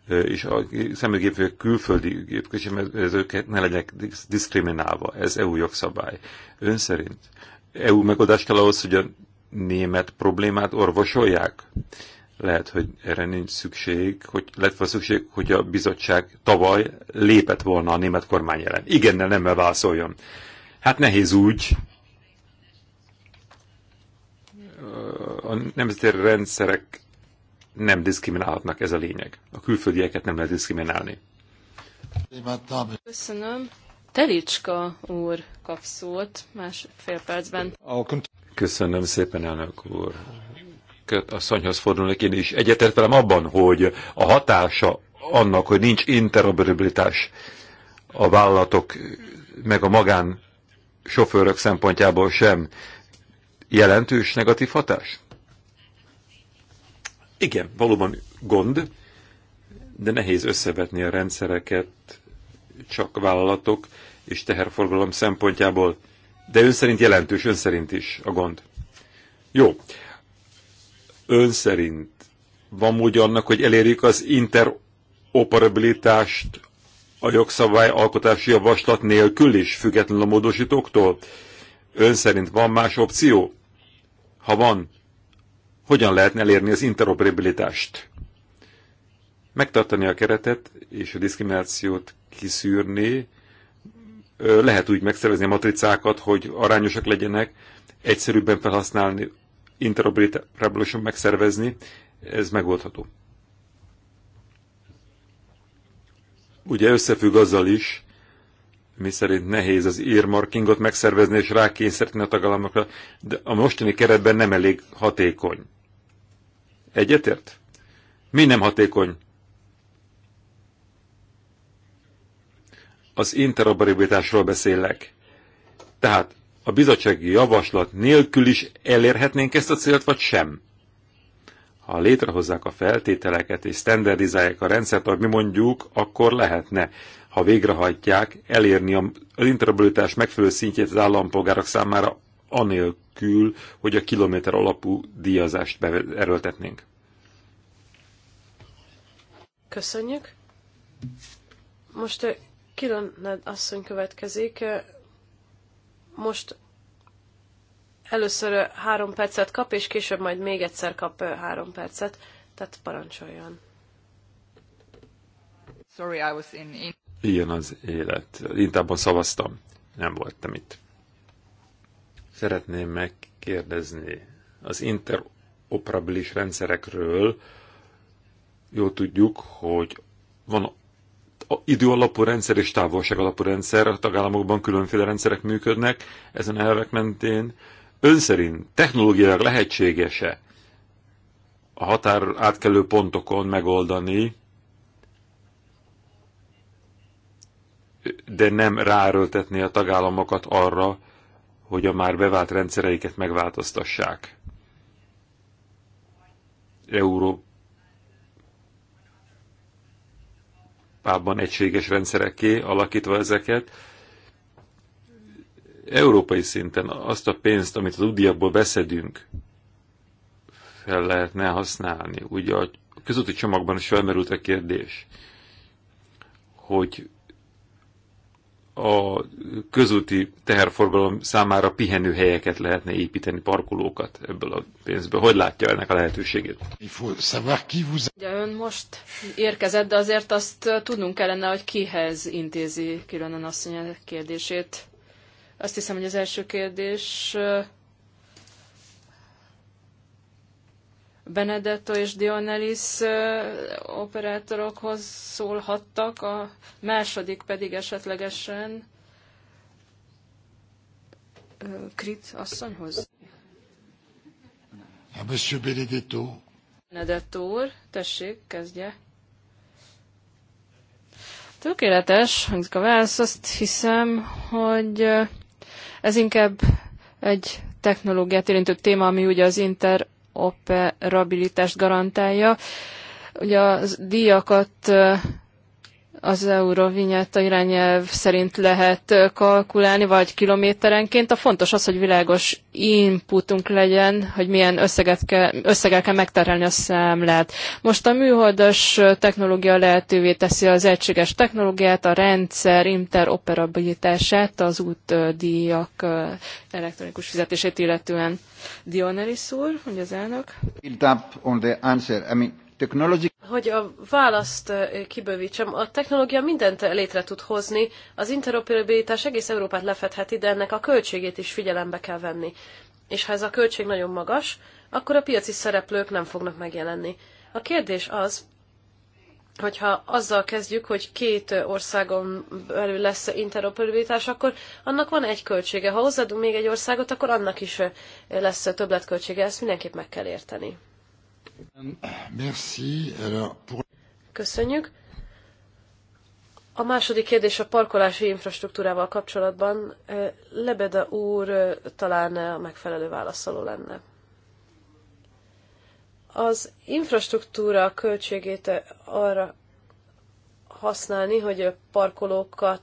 és a személygépek külföldi gépkocsimezőket ne legyenek diszkriminálva. Ez EU jogszabály. Ön szerint EU megoldás kell ahhoz, hogy a német problémát orvosolják? Lehet, hogy erre nincs szükség, hogy lett volna szükség, hogy a bizottság tavaly lépett volna a német kormány ellen. Igen, nem válaszoljon. Hát nehéz úgy, a nemzeti rendszerek nem diszkriminálhatnak, ez a lényeg. A külföldieket nem lehet diszkriminálni. Köszönöm. Telicska úr kap szót másfél percben. Köszönöm szépen, elnök úr. szanyhoz fordulnék én is. Egyetért velem abban, hogy a hatása annak, hogy nincs interoperabilitás a vállalatok meg a magán sofőrök szempontjából sem jelentős negatív hatás? Igen, valóban gond, de nehéz összevetni a rendszereket csak vállalatok és teherforgalom szempontjából. De ön szerint jelentős, ön szerint is a gond. Jó. Ön szerint van módja annak, hogy elérjük az interoperabilitást a jogszabály alkotási javaslat nélkül is, függetlenül a módosítóktól? Ön szerint van más opció? Ha van, hogyan lehetne elérni az interoperabilitást. Megtartani a keretet és a diszkriminációt kiszűrni, lehet úgy megszervezni a matricákat, hogy arányosak legyenek, egyszerűbben felhasználni, interoperabilitáson megszervezni, ez megoldható. Ugye összefügg azzal is, mi szerint nehéz az earmarkingot megszervezni és rákényszeríteni a tagállamokra, de a mostani keretben nem elég hatékony. Egyetért? Mi nem hatékony? Az interoperabilitásról beszélek. Tehát a bizottsági javaslat nélkül is elérhetnénk ezt a célt, vagy sem? Ha létrehozzák a feltételeket és standardizálják a rendszert, ahogy mi mondjuk, akkor lehetne, ha végrehajtják, elérni az interoperabilitás megfelelő szintjét az állampolgárok számára anélkül, hogy a kilométer alapú díjazást erőltetnénk. Köszönjük. Most eh, Kironed asszony következik. Eh, most először eh, három percet kap, és később majd még egyszer kap három percet. Tehát parancsoljon. Sorry, I was in... Ilyen az élet. Intában szavaztam. Nem voltam itt. Szeretném megkérdezni az interoperabilis rendszerekről. Jól tudjuk, hogy van a időalapú rendszer és távolság alapú rendszer, a tagállamokban különféle rendszerek működnek ezen elvek mentén. Ön szerint technológiailag lehetséges-e a határ átkelő pontokon megoldani, de nem ráerőltetni a tagállamokat arra, hogy a már bevált rendszereiket megváltoztassák. Európában egységes rendszerekké alakítva ezeket, európai szinten azt a pénzt, amit az udiakból beszedünk, fel lehetne használni. Ugye a közúti csomagban is felmerült a kérdés, hogy a közúti teherforgalom számára pihenőhelyeket lehetne építeni, parkolókat ebből a pénzből. Hogy látja ennek a lehetőségét? Ugye ön most érkezett, de azért azt tudnunk kellene, hogy kihez intézi külön a kérdését. Azt hiszem, hogy az első kérdés Benedetto és Dionelis operátorokhoz szólhattak, a második pedig esetlegesen Krit asszonyhoz. A Monsieur Benedetto. Benedetto úr, tessék, kezdje. Tökéletes, hangzik a válasz. Azt hiszem, hogy ez inkább egy technológiát érintő téma, ami ugye az inter operabilitást garantálja. Ugye a díjakat az Eurovinyetta irányelv szerint lehet kalkulálni, vagy kilométerenként. A fontos az, hogy világos inputunk legyen, hogy milyen összeget ke, összeggel kell megterelni a számlát. Most a műholdas technológia lehetővé teszi az egységes technológiát, a rendszer interoperabilitását, az útdíjak elektronikus fizetését illetően. Dionelis úr, hogy az elnök. Build up on the answer. I mean, hogy a választ kibővítsem, a technológia mindent létre tud hozni, az interoperabilitás egész Európát lefedheti, de ennek a költségét is figyelembe kell venni. És ha ez a költség nagyon magas, akkor a piaci szereplők nem fognak megjelenni. A kérdés az, hogyha azzal kezdjük, hogy két országon belül lesz interoperabilitás, akkor annak van egy költsége. Ha hozzáadunk még egy országot, akkor annak is lesz többletköltsége. Ezt mindenképp meg kell érteni. Köszönjük. A második kérdés a parkolási infrastruktúrával kapcsolatban. Lebeda úr talán a megfelelő válaszoló lenne. Az infrastruktúra költségét arra használni, hogy parkolókat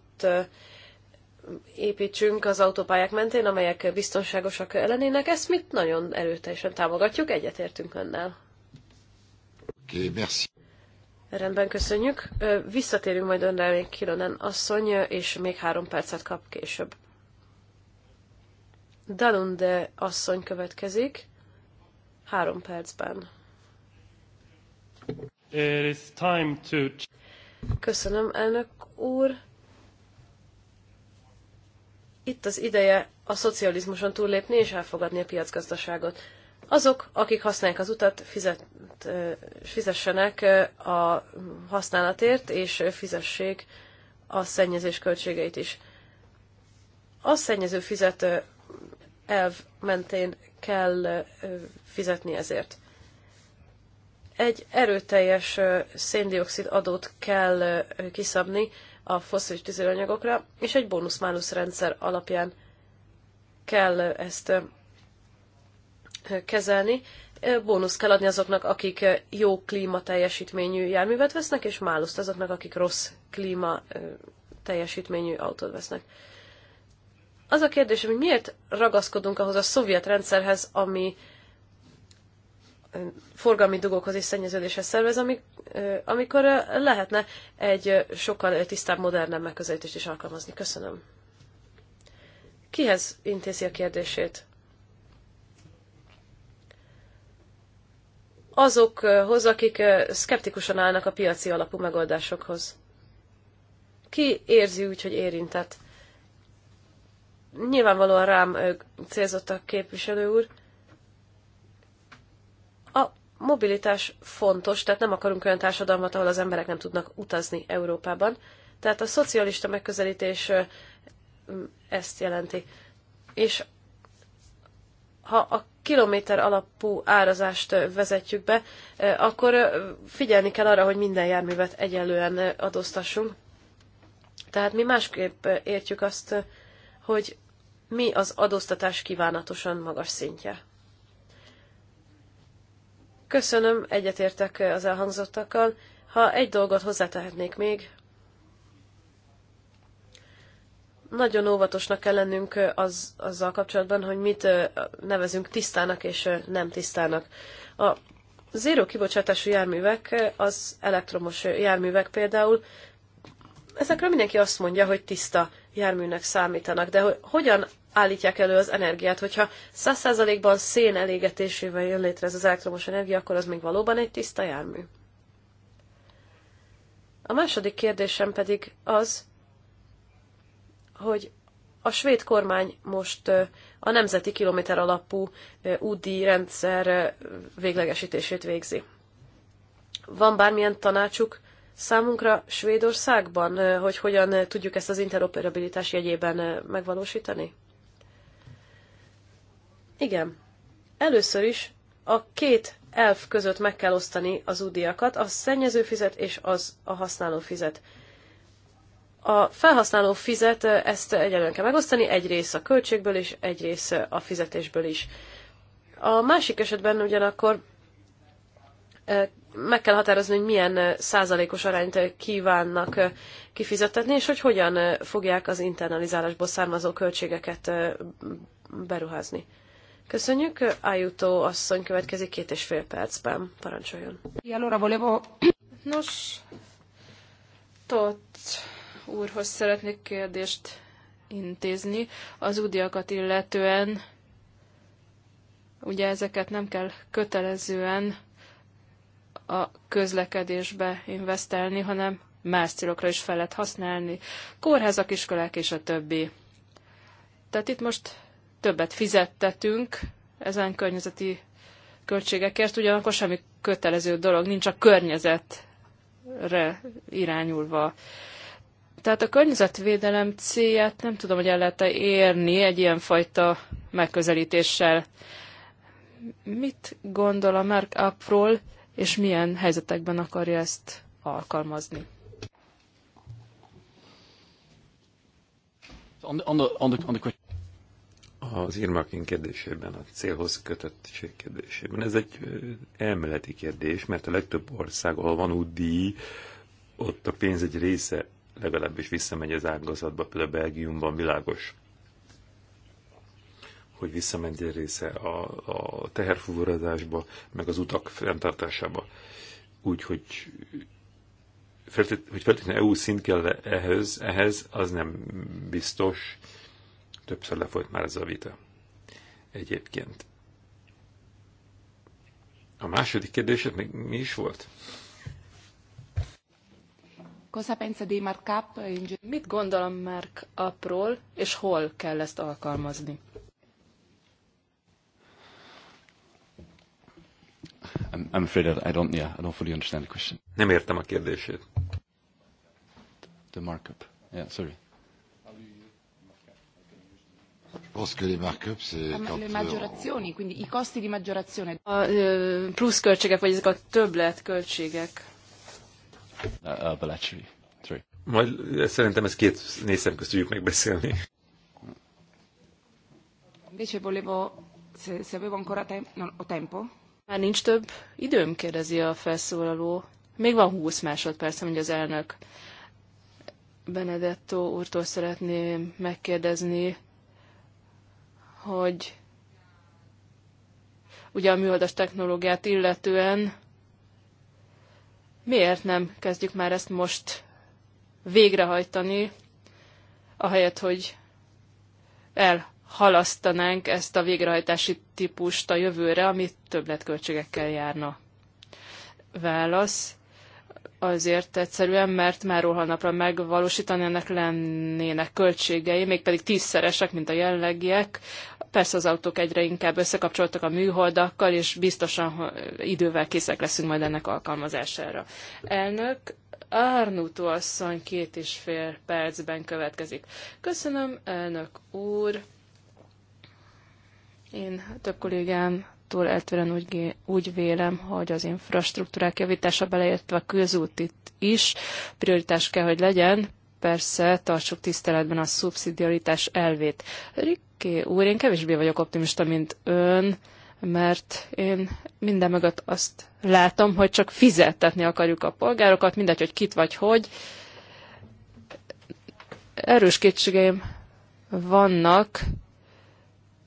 építsünk az autópályák mentén, amelyek biztonságosak lennének, ezt mit nagyon erőteljesen támogatjuk, egyetértünk önnel. Okay, merci. Rendben, köszönjük. Visszatérünk majd önre még Kilonen asszony, és még három percet kap később. Dalunde asszony következik, három percben. It is time to... Köszönöm, elnök úr. Itt az ideje a szocializmuson túllépni és elfogadni a piacgazdaságot azok, akik használják az utat, fizet, fizessenek a használatért, és fizessék a szennyezés költségeit is. A szennyező fizet elv mentén kell fizetni ezért. Egy erőteljes széndiokszid adót kell kiszabni a foszilis tüzelőanyagokra, és egy bónusz-mánusz rendszer alapján kell ezt kezelni. Bónusz kell adni azoknak, akik jó klíma teljesítményű járművet vesznek, és máluszt azoknak, akik rossz klíma teljesítményű autót vesznek. Az a kérdés, hogy miért ragaszkodunk ahhoz a szovjet rendszerhez, ami forgalmi dugókhoz és szennyeződéshez szervez, amikor lehetne egy sokkal tisztább, modernebb megközelítést is alkalmazni. Köszönöm. Kihez intézi a kérdését? azokhoz, akik szkeptikusan állnak a piaci alapú megoldásokhoz. Ki érzi úgy, hogy érintett? Nyilvánvalóan rám célzott a képviselő úr. A mobilitás fontos, tehát nem akarunk olyan társadalmat, ahol az emberek nem tudnak utazni Európában. Tehát a szocialista megközelítés ezt jelenti. És ha a kilométer alapú árazást vezetjük be, akkor figyelni kell arra, hogy minden járművet egyenlően adóztassunk. Tehát mi másképp értjük azt, hogy mi az adóztatás kívánatosan magas szintje. Köszönöm, egyetértek az elhangzottakkal. Ha egy dolgot hozzátehetnék még, nagyon óvatosnak kell lennünk az, azzal kapcsolatban, hogy mit nevezünk tisztának és nem tisztának. A zéró kibocsátású járművek, az elektromos járművek például, ezekről mindenki azt mondja, hogy tiszta járműnek számítanak, de hogy hogyan állítják elő az energiát, hogyha 100%-ban szén elégetésével jön létre ez az elektromos energia, akkor az még valóban egy tiszta jármű. A második kérdésem pedig az, hogy a svéd kormány most a nemzeti kilométer alapú údi rendszer véglegesítését végzi. Van bármilyen tanácsuk számunkra Svédországban, hogy hogyan tudjuk ezt az interoperabilitás jegyében megvalósítani? Igen. Először is a két elf között meg kell osztani az údiakat, a szennyező fizet és az a használó fizet. A felhasználó fizet, ezt egyenlően kell megosztani, egy rész a költségből is, egy rész a fizetésből is. A másik esetben ugyanakkor meg kell határozni, hogy milyen százalékos arányt kívánnak kifizetni, és hogy hogyan fogják az internalizálásból származó költségeket beruházni. Köszönjük. Ájutó asszony következik két és fél percben. Parancsoljon. Nos, tot úrhoz szeretnék kérdést intézni. Az údiakat illetően, ugye ezeket nem kell kötelezően a közlekedésbe investálni, hanem más célokra is fel lehet használni, kórházak, iskolák és a többi. Tehát itt most többet fizettetünk ezen környezeti költségekért, ugyanakkor semmi kötelező dolog nincs a környezetre irányulva. Tehát a környezetvédelem célját nem tudom, hogy el lehet -e érni egy ilyen fajta megközelítéssel. Mit gondol a Mark apról és milyen helyzetekben akarja ezt alkalmazni? Az earmarking kérdésében, a célhoz kötöttség kérdésében. Ez egy elméleti kérdés, mert a legtöbb ország, ahol van UDI, ott a pénz egy része legalábbis visszamegy az ágazatba, például a Belgiumban világos, hogy visszamegy a része a, a teherfuvarozásba, meg az utak fenntartásába. Úgyhogy feltét, hogy feltétlenül EU szint kell ehhez, ehhez, az nem biztos. Többször lefolyt már ez a vita. Egyébként. A második kérdésed még mi is volt? Cosa pensa di markup? Mit gondol a markupról, és hol kell ezt alkalmazni? I'm, afraid afraid I don't, yeah, I don't fully understand the question. Nem értem a kérdését. The markup. Yeah, sorry. Euh, maggiorazioni, quindi i costi di maggiorazione. A pluszköltségek, vagy ezek a többletköltségek. Uh, uh Balacsi. Majd eh, szerintem ezt két nézem közt tudjuk megbeszélni. Invece volevo, se, se avevo ancora tem- no, o tempo. Már nincs több időm, kérdezi a felszólaló. Még van 20 másodperc, mondja az elnök. Benedetto úrtól szeretném megkérdezni, hogy ugye a műholdas technológiát illetően Miért nem kezdjük már ezt most végrehajtani, ahelyett, hogy elhalasztanánk ezt a végrehajtási típust a jövőre, ami többletköltségekkel járna? Válasz azért egyszerűen, mert már holnapra megvalósítani ennek lennének költségei, mégpedig tízszeresek, mint a jellegiek, Persze az autók egyre inkább összekapcsoltak a műholdakkal, és biztosan idővel készek leszünk majd ennek alkalmazására. Elnök, Arnutó asszony két és fél percben következik. Köszönöm, elnök úr. Én több kollégám túl eltérően úgy, úgy vélem, hogy az infrastruktúrák javítása beleértve a közútit is prioritás kell, hogy legyen, persze tartsuk tiszteletben a szubszidiaritás elvét. Rikki úr, én kevésbé vagyok optimista, mint ön, mert én minden mögött azt látom, hogy csak fizettetni akarjuk a polgárokat, mindegy, hogy kit vagy hogy. Erős kétségeim vannak,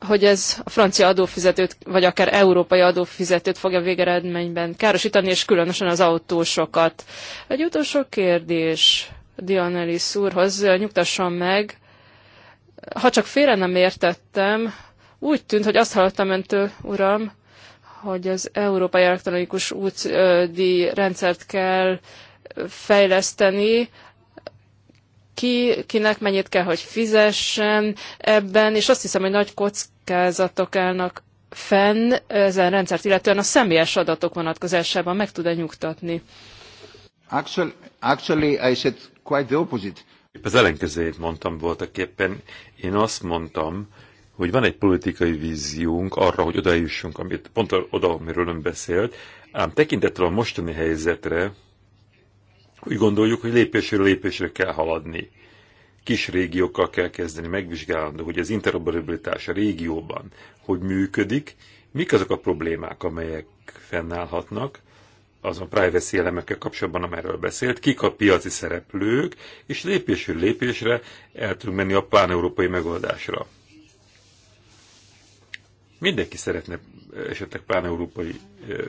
hogy ez a francia adófizetőt, vagy akár európai adófizetőt fogja végeredményben károsítani, és különösen az autósokat. Egy utolsó kérdés. Dianelis úrhoz, nyugtasson meg, ha csak félre nem értettem, úgy tűnt, hogy azt hallottam öntől, uram, hogy az Európai Elektronikus Útdi rendszert kell fejleszteni, ki, kinek mennyit kell, hogy fizessen ebben, és azt hiszem, hogy nagy kockázatok állnak fenn ezen rendszert, illetően a személyes adatok vonatkozásában meg tud-e nyugtatni. Actually, I said quite the opposite. Épp az ellenkezőjét mondtam voltak éppen. Én azt mondtam, hogy van egy politikai víziunk arra, hogy odajussunk, amit pont oda, amiről ön beszélt, ám tekintettel a mostani helyzetre úgy gondoljuk, hogy lépésről lépésre kell haladni. Kis régiókkal kell kezdeni, megvizsgálandó, hogy az interoperabilitás a régióban hogy működik, mik azok a problémák, amelyek fennállhatnak, azon privacy elemekkel kapcsolatban, amelyről beszélt, kik a piaci szereplők, és lépésről lépésre el tud menni a pán-európai megoldásra. Mindenki szeretne esetleg pán-európai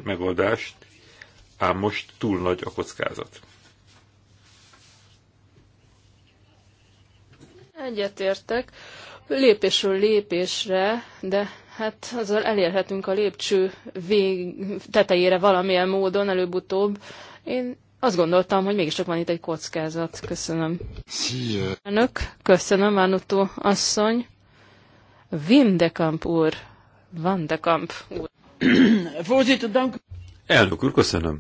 megoldást, ám most túl nagy a kockázat. Egyetértek. Lépésről lépésre, de hát azzal elérhetünk a lépcső vég tetejére valamilyen módon előbb-utóbb. Én azt gondoltam, hogy mégiscsak van itt egy kockázat. Köszönöm. Szia! Önök, köszönöm, Ánutó asszony. Wim de Kamp úr. Van de Kamp úr. Voorzitter, dank. Elnök úr, köszönöm.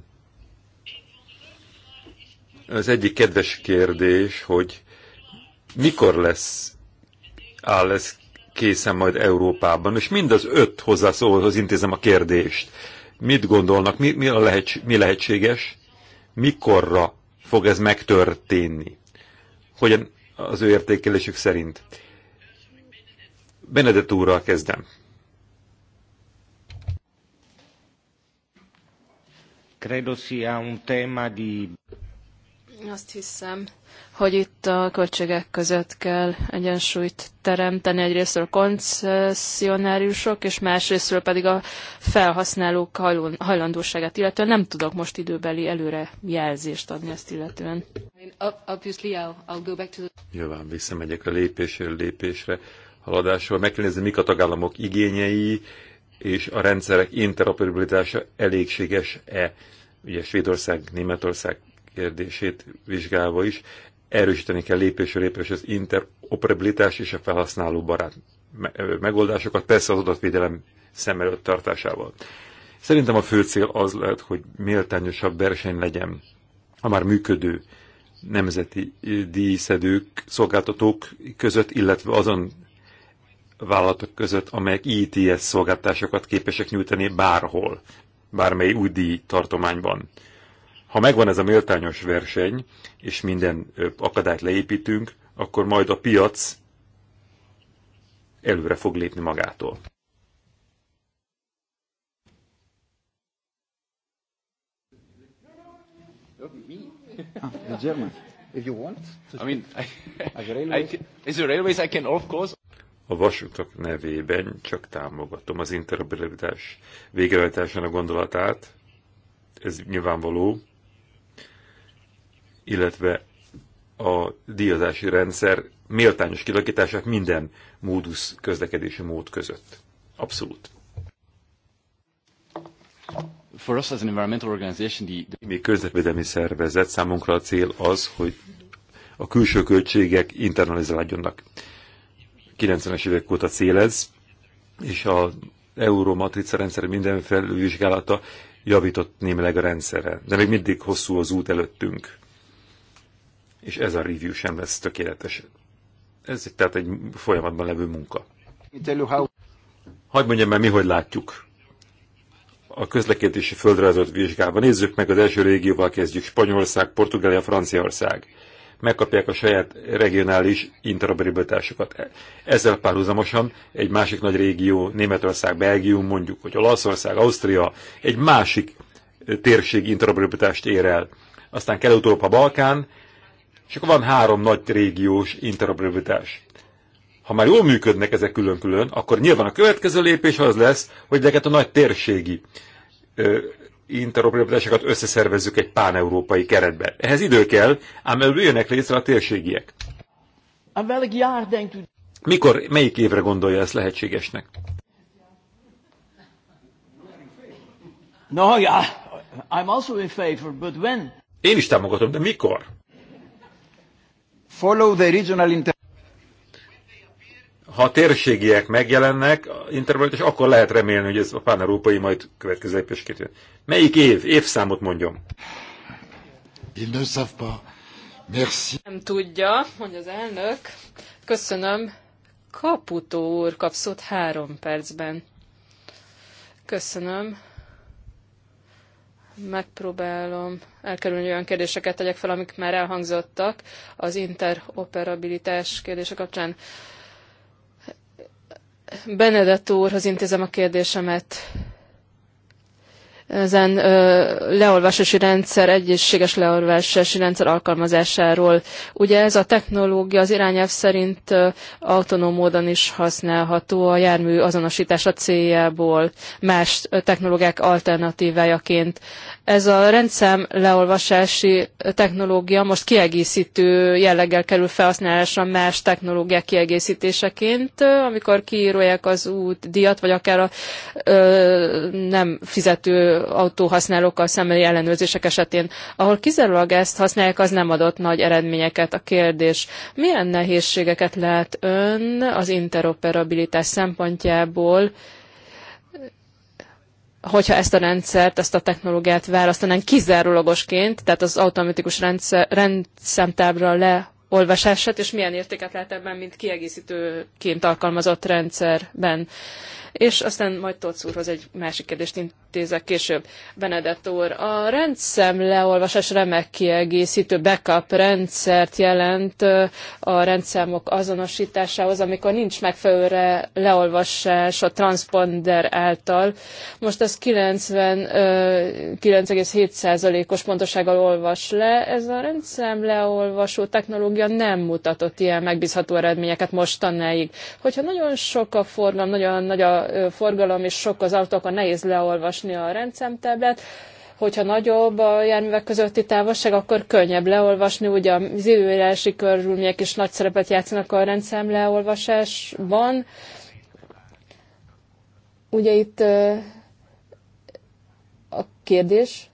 Az egyik kedves kérdés, hogy mikor lesz áll lesz készen majd Európában, és mind az öt hozzászólóhoz intézem a kérdést. Mit gondolnak, mi, mi, a lehetség, mi lehetséges, mikorra fog ez megtörténni? Hogyan az ő értékelésük szerint? Benedett úrral kezdem. Credo sia un tema di... Azt hiszem, hogy itt a költségek között kell egyensúlyt teremteni, egyrészt a koncessionáriusok, és másrésztről pedig a felhasználók hajlandóságát, illetve nem tudok most időbeli előre jelzést adni ezt illetően. Nyilván visszamegyek a lépésről lépésre haladásról, megkérdezni, mik a tagállamok igényei, és a rendszerek interoperabilitása elégséges-e. Ugye Svédország, Németország kérdését vizsgálva is, erősíteni kell lépésről lépésre az interoperabilitás és a felhasználó barát megoldásokat, persze az adatvédelem szem előtt tartásával. Szerintem a fő cél az lehet, hogy méltányosabb verseny legyen a már működő nemzeti díjszedők, szolgáltatók között, illetve azon vállalatok között, amelyek ITS szolgáltatásokat képesek nyújtani bárhol, bármely új díj tartományban. Ha megvan ez a méltányos verseny, és minden akadályt leépítünk, akkor majd a piac előre fog lépni magától. I mean, is railways I can of course. A vasútak nevében csak támogatom az interoperabilitás végrehajtásának gondolatát. Ez nyilvánvaló illetve a díjazási rendszer méltányos kilakítását minden módusz közlekedési mód között. Abszolút. For us as an environmental organization, the... Mi közvetvédelmi szervezet számunkra a cél az, hogy a külső költségek internalizálódjanak. 90-es évek óta cél ez, és a Euromatrica rendszer minden felvizsgálata javított némileg a rendszerre, de még mindig hosszú az út előttünk és ez a review sem lesz tökéletes. Ez tehát egy folyamatban levő munka. Hagy mondjam már, mi hogy látjuk a közlekedési földrajzot vizsgában. Nézzük meg, az első régióval kezdjük, Spanyolország, Portugália, Franciaország. Megkapják a saját regionális interoperabilitásokat. Ezzel párhuzamosan egy másik nagy régió, Németország, Belgium mondjuk, vagy Olaszország, Ausztria, egy másik térség interoperabilitást ér el. Aztán kell európa Balkán, és akkor van három nagy régiós interoperabilitás. Ha már jól működnek ezek külön-külön, akkor nyilván a következő lépés az lesz, hogy ezeket a nagy térségi interoperabilitásokat összeszervezzük egy pán pán-európai keretbe. Ehhez idő kell, ám előbb jönnek létre a térségiek. Mikor, melyik évre gondolja ezt lehetségesnek? No, yeah, I'm also in favor, but when? Én is támogatom, de mikor? Follow the regional inter ha térségiek megjelennek intervallat, és akkor lehet remélni, hogy ez a pán-európai majd következő lépésként jön. Melyik év? Évszámot mondjam. ne Nem tudja, mondja az elnök. Köszönöm. Kaputó úr kap három percben. Köszönöm megpróbálom elkerülni olyan kérdéseket tegyek fel, amik már elhangzottak az interoperabilitás kérdése kapcsán. Benedett úrhoz intézem a kérdésemet ezen leolvasási rendszer, egészséges leolvasási rendszer alkalmazásáról. Ugye ez a technológia az irányelv szerint autonóm módon is használható a jármű azonosítása céljából más technológiák alternatívájaként ez a rendszám leolvasási technológia most kiegészítő jelleggel kerül felhasználásra más technológiák kiegészítéseként, amikor kiírolják az út díjat, vagy akár a ö, nem fizető autóhasználókkal szembeni ellenőrzések esetén. Ahol kizárólag ezt használják, az nem adott nagy eredményeket a kérdés. Milyen nehézségeket lát ön az interoperabilitás szempontjából, hogyha ezt a rendszert, ezt a technológiát választanánk kizárólagosként, tehát az automatikus rendszer, le olvasását, és milyen értéket lehet ebben, mint kiegészítőként alkalmazott rendszerben és aztán majd Tóth úrhoz egy másik kérdést intézek később. Benedett úr, a rendszem leolvasás remek kiegészítő backup rendszert jelent a rendszámok azonosításához, amikor nincs megfelelőre leolvasás a transponder által. Most ez 99,7%-os pontosággal olvas le. Ez a rendszám leolvasó technológia nem mutatott ilyen megbízható eredményeket mostanáig. Hogyha nagyon sok a forgalom, nagyon nagy a forgalom és sok az autó, akkor nehéz leolvasni a rendszemtáblát, Hogyha nagyobb a járművek közötti távolság, akkor könnyebb leolvasni, ugye az időjárási körülmények is nagy szerepet játszanak a rendszem leolvasásban. Ugye itt a kérdés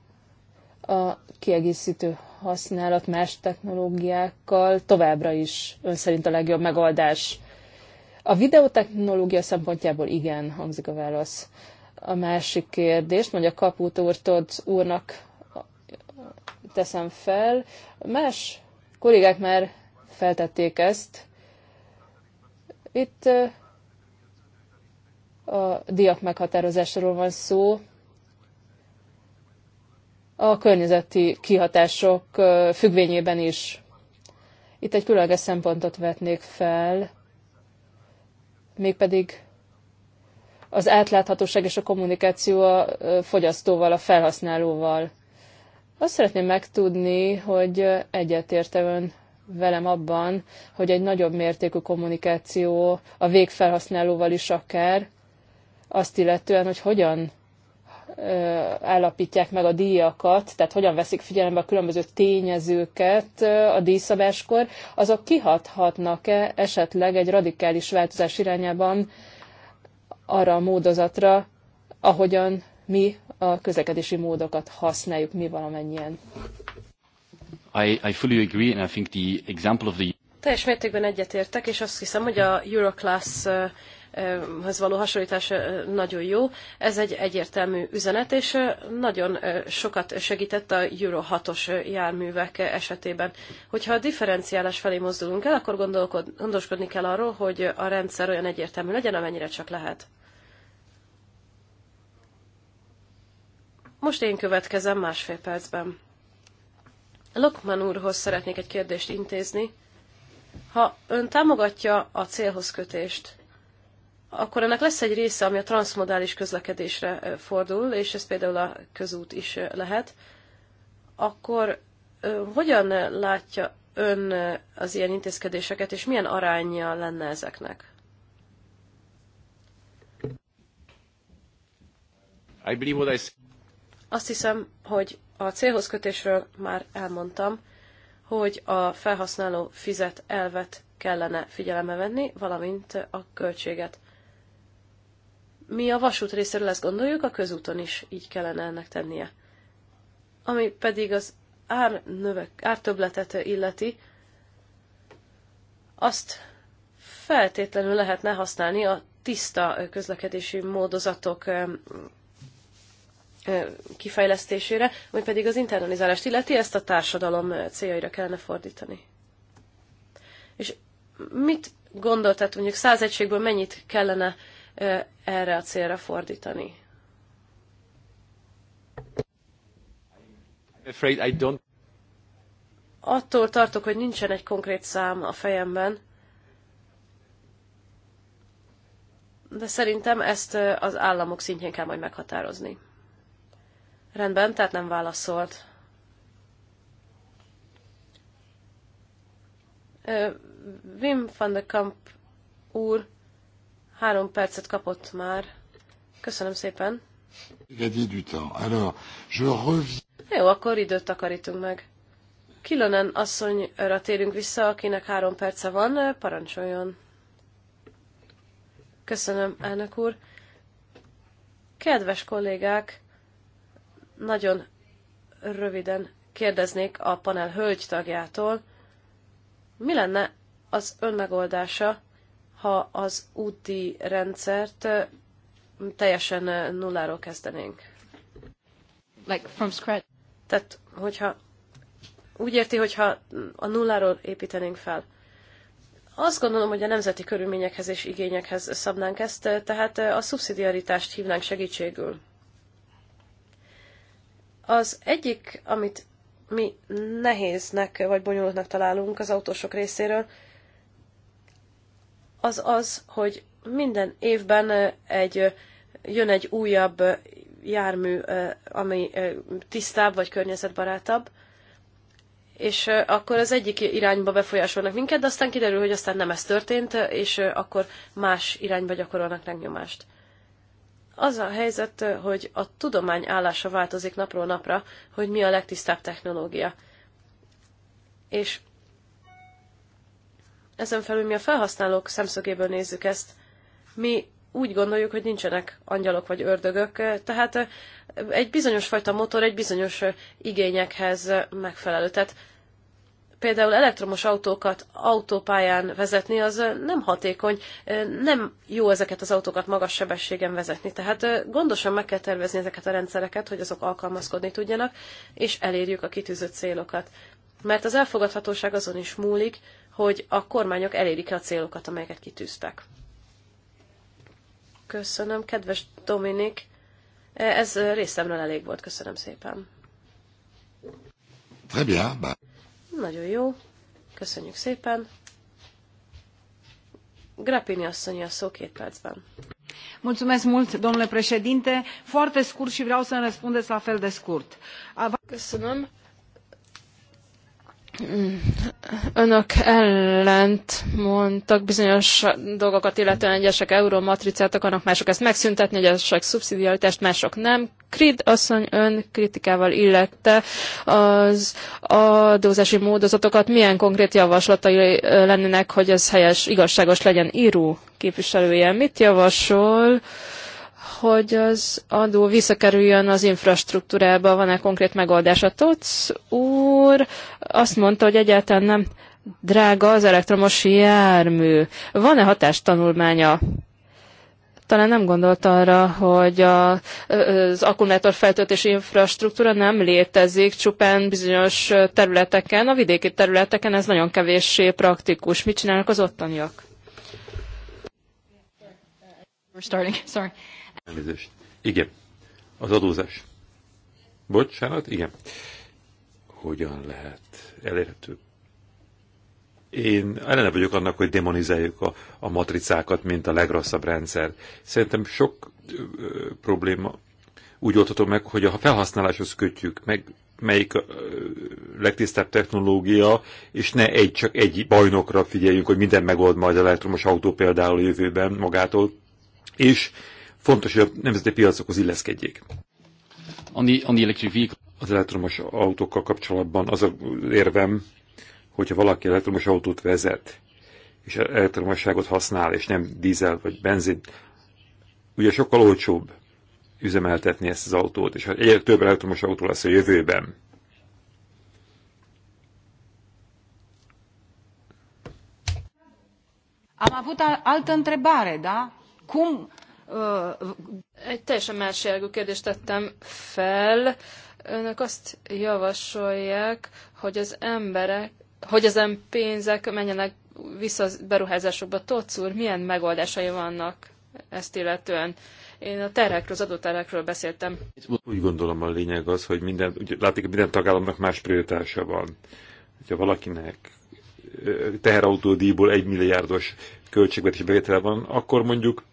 a kiegészítő használat más technológiákkal továbbra is ön szerint a legjobb megoldás. A videotechnológia szempontjából igen, hangzik a válasz. A másik kérdést, mondja Kaput úrtod úrnak teszem fel. Más kollégák már feltették ezt. Itt a diák meghatározásról van szó, a környezeti kihatások függvényében is. Itt egy különleges szempontot vetnék fel, mégpedig az átláthatóság és a kommunikáció a fogyasztóval, a felhasználóval. Azt szeretném megtudni, hogy egyetérte ön velem abban, hogy egy nagyobb mértékű kommunikáció a végfelhasználóval is akár, azt illetően, hogy hogyan állapítják meg a díjakat, tehát hogyan veszik figyelembe a különböző tényezőket a díjszabáskor, azok kihathatnak-e esetleg egy radikális változás irányában arra a módozatra, ahogyan mi a közlekedési módokat használjuk, mi valamennyien. I, I fully agree, and I think the example of the... Teljes mértékben egyetértek, és azt hiszem, hogy a Euroclass Hoz való hasonlítás eh, nagyon jó. Ez egy egyértelmű üzenet, és eh, nagyon eh, sokat segített a Euro 6-os járművek esetében. Hogyha a differenciálás felé mozdulunk el, akkor gondoskodni kell arról, hogy a rendszer olyan egyértelmű legyen, amennyire csak lehet. Most én következem másfél percben. Lokman úrhoz szeretnék egy kérdést intézni. Ha ön támogatja a célhoz kötést, akkor ennek lesz egy része, ami a transmodális közlekedésre fordul, és ez például a közút is lehet, akkor hogyan látja ön az ilyen intézkedéseket, és milyen aránya lenne ezeknek? I believe what I Azt hiszem, hogy a célhoz kötésről már elmondtam, hogy a felhasználó fizet elvet kellene figyelembe venni, valamint a költséget. Mi a vasút részéről ezt gondoljuk, a közúton is így kellene ennek tennie. Ami pedig az ár növek, ártöbletet illeti, azt feltétlenül lehetne használni a tiszta közlekedési módozatok kifejlesztésére, ami pedig az internalizálást illeti, ezt a társadalom céljaira kellene fordítani. És mit gondoltat, mondjuk száz egységből mennyit kellene erre a célra fordítani? Attól tartok, hogy nincsen egy konkrét szám a fejemben, de szerintem ezt az államok szintjén kell majd meghatározni. Rendben, tehát nem válaszolt. Wim van de Kamp úr Három percet kapott már. Köszönöm szépen. Jó, akkor időt takarítunk meg. Kilonen asszonyra térünk vissza, akinek három perce van, parancsoljon. Köszönöm, elnök úr. Kedves kollégák, nagyon röviden kérdeznék a panel hölgy tagjától, mi lenne az önmegoldása ha az úti rendszert teljesen nulláról kezdenénk. Like from scratch. Tehát, hogyha úgy érti, hogyha a nulláról építenénk fel. Azt gondolom, hogy a nemzeti körülményekhez és igényekhez szabnánk ezt, tehát a szubszidiaritást hívnánk segítségül. Az egyik, amit mi nehéznek vagy bonyolultnak találunk az autósok részéről, az az, hogy minden évben egy, jön egy újabb jármű, ami tisztább vagy környezetbarátabb, és akkor az egyik irányba befolyásolnak minket, de aztán kiderül, hogy aztán nem ez történt, és akkor más irányba gyakorolnak megnyomást. Az a helyzet, hogy a tudomány állása változik napról napra, hogy mi a legtisztább technológia. És ezen felül mi a felhasználók szemszögéből nézzük ezt. Mi úgy gondoljuk, hogy nincsenek angyalok vagy ördögök, tehát egy bizonyos fajta motor egy bizonyos igényekhez megfelelő. Tehát például elektromos autókat autópályán vezetni, az nem hatékony, nem jó ezeket az autókat magas sebességen vezetni. Tehát gondosan meg kell tervezni ezeket a rendszereket, hogy azok alkalmazkodni tudjanak, és elérjük a kitűzött célokat. Mert az elfogadhatóság azon is múlik, hogy a kormányok elérik-e a célokat, amelyeket kitűztek. Köszönöm, kedves Dominik. E, ez részemről elég volt, köszönöm szépen. Très bien, bah. Nagyon jó, köszönjük szépen. Grapini asszony a szó két percben. Mulțumesc mult, domnule președinte. Foarte scurt și vreau să-mi răspundeți la fel de scurt. Köszönöm önök ellent mondtak bizonyos dolgokat, illetően egyesek euromatricát akarnak, mások ezt megszüntetni, egyesek szubszidiaritást, mások nem. Krid asszony ön kritikával illette az adózási módozatokat. Milyen konkrét javaslatai lennének, hogy ez helyes, igazságos legyen? Író képviselője mit javasol? hogy az adó visszakerüljön az infrastruktúrába, van-e konkrét megoldás? A TOC úr azt mondta, hogy egyáltalán nem drága az elektromos jármű. Van-e hatástanulmánya? Talán nem gondolt arra, hogy a, az akkumulátor feltöltési infrastruktúra nem létezik, csupán bizonyos területeken, a vidéki területeken ez nagyon kevéssé praktikus. Mit csinálnak az ottaniak? We're starting. Sorry. Elnézést. Igen. Az adózás. Bocsánat, igen. Hogyan lehet elérhető? Én ellene vagyok annak, hogy demonizáljuk a, a matricákat, mint a legrosszabb rendszer. Szerintem sok ö, probléma úgy oldható meg, hogy a felhasználáshoz kötjük, meg melyik a legtisztább technológia, és ne egy, csak egy bajnokra figyeljünk, hogy minden megold majd az elektromos autó például a jövőben magától, és Fontos, hogy a nemzeti piacokhoz illeszkedjék. Az elektromos autókkal kapcsolatban az a érvem, hogyha valaki elektromos autót vezet, és elektromosságot használ, és nem dízel vagy benzin, ugye sokkal olcsóbb üzemeltetni ezt az autót, és egyre több elektromos autó lesz a jövőben. Am avut altă întrebare, da? Cum egy teljesen más jelgő kérdést tettem fel. Önök azt javasolják, hogy az emberek, hogy ezen pénzek menjenek vissza beruházásokba. Tóth úr, milyen megoldásai vannak ezt illetően? Én a terhekről, az adóterhekről beszéltem. Úgy gondolom a lényeg az, hogy minden, ugye, látik, minden tagállamnak más prioritása van. Hogyha valakinek teherautódíjból egy milliárdos költségvetési bevétele van, akkor mondjuk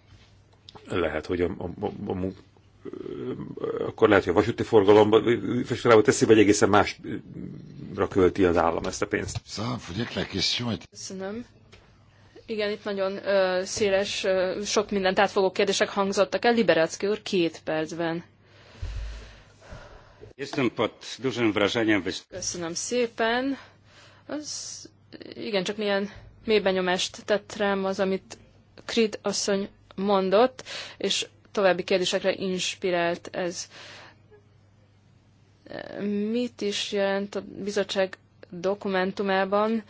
lehet, hogy a, a, a, a akkor lehet, hogy a vasúti forgalomban forgalomba teszi, vagy egészen másra költi az állam ezt a pénzt. Köszönöm. Igen, itt nagyon ö, széles, ö, sok mindent átfogó kérdések hangzottak el. Liberácki úr, két percben. Köszönöm szépen. Az, igen, csak milyen mélybenyomást tett rám az, amit Creed asszony mondott, és további kérdésekre inspirált ez. Mit is jelent a bizottság dokumentumában,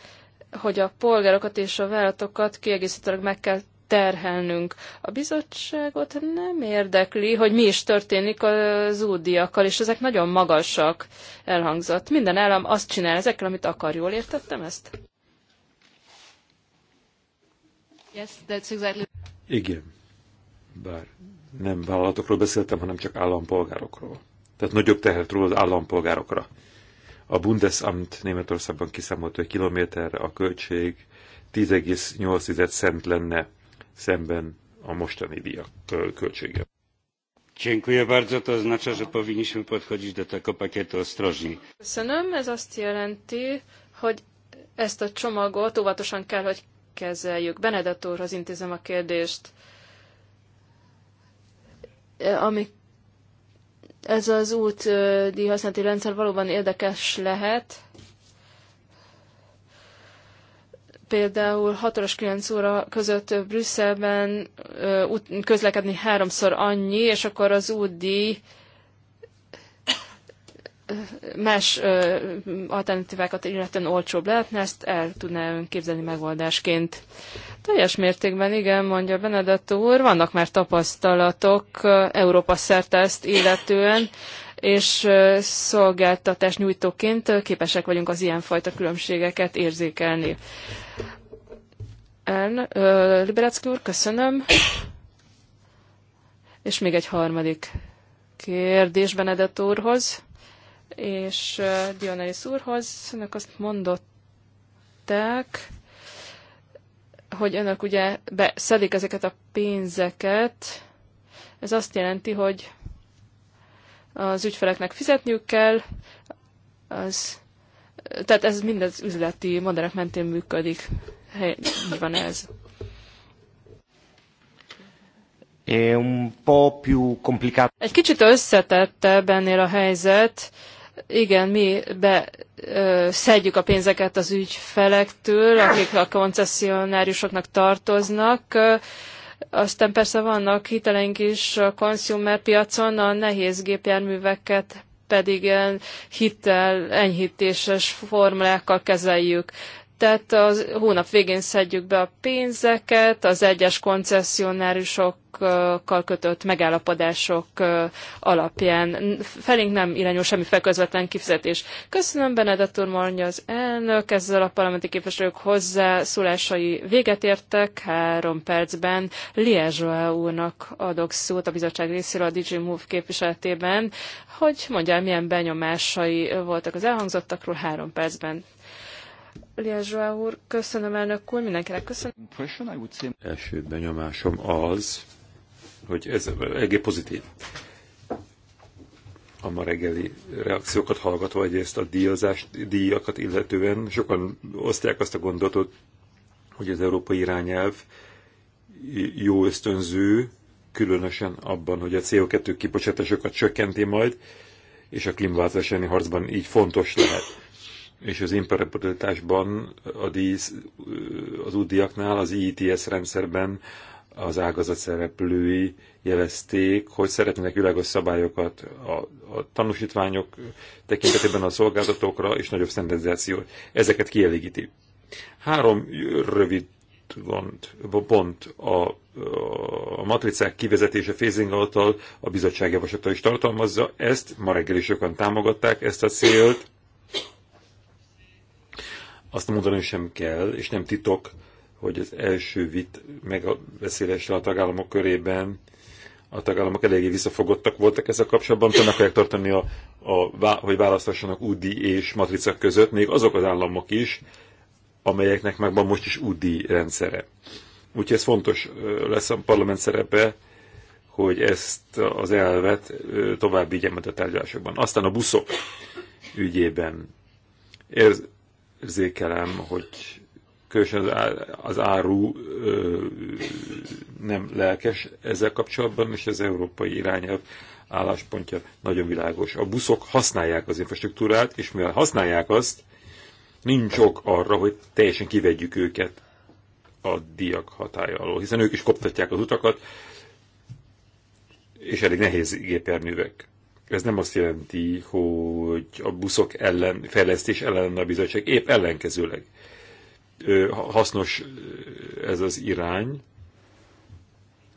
hogy a polgárokat és a vállalatokat kiegészítőleg meg kell terhelnünk. A bizottságot nem érdekli, hogy mi is történik az údiakkal, és ezek nagyon magasak elhangzott. Minden állam azt csinál ezekkel, amit akar. Jól értettem ezt? Yes, that's exactly... Igen, bár nem vállalatokról beszéltem, hanem csak állampolgárokról. Tehát nagyobb tehet róla az állampolgárokra. A Bundesamt Németországban kiszámolt, hogy kilométerre a költség 10,8 cent lenne szemben a mostani díjak költsége. Dziękuję bardzo. To oznacza, że powinniśmy podchodzić do tego pakietu ostrożniej. Köszönöm. Ez azt jelenti, hogy ezt a csomagot óvatosan kell, hogy kezeljük. Benedett úrhoz intézem a kérdést ami ez az út díjhasználati rendszer valóban érdekes lehet. Például 6 óra 9 óra között Brüsszelben közlekedni háromszor annyi, és akkor az útdíj más alternatívákat illetően olcsóbb lehetne, ezt el tudná ön képzelni megoldásként. Teljes mértékben igen, mondja Benedett úr, vannak már tapasztalatok Európa szerte ezt illetően, és szolgáltatás nyújtóként képesek vagyunk az ilyenfajta különbségeket érzékelni. El, ö, Liberecki úr, köszönöm. És még egy harmadik kérdés Benedett úrhoz és Dionelis úrhoz. Önök azt mondották, hogy önök ugye beszedik ezeket a pénzeket. Ez azt jelenti, hogy az ügyfeleknek fizetniük kell, az, tehát ez mind az üzleti modellek mentén működik. Hely, így van ez. Um Egy kicsit összetettebb ennél a helyzet, igen, mi beszedjük a pénzeket az ügyfelektől, akik a koncesszionáriusoknak tartoznak, aztán persze vannak hiteleink is a consumer piacon, a nehéz gépjárműveket pedig ilyen hitel, enyhítéses formulákkal kezeljük. Tehát a hónap végén szedjük be a pénzeket, az egyes koncessionáriusokkal kötött megállapodások alapján. Felénk nem irányul semmi felközvetlen kifizetés. Köszönöm Benedett úr, mondja az elnök. Ezzel a parlamenti képviselők hozzászólásai véget értek. Három percben Liezsóá úrnak adok szót a bizottság részéről a DJ Move képviseletében, hogy mondja, milyen benyomásai voltak az elhangzottakról három percben. Liazsua úr, köszönöm elnök úr, mindenkinek köszönöm. Első benyomásom az, hogy ez egész pozitív. A ma reggeli reakciókat hallgatva egyrészt a díjazást, díjakat illetően sokan osztják azt a gondolatot, hogy az európai irányelv jó ösztönző, különösen abban, hogy a CO2 kibocsátásokat csökkenti majd, és a klímaváltozás elleni harcban így fontos lehet és az imperabilitásban a dísz, az útdiaknál, az IETS rendszerben az ágazat szereplői jelezték, hogy szeretnének világos szabályokat a, a tanúsítványok tekintetében a szolgáltatókra és nagyobb standardizációt. Ezeket kielégíti. Három rövid gond, pont a, a matricák kivezetése phasing által a bizottság javaslata is tartalmazza. Ezt ma reggel is sokan támogatták, ezt a célt azt mondani sem kell, és nem titok, hogy az első vit megbeszélésre a tagállamok körében a tagállamok eléggé visszafogottak voltak ezzel kapcsolatban, tudnak akarják tartani, a, a, hogy választassanak UDI és matricak között, még azok az államok is, amelyeknek meg van most is UDI rendszere. Úgyhogy ez fontos lesz a parlament szerepe, hogy ezt az elvet tovább vigyem a tárgyalásokban. Aztán a buszok ügyében. ez érzékelem, hogy különösen az, á, az áru ö, nem lelkes ezzel kapcsolatban, és az európai irányelv álláspontja nagyon világos. A buszok használják az infrastruktúrát, és mivel használják azt, nincs ok arra, hogy teljesen kivegyük őket a diak hatája alól, hiszen ők is koptatják az utakat, és elég nehéz gépjárművek. Ez nem azt jelenti, hogy a buszok ellen, fejlesztés ellen a bizottság, épp ellenkezőleg hasznos ez az irány,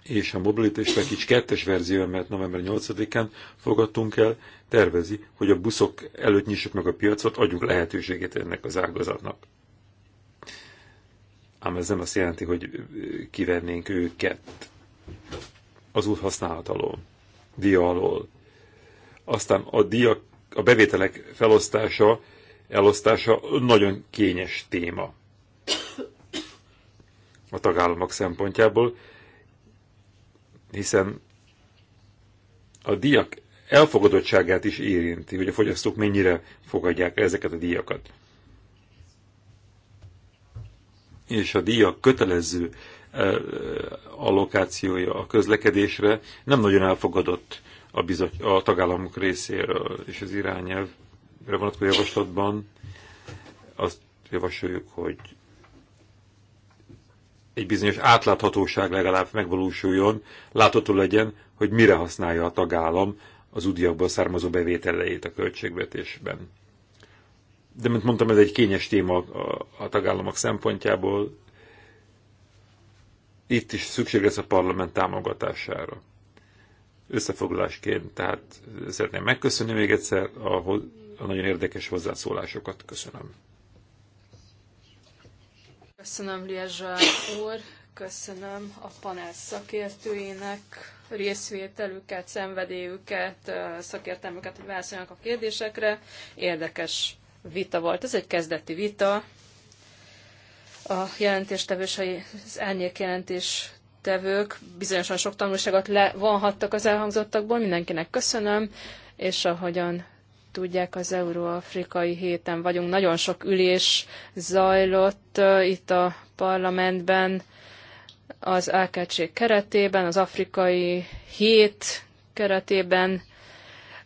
és a Mobilitás Package kettes verzió, mert november 8-án fogadtunk el, tervezi, hogy a buszok előtt nyissuk meg a piacot, adjuk lehetőséget ennek az ágazatnak. Ám ez nem azt jelenti, hogy kivennénk őket az út használat alól, alól. Aztán a díjak, a bevételek felosztása, elosztása nagyon kényes téma a tagállamok szempontjából, hiszen a díjak elfogadottságát is érinti, hogy a fogyasztók mennyire fogadják ezeket a díjakat. És a díjak kötelező eh, eh, allokációja a közlekedésre nem nagyon elfogadott a, bizony, a tagállamok részéről és az irányelvre vonatkozó javaslatban azt javasoljuk, hogy egy bizonyos átláthatóság legalább megvalósuljon, látható legyen, hogy mire használja a tagállam az udiakból származó bevételeit a költségvetésben. De, mint mondtam, ez egy kényes téma a, a tagállamok szempontjából. Itt is szükség lesz a parlament támogatására. Összefoglalásként, tehát szeretném megköszönni még egyszer a, a nagyon érdekes hozzászólásokat. Köszönöm. Köszönöm Liezsa úr, köszönöm a panel szakértőinek részvételüket, szenvedélyüket, szakértelmüket, hogy válaszoljanak a kérdésekre. Érdekes vita volt. Ez egy kezdeti vita. A jelentéstevősai az árnyék jelentés jelentéstevők bizonyosan sok tanulságot levonhattak az elhangzottakból. Mindenkinek köszönöm, és ahogyan tudják, az Euróafrikai héten vagyunk. Nagyon sok ülés zajlott uh, itt a parlamentben, az AKC keretében, az Afrikai hét keretében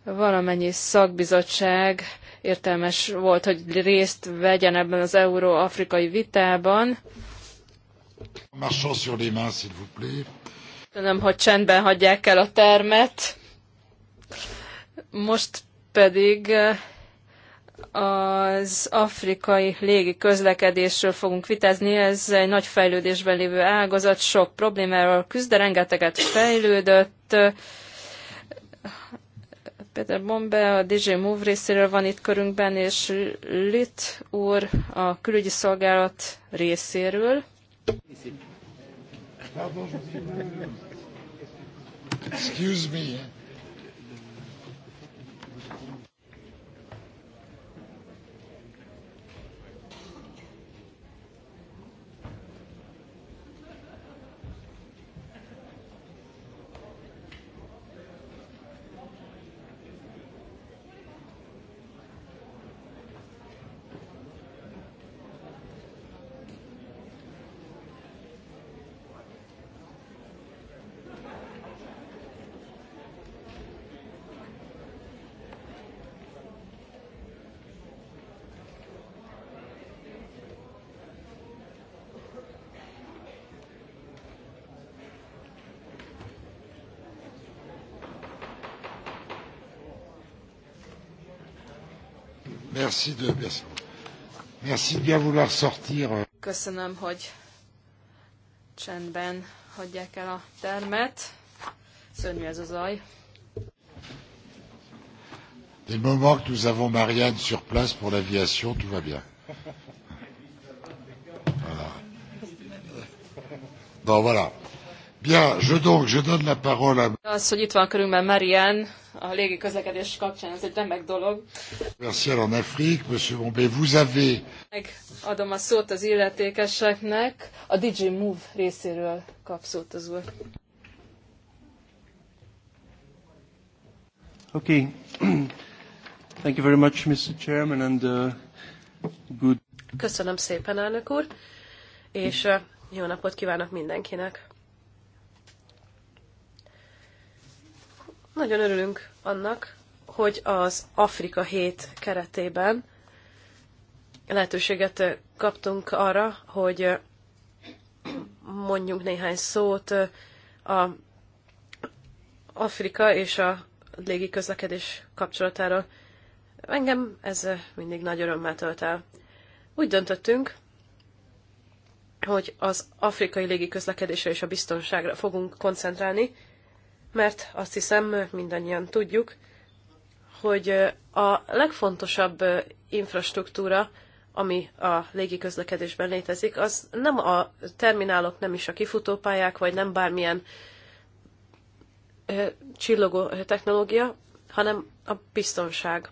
valamennyi szakbizottság értelmes volt, hogy részt vegyen ebben az euró-afrikai vitában. Köszönöm, hogy csendben hagyják el a termet. Most pedig eh, az afrikai légi közlekedésről fogunk vitázni. Ez egy nagy fejlődésben lévő ágazat, sok problémáról küzd, de rengeteget fejlődött. Peter Bombe, a DJ Move részéről van itt körünkben, és Lit úr a külügyi szolgálat részéről. Excuse me. de, Köszönöm, hogy csendben hagyják el a termet. Szörnyű ez a zaj. Des moments que nous avons Marianne sur place pour l'aviation, tout va bien. Voilà. Non, voilà. Bien, je donc, je donne la parole à... Az, hogy itt van körünkben Marianne, a légi közlekedés kapcsán, ez egy remek dolog. Merci en Afrique, monsieur Bombé, vous avez... Megadom a szót az illetékeseknek, a DJ Move részéről kap szót az úr. Okay. Thank you very much, Mr. Chairman, and uh, good... Köszönöm szépen, elnök úr, és uh, jó napot kívánok mindenkinek. Nagyon örülünk annak, hogy az Afrika hét keretében lehetőséget kaptunk arra, hogy mondjunk néhány szót a Afrika és a légi közlekedés kapcsolatáról. Engem ez mindig nagy örömmel tölt el. Úgy döntöttünk, hogy az afrikai légiközlekedésre és a biztonságra fogunk koncentrálni, mert azt hiszem mindannyian tudjuk, hogy a legfontosabb infrastruktúra, ami a légiközlekedésben létezik, az nem a terminálok, nem is a kifutópályák, vagy nem bármilyen csillogó technológia, hanem a biztonság.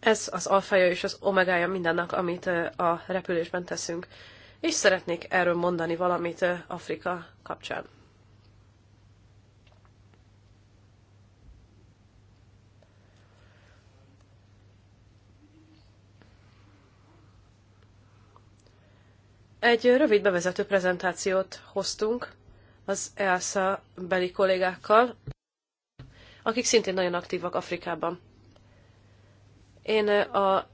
Ez az alfaja és az omegája mindennek, amit a repülésben teszünk. És szeretnék erről mondani valamit Afrika kapcsán. Egy rövid bevezető prezentációt hoztunk az EASA beli kollégákkal, akik szintén nagyon aktívak Afrikában. Én eh, a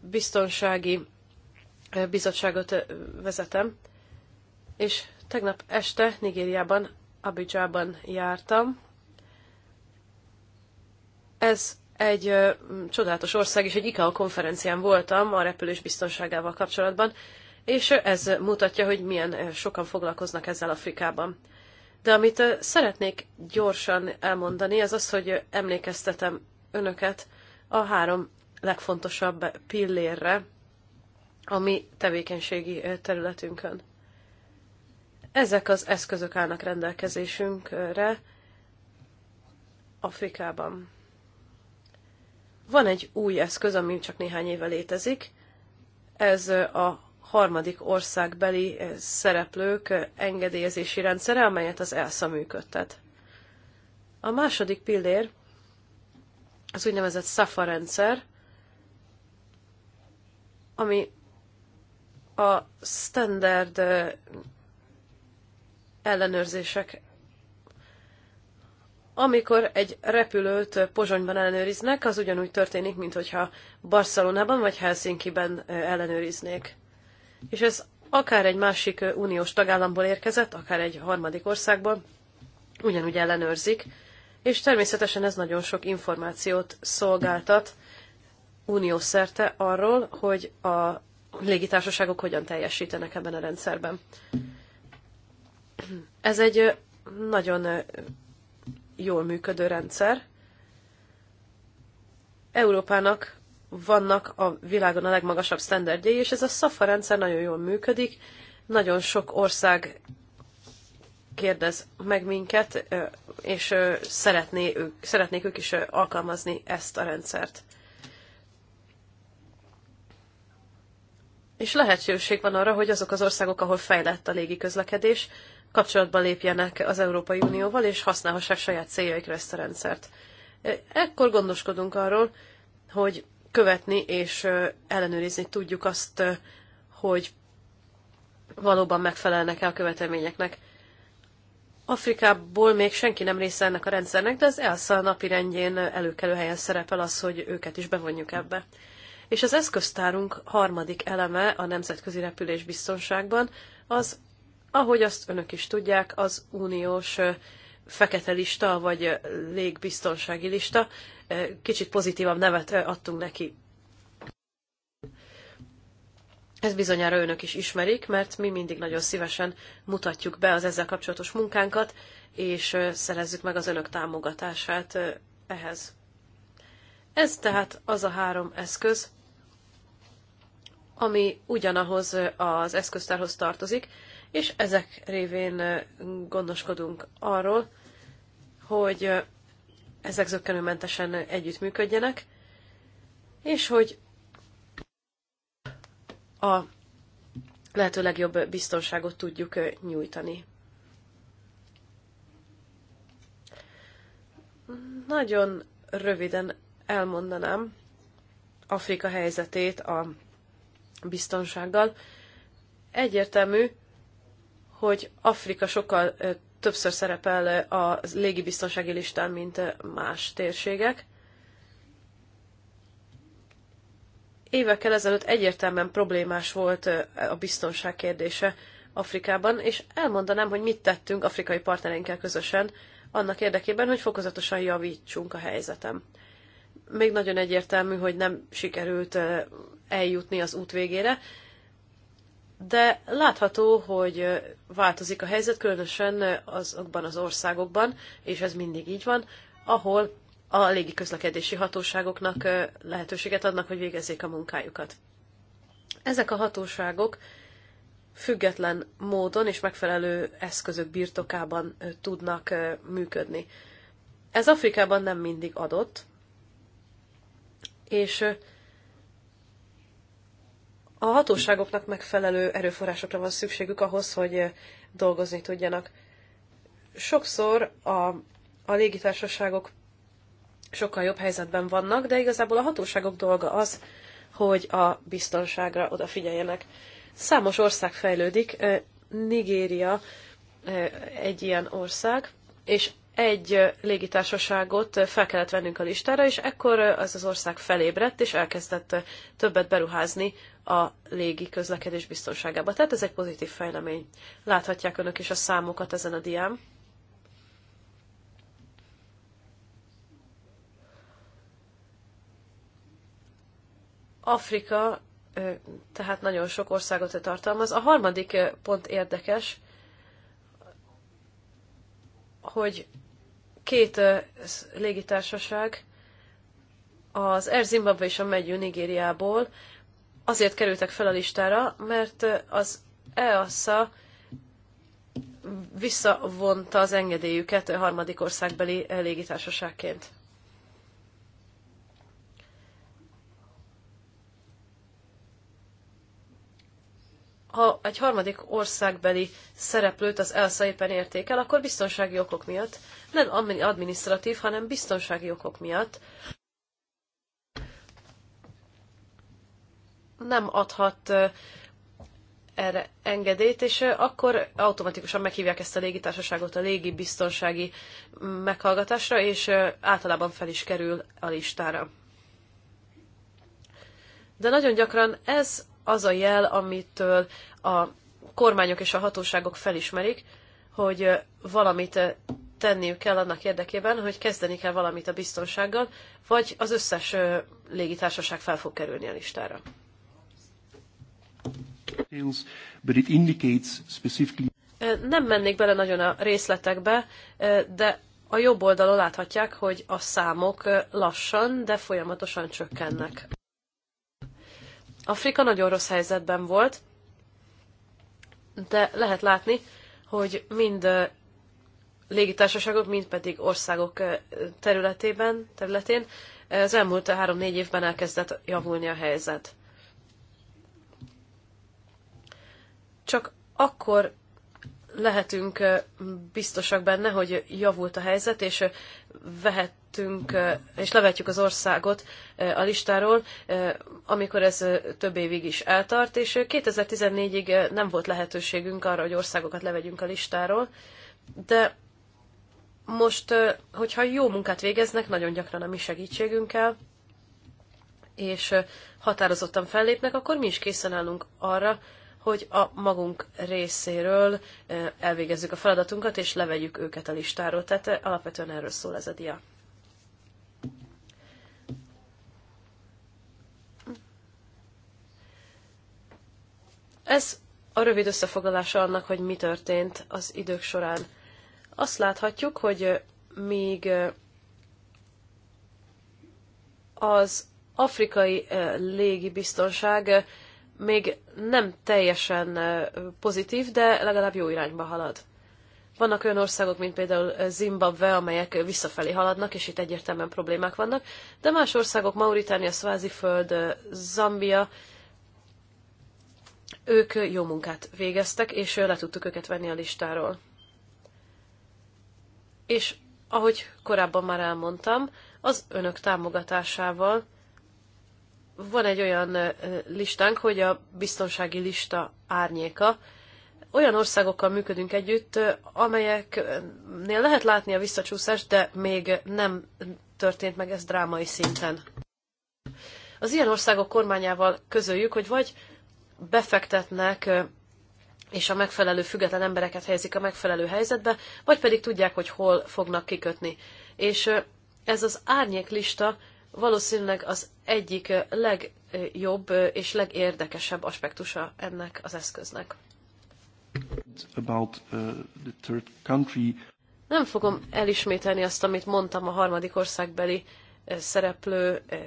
biztonsági eh, bizottságot eh, vezetem, és tegnap este Nigériában, Abidjában jártam. Ez egy ö, csodálatos ország, és egy ICAO konferencián voltam a repülés biztonságával kapcsolatban, és ez mutatja, hogy milyen eh, sokan foglalkoznak ezzel Afrikában. De amit eh, szeretnék gyorsan elmondani, az az, hogy emlékeztetem önöket a három legfontosabb pillérre a mi tevékenységi eh, területünkön. Ezek az eszközök állnak rendelkezésünkre Afrikában. Van egy új eszköz, ami csak néhány éve létezik, ez a harmadik országbeli eh, szereplők eh, engedélyezési rendszere, amelyet az ELSA működtet. A második pillér az úgynevezett SAFA rendszer, ami a standard eh, ellenőrzések amikor egy repülőt Pozsonyban ellenőriznek, az ugyanúgy történik, mint hogyha Barcelonában vagy Helsinki-ben ellenőriznék és ez akár egy másik uniós tagállamból érkezett, akár egy harmadik országból, ugyanúgy ellenőrzik, és természetesen ez nagyon sok információt szolgáltat uniós szerte arról, hogy a légitársaságok hogyan teljesítenek ebben a rendszerben. Ez egy nagyon jól működő rendszer. Európának vannak a világon a legmagasabb sztenderdjei, és ez a SAFA rendszer nagyon jól működik. Nagyon sok ország kérdez meg minket, és szeretné, ők, szeretnék ők is alkalmazni ezt a rendszert. És lehetőség van arra, hogy azok az országok, ahol fejlett a légiközlekedés, kapcsolatba lépjenek az Európai Unióval, és használhassák saját céljaikra ezt a rendszert. Ekkor gondoskodunk arról, hogy követni és ellenőrizni tudjuk azt, hogy valóban megfelelnek-e a követelményeknek. Afrikából még senki nem része ennek a rendszernek, de az ELSA napi rendjén előkelő helyen szerepel az, hogy őket is bevonjuk ebbe. És az eszköztárunk harmadik eleme a nemzetközi repülés biztonságban az, ahogy azt önök is tudják, az uniós fekete lista, vagy légbiztonsági lista. Kicsit pozitívabb nevet adtunk neki. Ez bizonyára önök is ismerik, mert mi mindig nagyon szívesen mutatjuk be az ezzel kapcsolatos munkánkat, és szerezzük meg az önök támogatását ehhez. Ez tehát az a három eszköz, ami ugyanahoz az eszköztárhoz tartozik, és ezek révén gondoskodunk arról, hogy ezek zöggenőmentesen együttműködjenek, és hogy a lehető legjobb biztonságot tudjuk nyújtani. Nagyon röviden elmondanám Afrika helyzetét a biztonsággal. Egyértelmű, hogy Afrika sokkal többször szerepel a légibiztonsági listán, mint más térségek. Évekkel ezelőtt egyértelműen problémás volt a biztonság kérdése Afrikában, és elmondanám, hogy mit tettünk afrikai partnereinkkel közösen annak érdekében, hogy fokozatosan javítsunk a helyzetem. Még nagyon egyértelmű, hogy nem sikerült eljutni az út végére, de látható, hogy változik a helyzet, különösen azokban az országokban, és ez mindig így van, ahol a közlekedési hatóságoknak lehetőséget adnak, hogy végezzék a munkájukat. Ezek a hatóságok független módon és megfelelő eszközök birtokában tudnak működni. Ez Afrikában nem mindig adott, és a hatóságoknak megfelelő erőforrásokra van szükségük ahhoz, hogy eh, dolgozni tudjanak. Sokszor a, a légitársaságok sokkal jobb helyzetben vannak, de igazából a hatóságok dolga az, hogy a biztonságra odafigyeljenek. Számos ország fejlődik, eh, Nigéria eh, egy ilyen ország, és egy légitársaságot fel kellett vennünk a listára, és ekkor az az ország felébredt, és elkezdett többet beruházni a légi közlekedés biztonságába. Tehát ez egy pozitív fejlemény. Láthatják önök is a számokat ezen a dián. Afrika tehát nagyon sok országot tartalmaz. A harmadik pont érdekes, hogy két légitársaság, az Air Zimbabwe és a Megyű Nigériából azért kerültek fel a listára, mert az EASA visszavonta az engedélyüket harmadik országbeli légitársaságként. ha egy harmadik országbeli szereplőt az ELSA éppen értékel, akkor biztonsági okok miatt, nem adminisztratív, hanem biztonsági okok miatt nem adhat erre engedélyt, és akkor automatikusan meghívják ezt a légitársaságot a légi biztonsági mm, meghallgatásra, és általában fel is kerül a listára. De nagyon gyakran ez az a jel, amitől a kormányok és a hatóságok felismerik, hogy valamit tenniük kell annak érdekében, hogy kezdeni kell valamit a biztonsággal, vagy az összes légitársaság fel fog kerülni a listára. Nem mennék bele nagyon a részletekbe, de a jobb oldalon láthatják, hogy a számok lassan, de folyamatosan csökkennek. Afrika nagyon rossz helyzetben volt, de lehet látni, hogy mind légitársaságok, mind pedig országok területében, területén az elmúlt három-négy évben elkezdett javulni a helyzet. Csak akkor lehetünk biztosak benne, hogy javult a helyzet, és vehetünk és levetjük az országot a listáról, amikor ez több évig is eltart, és 2014-ig nem volt lehetőségünk arra, hogy országokat levegyünk a listáról, de most, hogyha jó munkát végeznek, nagyon gyakran a mi segítségünkkel, és határozottan fellépnek, akkor mi is készen állunk arra, hogy a magunk részéről elvégezzük a feladatunkat, és levegyük őket a listáról. Tehát alapvetően erről szól ez a dia. Ez a rövid összefoglalása annak, hogy mi történt az idők során. Azt láthatjuk, hogy még az afrikai biztonság még nem teljesen pozitív, de legalább jó irányba halad. Vannak olyan országok, mint például Zimbabwe, amelyek visszafelé haladnak, és itt egyértelműen problémák vannak, de más országok, Mauritánia, Szváziföld, Zambia, ők jó munkát végeztek, és le tudtuk őket venni a listáról. És ahogy korábban már elmondtam, az önök támogatásával van egy olyan listánk, hogy a biztonsági lista árnyéka. Olyan országokkal működünk együtt, amelyeknél lehet látni a visszacsúszást, de még nem történt meg ez drámai szinten. Az ilyen országok kormányával közöljük, hogy vagy befektetnek és a megfelelő független embereket helyezik a megfelelő helyzetbe, vagy pedig tudják, hogy hol fognak kikötni. És ez az árnyék lista valószínűleg az egyik legjobb és legérdekesebb aspektusa ennek az eszköznek. About, uh, the third country. Nem fogom elismételni azt, amit mondtam a harmadik országbeli eh, szereplő eh,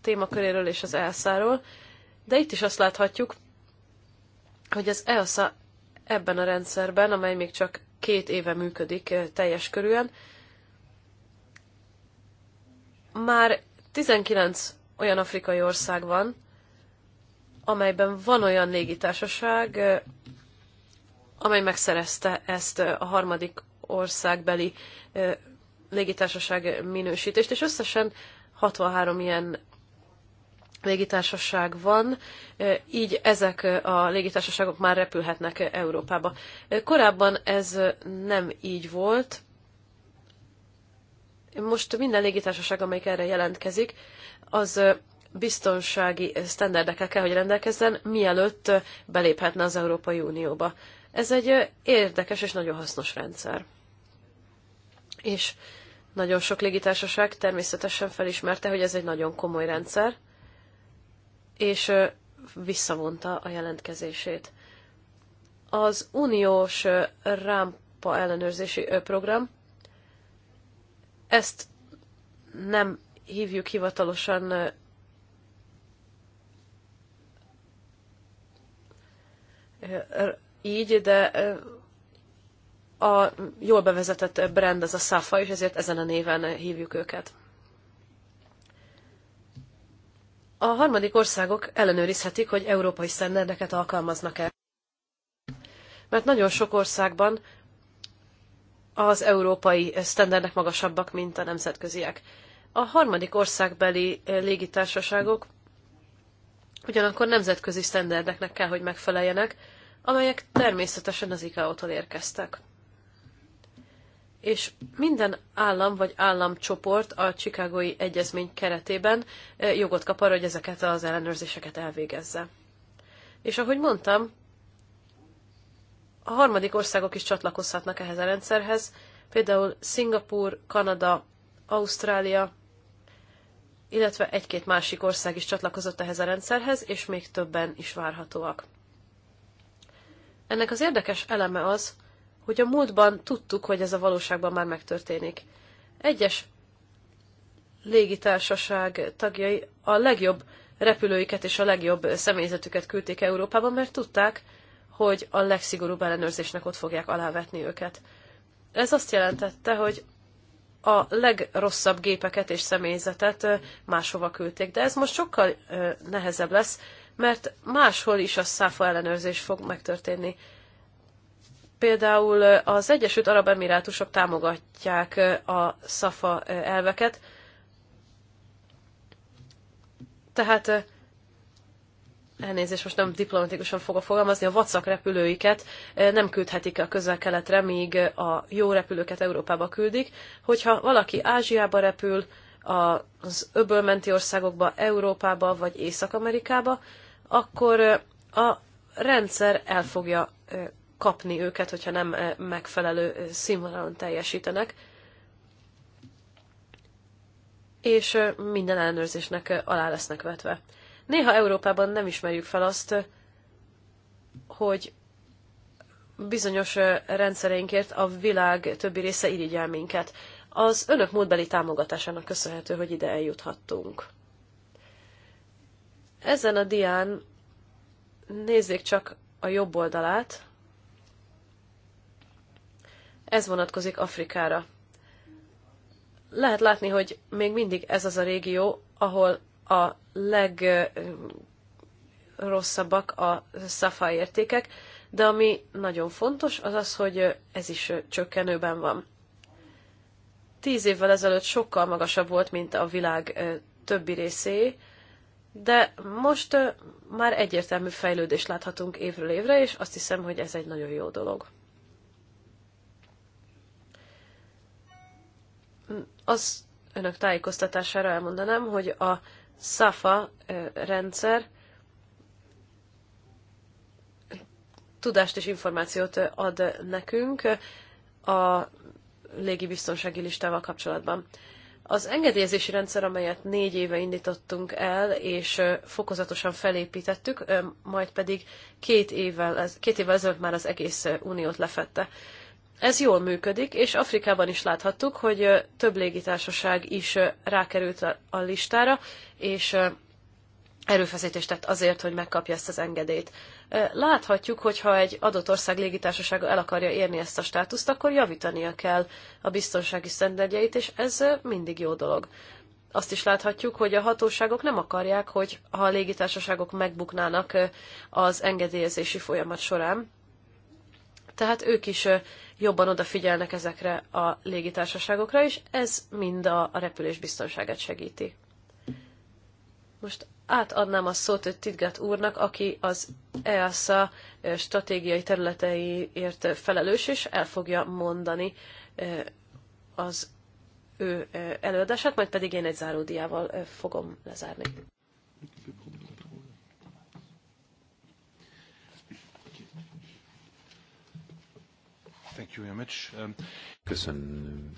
témaköréről és az ELSZ-ról, de itt is azt láthatjuk, hogy az ELSA ebben a rendszerben, amely még csak két éve működik eh, teljes körűen, már 19 olyan afrikai ország van, amelyben van olyan légitársaság, amely megszerezte ezt a harmadik országbeli légitársaság minősítést, és összesen 63 ilyen légitársaság van, így ezek a légitársaságok már repülhetnek Európába. Korábban ez nem így volt, most minden légitársaság, amelyik erre jelentkezik, az biztonsági sztenderdekkel kell, hogy rendelkezzen, mielőtt beléphetne az Európai Unióba. Ez egy érdekes és nagyon hasznos rendszer. És nagyon sok légitársaság természetesen felismerte, hogy ez egy nagyon komoly rendszer, és visszavonta a jelentkezését. Az uniós rámpa ellenőrzési program ezt nem hívjuk hivatalosan így, de a jól bevezetett brand az a Safa, és ezért ezen a néven hívjuk őket. A harmadik országok ellenőrizhetik, hogy európai sztenderdeket alkalmaznak-e. Mert nagyon sok országban az európai sztenderdek magasabbak, mint a nemzetköziek. A harmadik országbeli eh, légitársaságok ugyanakkor nemzetközi sztenderdeknek kell, hogy megfeleljenek, amelyek természetesen az ICAO-tól érkeztek. És minden állam vagy államcsoport a Chicagói Egyezmény keretében eh, jogot kap arra, hogy ezeket az ellenőrzéseket elvégezze. És ahogy mondtam, a harmadik országok is csatlakozhatnak ehhez a rendszerhez, például Szingapur, Kanada, Ausztrália, illetve egy-két másik ország is csatlakozott ehhez a rendszerhez, és még többen is várhatóak. Ennek az érdekes eleme az, hogy a múltban tudtuk, hogy ez a valóságban már megtörténik. Egyes légitársaság tagjai a legjobb repülőiket és a legjobb személyzetüket küldték Európába, mert tudták, hogy a legszigorúbb ellenőrzésnek ott fogják alávetni őket. Ez azt jelentette, hogy a legrosszabb gépeket és személyzetet máshova küldték, de ez most sokkal nehezebb lesz, mert máshol is a száfa ellenőrzés fog megtörténni. Például az Egyesült Arab Emirátusok támogatják a szafa elveket, tehát elnézést, most nem diplomatikusan fogok fogalmazni, a vacak repülőiket eh, nem küldhetik a közel-keletre, míg eh, a jó repülőket Európába küldik. Hogyha valaki Ázsiába repül, az öbölmenti országokba, Európába vagy Észak-Amerikába, akkor eh, a rendszer el fogja kapni őket, hogyha nem megfelelő színvonalon teljesítenek. És minden ellenőrzésnek alá lesznek vetve. Néha Európában nem ismerjük fel azt, hogy bizonyos rendszereinkért a világ többi része irigyel minket. Az önök módbeli támogatásának köszönhető, hogy ide eljuthattunk. Ezen a dián nézzék csak a jobb oldalát. Ez vonatkozik Afrikára. Lehet látni, hogy még mindig ez az a régió, ahol a legrosszabbak a szafa értékek, de ami nagyon fontos, az az, hogy ez is csökkenőben van. Tíz évvel ezelőtt sokkal magasabb volt, mint a világ többi részé, de most már egyértelmű fejlődést láthatunk évről évre, és azt hiszem, hogy ez egy nagyon jó dolog. Az önök tájékoztatására elmondanám, hogy a SAFA rendszer tudást és információt ad nekünk a biztonsági listával kapcsolatban. Az engedélyezési rendszer, amelyet négy éve indítottunk el, és fokozatosan felépítettük, majd pedig két évvel, két évvel ezelőtt már az egész uniót lefette. Ez jól működik, és Afrikában is láthattuk, hogy több légitársaság is rákerült a listára, és erőfeszítést tett azért, hogy megkapja ezt az engedélyt. Láthatjuk, hogy ha egy adott ország légitársasága el akarja érni ezt a státuszt, akkor javítania kell a biztonsági szendegyeit, és ez mindig jó dolog. Azt is láthatjuk, hogy a hatóságok nem akarják, hogy ha a légitársaságok megbuknának az engedélyezési folyamat során, tehát ők is jobban odafigyelnek ezekre a légitársaságokra, és ez mind a, a repülés biztonságát segíti. Most átadnám a szót egy Titgát úrnak, aki az EASA stratégiai területeiért felelős, és el fogja mondani az ő előadását, majd pedig én egy záródiával fogom lezárni. Thank you very much. Um... Köszönöm,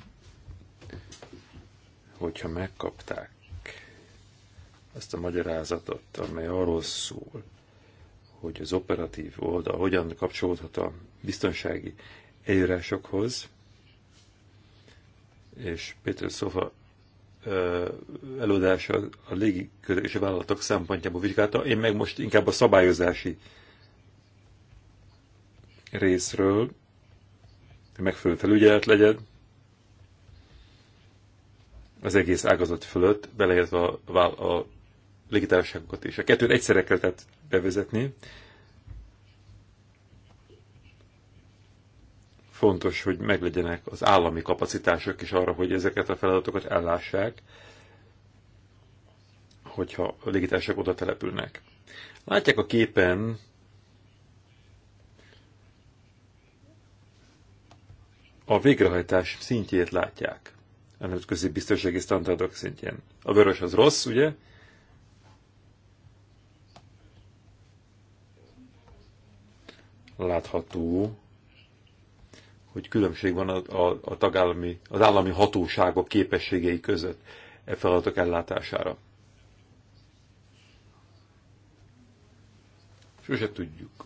hogyha megkapták ezt a magyarázatot, amely arról szól, hogy az operatív oldal hogyan kapcsolódhat a biztonsági eljárásokhoz, és Péter Szofa előadása a légiközlekedési vállalatok szempontjából vizsgálta, én meg most inkább a szabályozási részről megfelelő felügyelet legyen az egész ágazat fölött, beleértve a, a, a légitársaságokat is. A kettőt egyszerre kellett bevezetni. Fontos, hogy meglegyenek az állami kapacitások is arra, hogy ezeket a feladatokat ellássák, hogyha a légitársaságok oda települnek. Látják a képen, a végrehajtás szintjét látják a nemzetközi biztonsági standardok szintjén. A vörös az rossz, ugye? Látható, hogy különbség van a, a, a tagállami, az állami hatóságok képességei között e feladatok ellátására. Sose tudjuk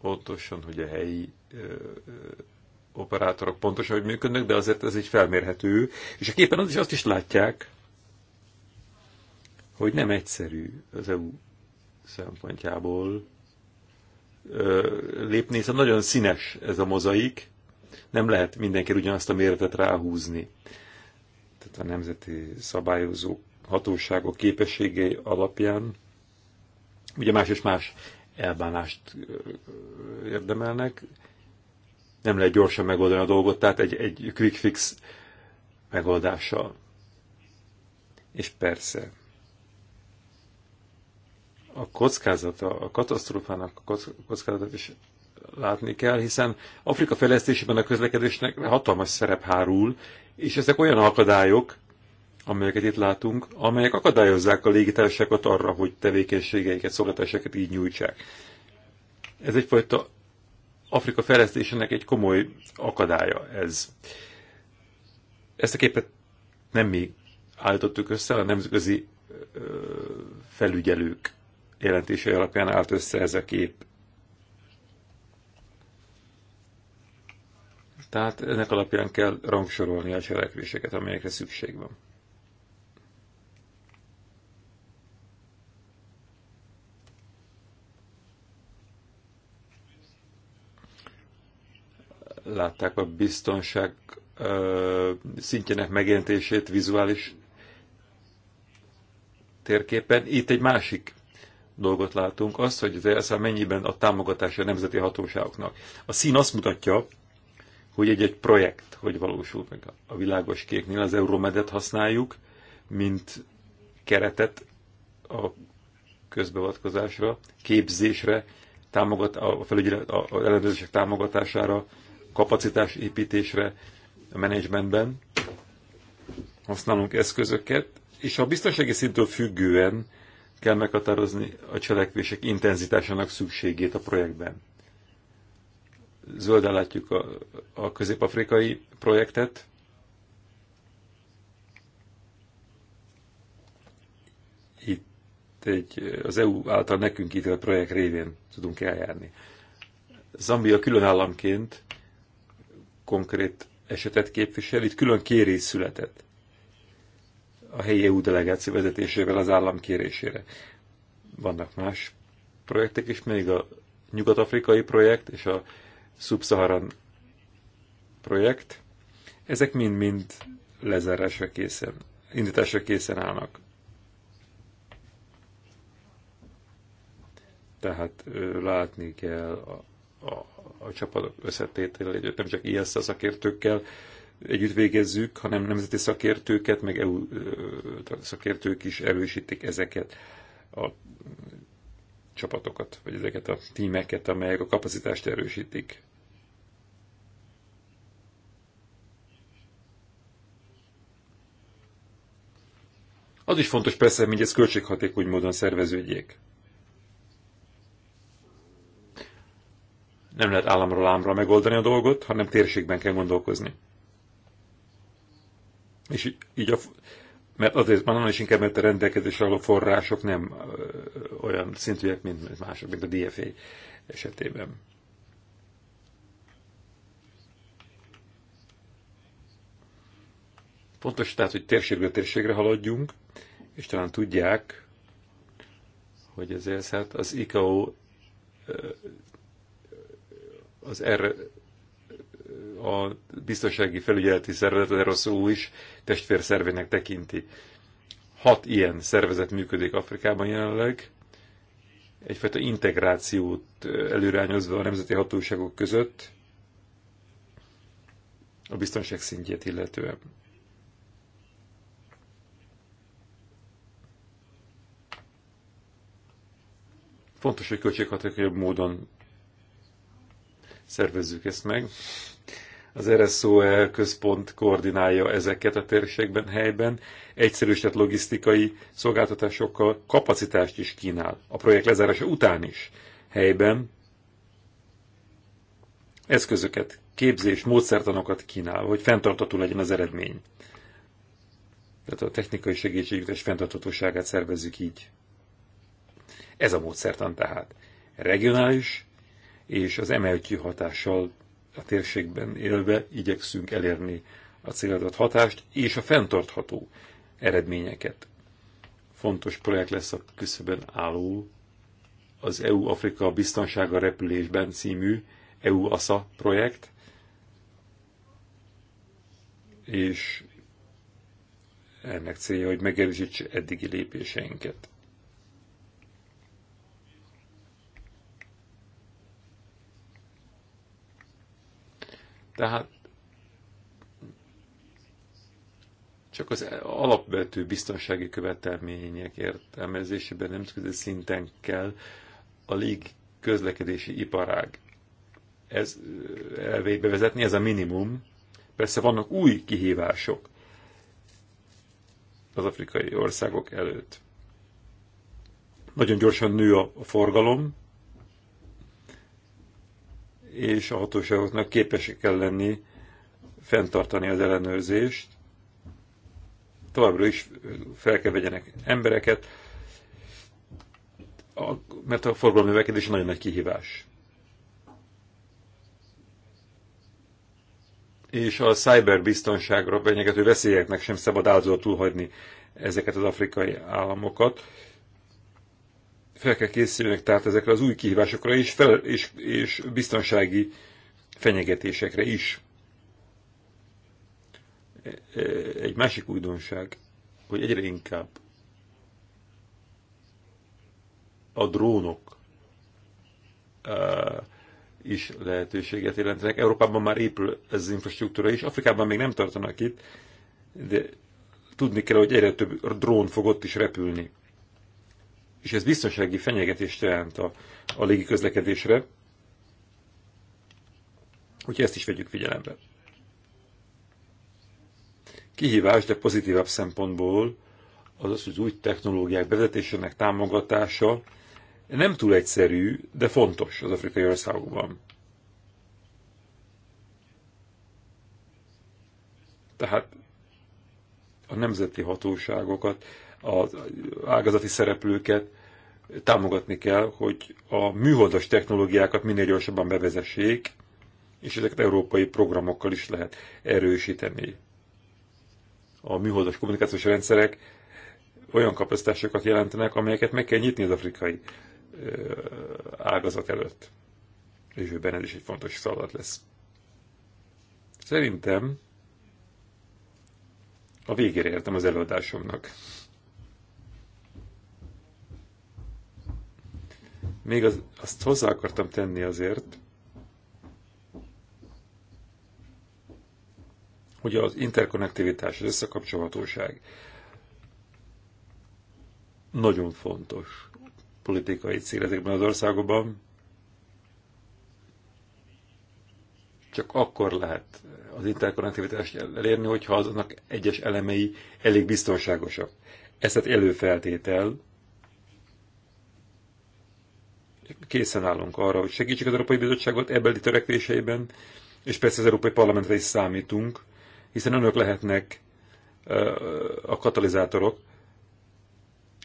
pontosan, hogy a helyi ö, ö, operátorok pontosan, hogy működnek, de azért ez így felmérhető. És a képen az is azt is látják, hogy nem egyszerű az EU szempontjából lépni, hiszen nagyon színes ez a mozaik, nem lehet mindenkire ugyanazt a méretet ráhúzni. Tehát a nemzeti szabályozó hatóságok képességei alapján ugye más és más elbánást érdemelnek, nem lehet gyorsan megoldani a dolgot, tehát egy, egy quick fix megoldással. És persze, a kockázata, a katasztrófának a kockázatát is látni kell, hiszen Afrika fejlesztésében a közlekedésnek hatalmas szerep hárul, és ezek olyan akadályok, amelyeket itt látunk, amelyek akadályozzák a légitársaságot arra, hogy tevékenységeiket, szolgáltatásokat így nyújtsák. Ez egyfajta Afrika fejlesztésének egy komoly akadálya ez. Ezt a képet nem mi állítottuk össze, a nemzetközi felügyelők jelentései alapján állt össze ez a kép. Tehát ennek alapján kell rangsorolni a cselekvéseket, amelyekre szükség van. látták a biztonság ö, szintjének megjelentését vizuális térképen. Itt egy másik dolgot látunk, az, hogy az ESA mennyiben a támogatása a nemzeti hatóságoknak. A szín azt mutatja, hogy egy-egy projekt hogy valósul meg a világos kéknél. Az Euromedet használjuk, mint keretet a közbeavatkozásra, képzésre, támogat, a felügyelet, a, a ellenőrzések támogatására, kapacitás építésre a menedzsmentben használunk eszközöket, és a biztonsági szintől függően kell meghatározni a cselekvések intenzitásának szükségét a projektben. Zölden látjuk a, a közép-afrikai projektet. Itt egy, az EU által nekünk ítélt projekt révén tudunk eljárni. Zambia külön államként konkrét esetet képvisel. Itt külön kérés született a helyi EU delegáció vezetésével az állam kérésére. Vannak más projektek is, még a nyugat-afrikai projekt és a szubszaharan projekt. Ezek mind-mind lezárásra készen, indításra készen állnak. Tehát látni kell a, a a csapatok összetétel, nem csak ISZ szakértőkkel együtt végezzük, hanem nemzeti szakértőket, meg EU szakértők is erősítik ezeket a csapatokat, vagy ezeket a tímeket, amelyek a kapacitást erősítik. Az is fontos persze, hogy ez költséghatékony módon szerveződjék. nem lehet államról államra megoldani a dolgot, hanem térségben kell gondolkozni. És így a, mert azért van nem is inkább, mert a rendelkezés a források nem olyan szintűek, mint mások, mint a DFA esetében. Fontos tehát, hogy térségről térségre haladjunk, és talán tudják, hogy ezért hát az ICAO az erre a biztonsági felügyeleti szervezet, az ROSZU is testvérszervének tekinti. Hat ilyen szervezet működik Afrikában jelenleg, egyfajta integrációt előrányozva a nemzeti hatóságok között a biztonság szintjét illetően. Fontos, hogy költséghatékonyabb módon Szervezzük ezt meg. Az RSOE központ koordinálja ezeket a térségben, helyben, egyszerűsített logisztikai szolgáltatásokkal kapacitást is kínál, a projekt lezárása után is, helyben, eszközöket, képzés, módszertanokat kínál, hogy fenntartató legyen az eredmény. Tehát a technikai és fenntartatóságát szervezzük így. Ez a módszertan tehát. Regionális és az MLQ hatással a térségben élve igyekszünk elérni a célzott hatást és a fenntartható eredményeket. Fontos projekt lesz a küszöbön álló az EU-Afrika biztonsága repülésben című EU-ASA projekt, és ennek célja, hogy megerősítse eddigi lépéseinket. Tehát csak az alapvető biztonsági követelmények értelmezésében nemzetközi szinten kell a lég közlekedési iparág ez elvébe bevezetni, ez a minimum. Persze vannak új kihívások az afrikai országok előtt. Nagyon gyorsan nő a forgalom, és a hatóságoknak képesek kell lenni fenntartani az ellenőrzést, továbbra is fel kell vegyenek embereket, a, mert a forgalmi növekedés nagyon nagy kihívás. És a cyberbiztonságra fenyegető veszélyeknek sem szabad áldozatul hagyni ezeket az afrikai államokat fel kell készülnek tehát ezekre az új kihívásokra és, fel, és, és biztonsági fenyegetésekre is. E, e, egy másik újdonság, hogy egyre inkább a drónok e, is lehetőséget jelentenek. Európában már épül ez az infrastruktúra is, Afrikában még nem tartanak itt, de tudni kell, hogy egyre több drón fog ott is repülni és ez biztonsági fenyegetést jelent a, a légiközlekedésre, úgyhogy ezt is vegyük figyelembe. Kihívás, de pozitívabb szempontból az az, hogy új technológiák bevezetésének támogatása nem túl egyszerű, de fontos az afrikai országokban. Tehát a nemzeti hatóságokat az ágazati szereplőket támogatni kell, hogy a műholdas technológiákat minél gyorsabban bevezessék, és ezeket európai programokkal is lehet erősíteni. A műholdas kommunikációs rendszerek olyan kapasztásokat jelentenek, amelyeket meg kell nyitni az afrikai ágazat előtt. És őben ez is egy fontos feladat lesz. Szerintem a végére értem az előadásomnak. Még az, azt hozzá akartam tenni azért, hogy az interkonnektivitás, az összekapcsolhatóság nagyon fontos politikai cél ezekben az országokban. Csak akkor lehet az interkonnektivitást elérni, hogyha aznak egyes elemei elég biztonságosak. Ez hát előfeltétel, készen állunk arra, hogy segítsük az Európai Bizottságot ebbeli törekvéseiben, és persze az Európai Parlamentre is számítunk, hiszen önök lehetnek a katalizátorok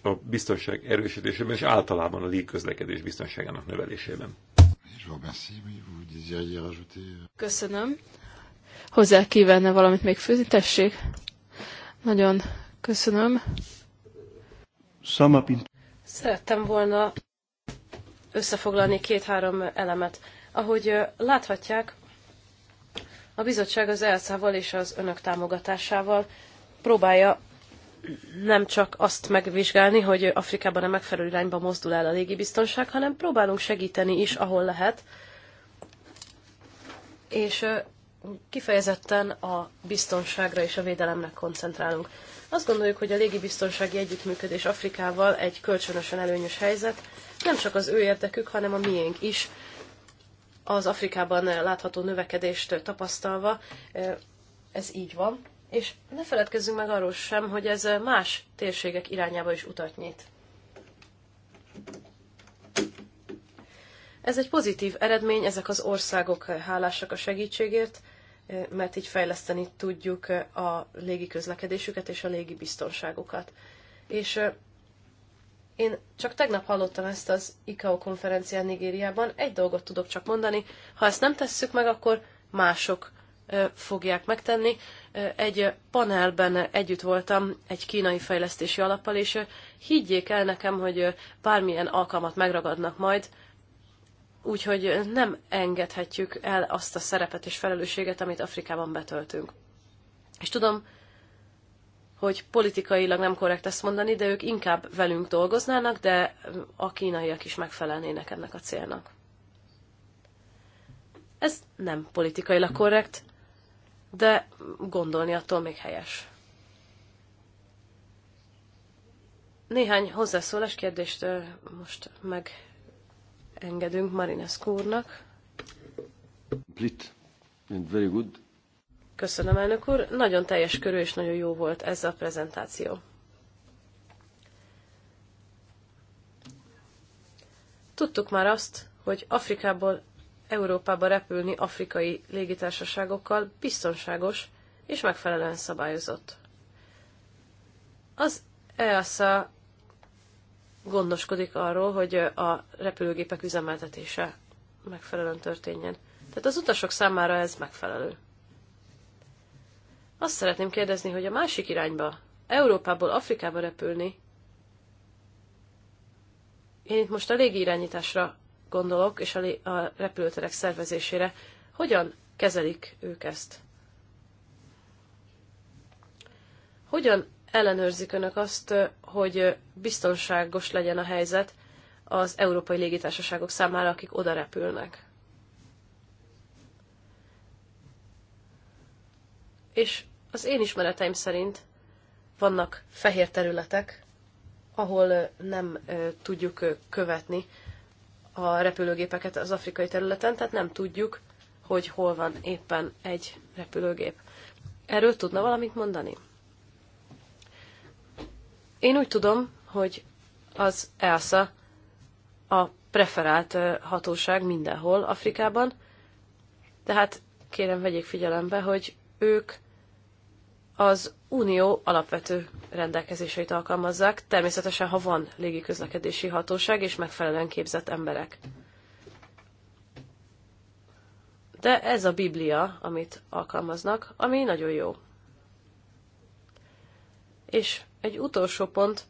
a biztonság erősítésében és általában a légközlekedés biztonságának növelésében. Köszönöm. Hozzá kívánna valamit még főzni? Tessék. Nagyon köszönöm. Szerettem volna összefoglalni két-három elemet. Ahogy láthatják, a bizottság az ELSZ-ával és az önök támogatásával próbálja nem csak azt megvizsgálni, hogy Afrikában a megfelelő irányba mozdul el a légibiztonság, hanem próbálunk segíteni is, ahol lehet. És kifejezetten a biztonságra és a védelemre koncentrálunk. Azt gondoljuk, hogy a légibiztonsági együttműködés Afrikával egy kölcsönösen előnyös helyzet, nem csak az ő érdekük, hanem a miénk is. Az Afrikában látható növekedést tapasztalva ez így van. És ne feledkezzünk meg arról sem, hogy ez más térségek irányába is utat nyit. Ez egy pozitív eredmény, ezek az országok hálásak a segítségért, mert így fejleszteni tudjuk a légi közlekedésüket és a légi biztonságukat. És én csak tegnap hallottam ezt az ICAO konferencián Nigériában. Egy dolgot tudok csak mondani, ha ezt nem tesszük meg, akkor mások fogják megtenni. Egy panelben együtt voltam egy kínai fejlesztési alappal, és higgyék el nekem, hogy bármilyen alkalmat megragadnak majd, úgyhogy nem engedhetjük el azt a szerepet és felelősséget, amit Afrikában betöltünk. És tudom, hogy politikailag nem korrekt ezt mondani, de ők inkább velünk dolgoznának, de a kínaiak is megfelelnének ennek a célnak. Ez nem politikailag korrekt, de gondolni attól még helyes. Néhány hozzászólás kérdést most megengedünk Marinescu úrnak. Complete and very good. Köszönöm, elnök úr. Nagyon teljes körű és nagyon jó volt ez a prezentáció. Tudtuk már azt, hogy Afrikából Európába repülni afrikai légitársaságokkal biztonságos és megfelelően szabályozott. Az EASA gondoskodik arról, hogy a repülőgépek üzemeltetése megfelelően történjen. Tehát az utasok számára ez megfelelő. Azt szeretném kérdezni, hogy a másik irányba, Európából Afrikába repülni, én itt most a légirányításra gondolok, és a, a repülőterek szervezésére, hogyan kezelik ők ezt? Hogyan ellenőrzik önök azt, hogy biztonságos legyen a helyzet az európai légitársaságok számára, akik oda repülnek? És az én ismereteim szerint vannak fehér területek, ahol nem tudjuk követni a repülőgépeket az afrikai területen, tehát nem tudjuk, hogy hol van éppen egy repülőgép. Erről tudna valamit mondani? Én úgy tudom, hogy az ELSA a preferált hatóság mindenhol Afrikában, tehát kérem vegyék figyelembe, hogy ők az unió alapvető rendelkezéseit alkalmazzák, természetesen, ha van légiközlekedési hatóság és megfelelően képzett emberek. De ez a Biblia, amit alkalmaznak, ami nagyon jó. És egy utolsó pont,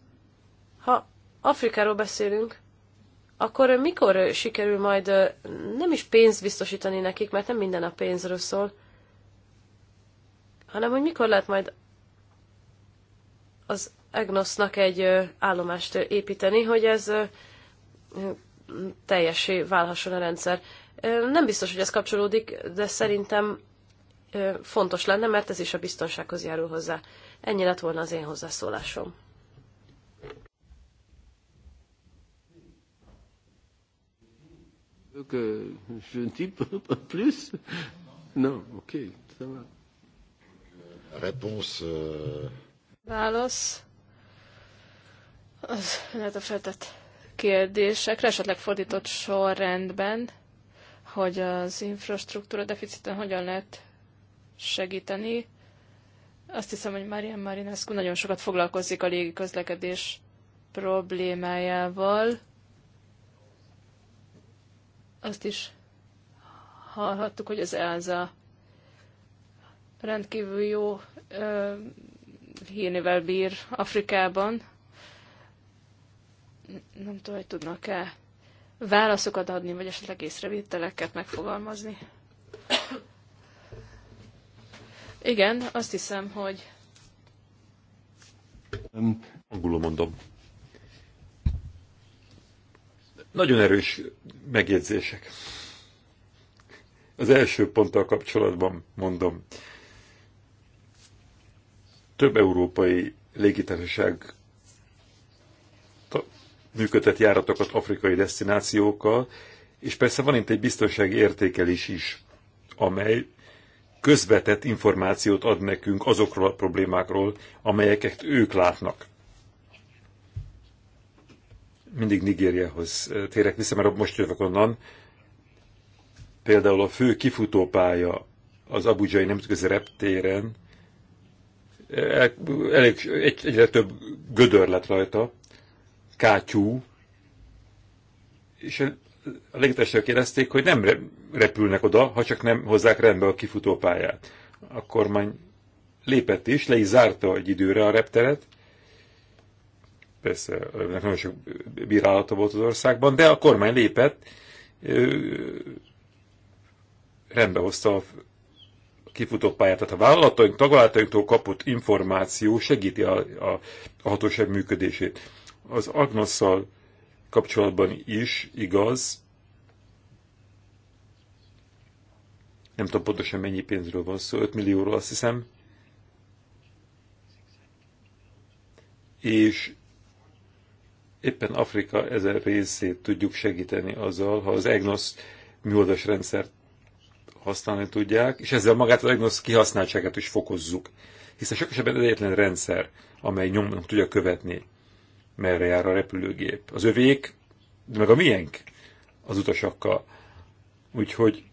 ha Afrikáról beszélünk, akkor mikor sikerül majd nem is pénzt biztosítani nekik, mert nem minden a pénzről szól, hanem hogy mikor lehet majd az Egnosznak egy állomást építeni, hogy ez teljesé válhasson a rendszer. Nem biztos, hogy ez kapcsolódik, de szerintem fontos lenne, mert ez is a biztonsághoz járul hozzá. Ennyi lett volna az én hozzászólásom. que euh, je ne dis pas plus. Non, ok, ça va. Réponse. Euh, Válasz. Az lehet a feltett kérdésekre, esetleg fordított sorrendben, hogy az infrastruktúra deficiten hogyan lehet segíteni. Azt hiszem, hogy Marian Marinescu nagyon sokat foglalkozik a légi közlekedés problémájával. Azt is hallhattuk, hogy az ELSA rendkívül jó ö, hírnivel bír Afrikában. Nem tudom, hogy tudnak-e válaszokat adni, vagy esetleg észrevételeket megfogalmazni. Igen, azt hiszem, hogy... angolul mondom. Nagyon erős megjegyzések. Az első ponttal kapcsolatban mondom több európai légitársaság működtet járatokat afrikai destinációkkal, és persze van itt egy biztonsági értékelés is, amely közvetett információt ad nekünk azokról a problémákról, amelyeket ők látnak. Mindig Nigériához eh, térek vissza, mert most jövök onnan. Például a fő kifutópálya az Abudzsai Nemzetközi Reptéren elég, egy, egyre több gödör lett rajta, kátyú, és a légitársaságok érezték, hogy nem repülnek oda, ha csak nem hozzák rendbe a kifutópályát. A kormány lépett is, le is zárta egy időre a repteret, persze nagyon sok bírálata volt az országban, de a kormány lépett, rendbe hozta a kifutó pályát. A vállalataink, tagvállalatainktól kapott információ segíti a, a, a hatóság működését. Az Agnosszal kapcsolatban is igaz, nem tudom pontosan mennyi pénzről van szó, 5 millióról azt hiszem, és éppen Afrika ezen részét tudjuk segíteni azzal, ha az EGNOS műoldas rendszert használni tudják, és ezzel magát a diagnosz kihasználtságát is fokozzuk. Hiszen sok esetben egyetlen rendszer, amely nyomnak tudja követni, merre jár a repülőgép. Az övék, de meg a miénk az utasakkal. Úgyhogy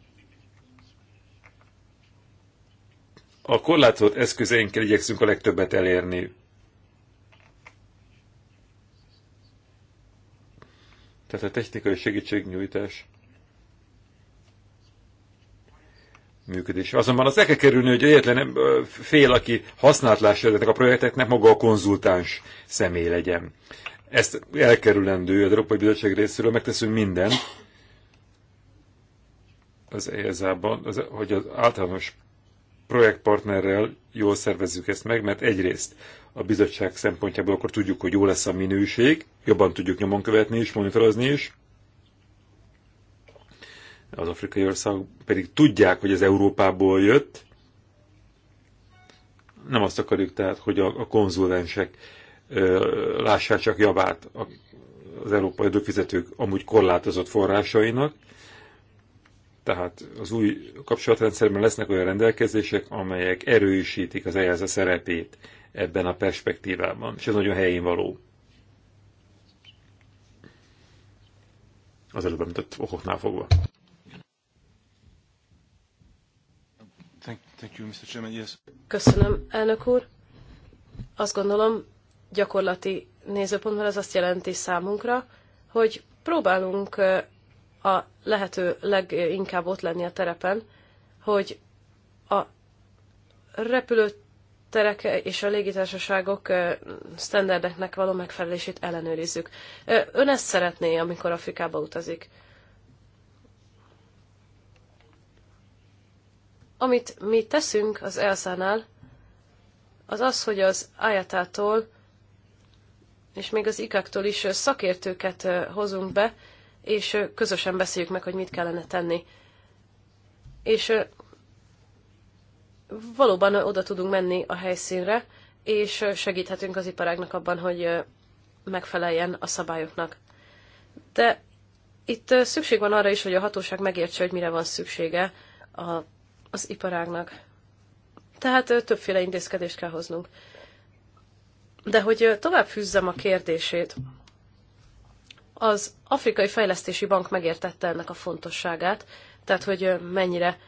a korlátozott eszközeinkkel igyekszünk a legtöbbet elérni. Tehát a technikai segítségnyújtás működés. Azonban az el kell kerülni, hogy egyetlen fél, aki használt lássa ezeknek a projekteknek, maga a konzultáns személy legyen. Ezt elkerülendő az Európai Bizottság részéről, megteszünk mindent, az ESA-ban, az, hogy az általános projektpartnerrel jól szervezzük ezt meg, mert egyrészt a bizottság szempontjából akkor tudjuk, hogy jó lesz a minőség, jobban tudjuk nyomon követni és monitorozni is, az afrikai ország pedig tudják, hogy az Európából jött. Nem azt akarjuk tehát, hogy a, konzulensek lássák csak javát az európai adófizetők amúgy korlátozott forrásainak. Tehát az új kapcsolatrendszerben lesznek olyan rendelkezések, amelyek erősítik az EJAZ szerepét ebben a perspektívában, és ez nagyon helyén való. az előbb említett okoknál fogva. Köszönöm, elnök úr. Azt gondolom, gyakorlati nézőpontból ez azt jelenti számunkra, hogy próbálunk a lehető leginkább ott lenni a terepen, hogy a repülőterek és a légitársaságok sztenderdeknek való megfelelését ellenőrizzük. Ön ezt szeretné, amikor Afrikába utazik. Amit mi teszünk az elszánál, az az, hogy az ájátától és még az ikaktól is szakértőket hozunk be, és közösen beszéljük meg, hogy mit kellene tenni. És valóban oda tudunk menni a helyszínre, és segíthetünk az iparágnak abban, hogy megfeleljen a szabályoknak. De itt szükség van arra is, hogy a hatóság megértse, hogy mire van szüksége a az iparágnak. Tehát többféle intézkedést kell hoznunk. De hogy tovább fűzzem a kérdését, az Afrikai Fejlesztési Bank megértette ennek a fontosságát, tehát hogy mennyire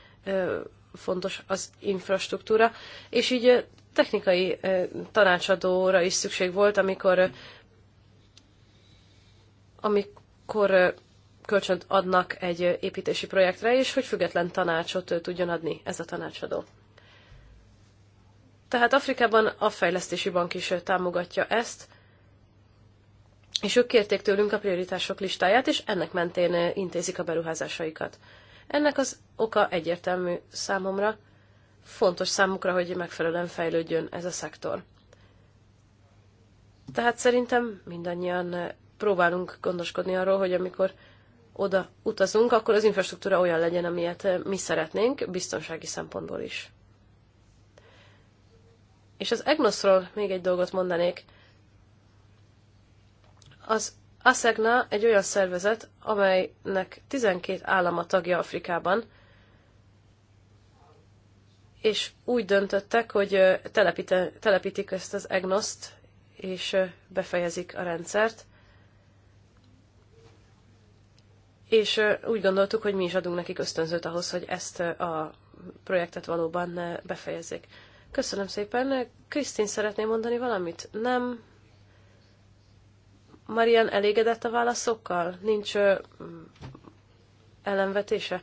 fontos az infrastruktúra, és így technikai tanácsadóra is szükség volt, amikor amikor kölcsönt adnak egy építési projektre, és hogy független tanácsot tudjon adni ez a tanácsadó. Tehát Afrikában a Fejlesztési Bank is támogatja ezt, és ők kérték tőlünk a prioritások listáját, és ennek mentén intézik a beruházásaikat. Ennek az oka egyértelmű számomra, fontos számukra, hogy megfelelően fejlődjön ez a szektor. Tehát szerintem mindannyian próbálunk gondoskodni arról, hogy amikor oda utazunk, akkor az infrastruktúra olyan legyen, amilyet eh, mi szeretnénk, biztonsági szempontból is. És az EGNOS-ról még egy dolgot mondanék. Az ASEGNA egy olyan szervezet, amelynek 12 állama tagja Afrikában, és úgy döntöttek, hogy eh, telepítik ezt az EGNOS-t, és eh, befejezik a rendszert. és úgy gondoltuk, hogy mi is adunk nekik ösztönzőt ahhoz, hogy ezt a projektet valóban befejezzék. Köszönöm szépen. Krisztin szeretné mondani valamit? Nem. Marian elégedett a válaszokkal? Nincs ellenvetése?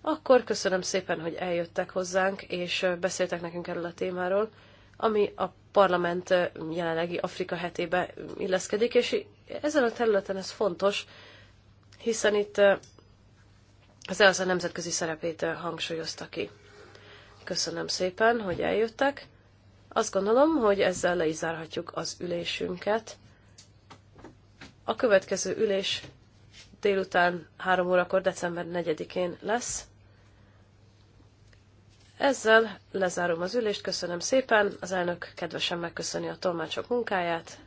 Akkor köszönöm szépen, hogy eljöttek hozzánk, és beszéltek nekünk erről a témáról, ami a parlament jelenlegi Afrika hetébe illeszkedik, és ezen a területen ez fontos, hiszen itt az ELSZ a nemzetközi szerepét hangsúlyozta ki. Köszönöm szépen, hogy eljöttek. Azt gondolom, hogy ezzel le is zárhatjuk az ülésünket. A következő ülés délután 3 órakor, december 4-én lesz. Ezzel lezárom az ülést, köszönöm szépen, az elnök kedvesen megköszöni a tolmácsok munkáját,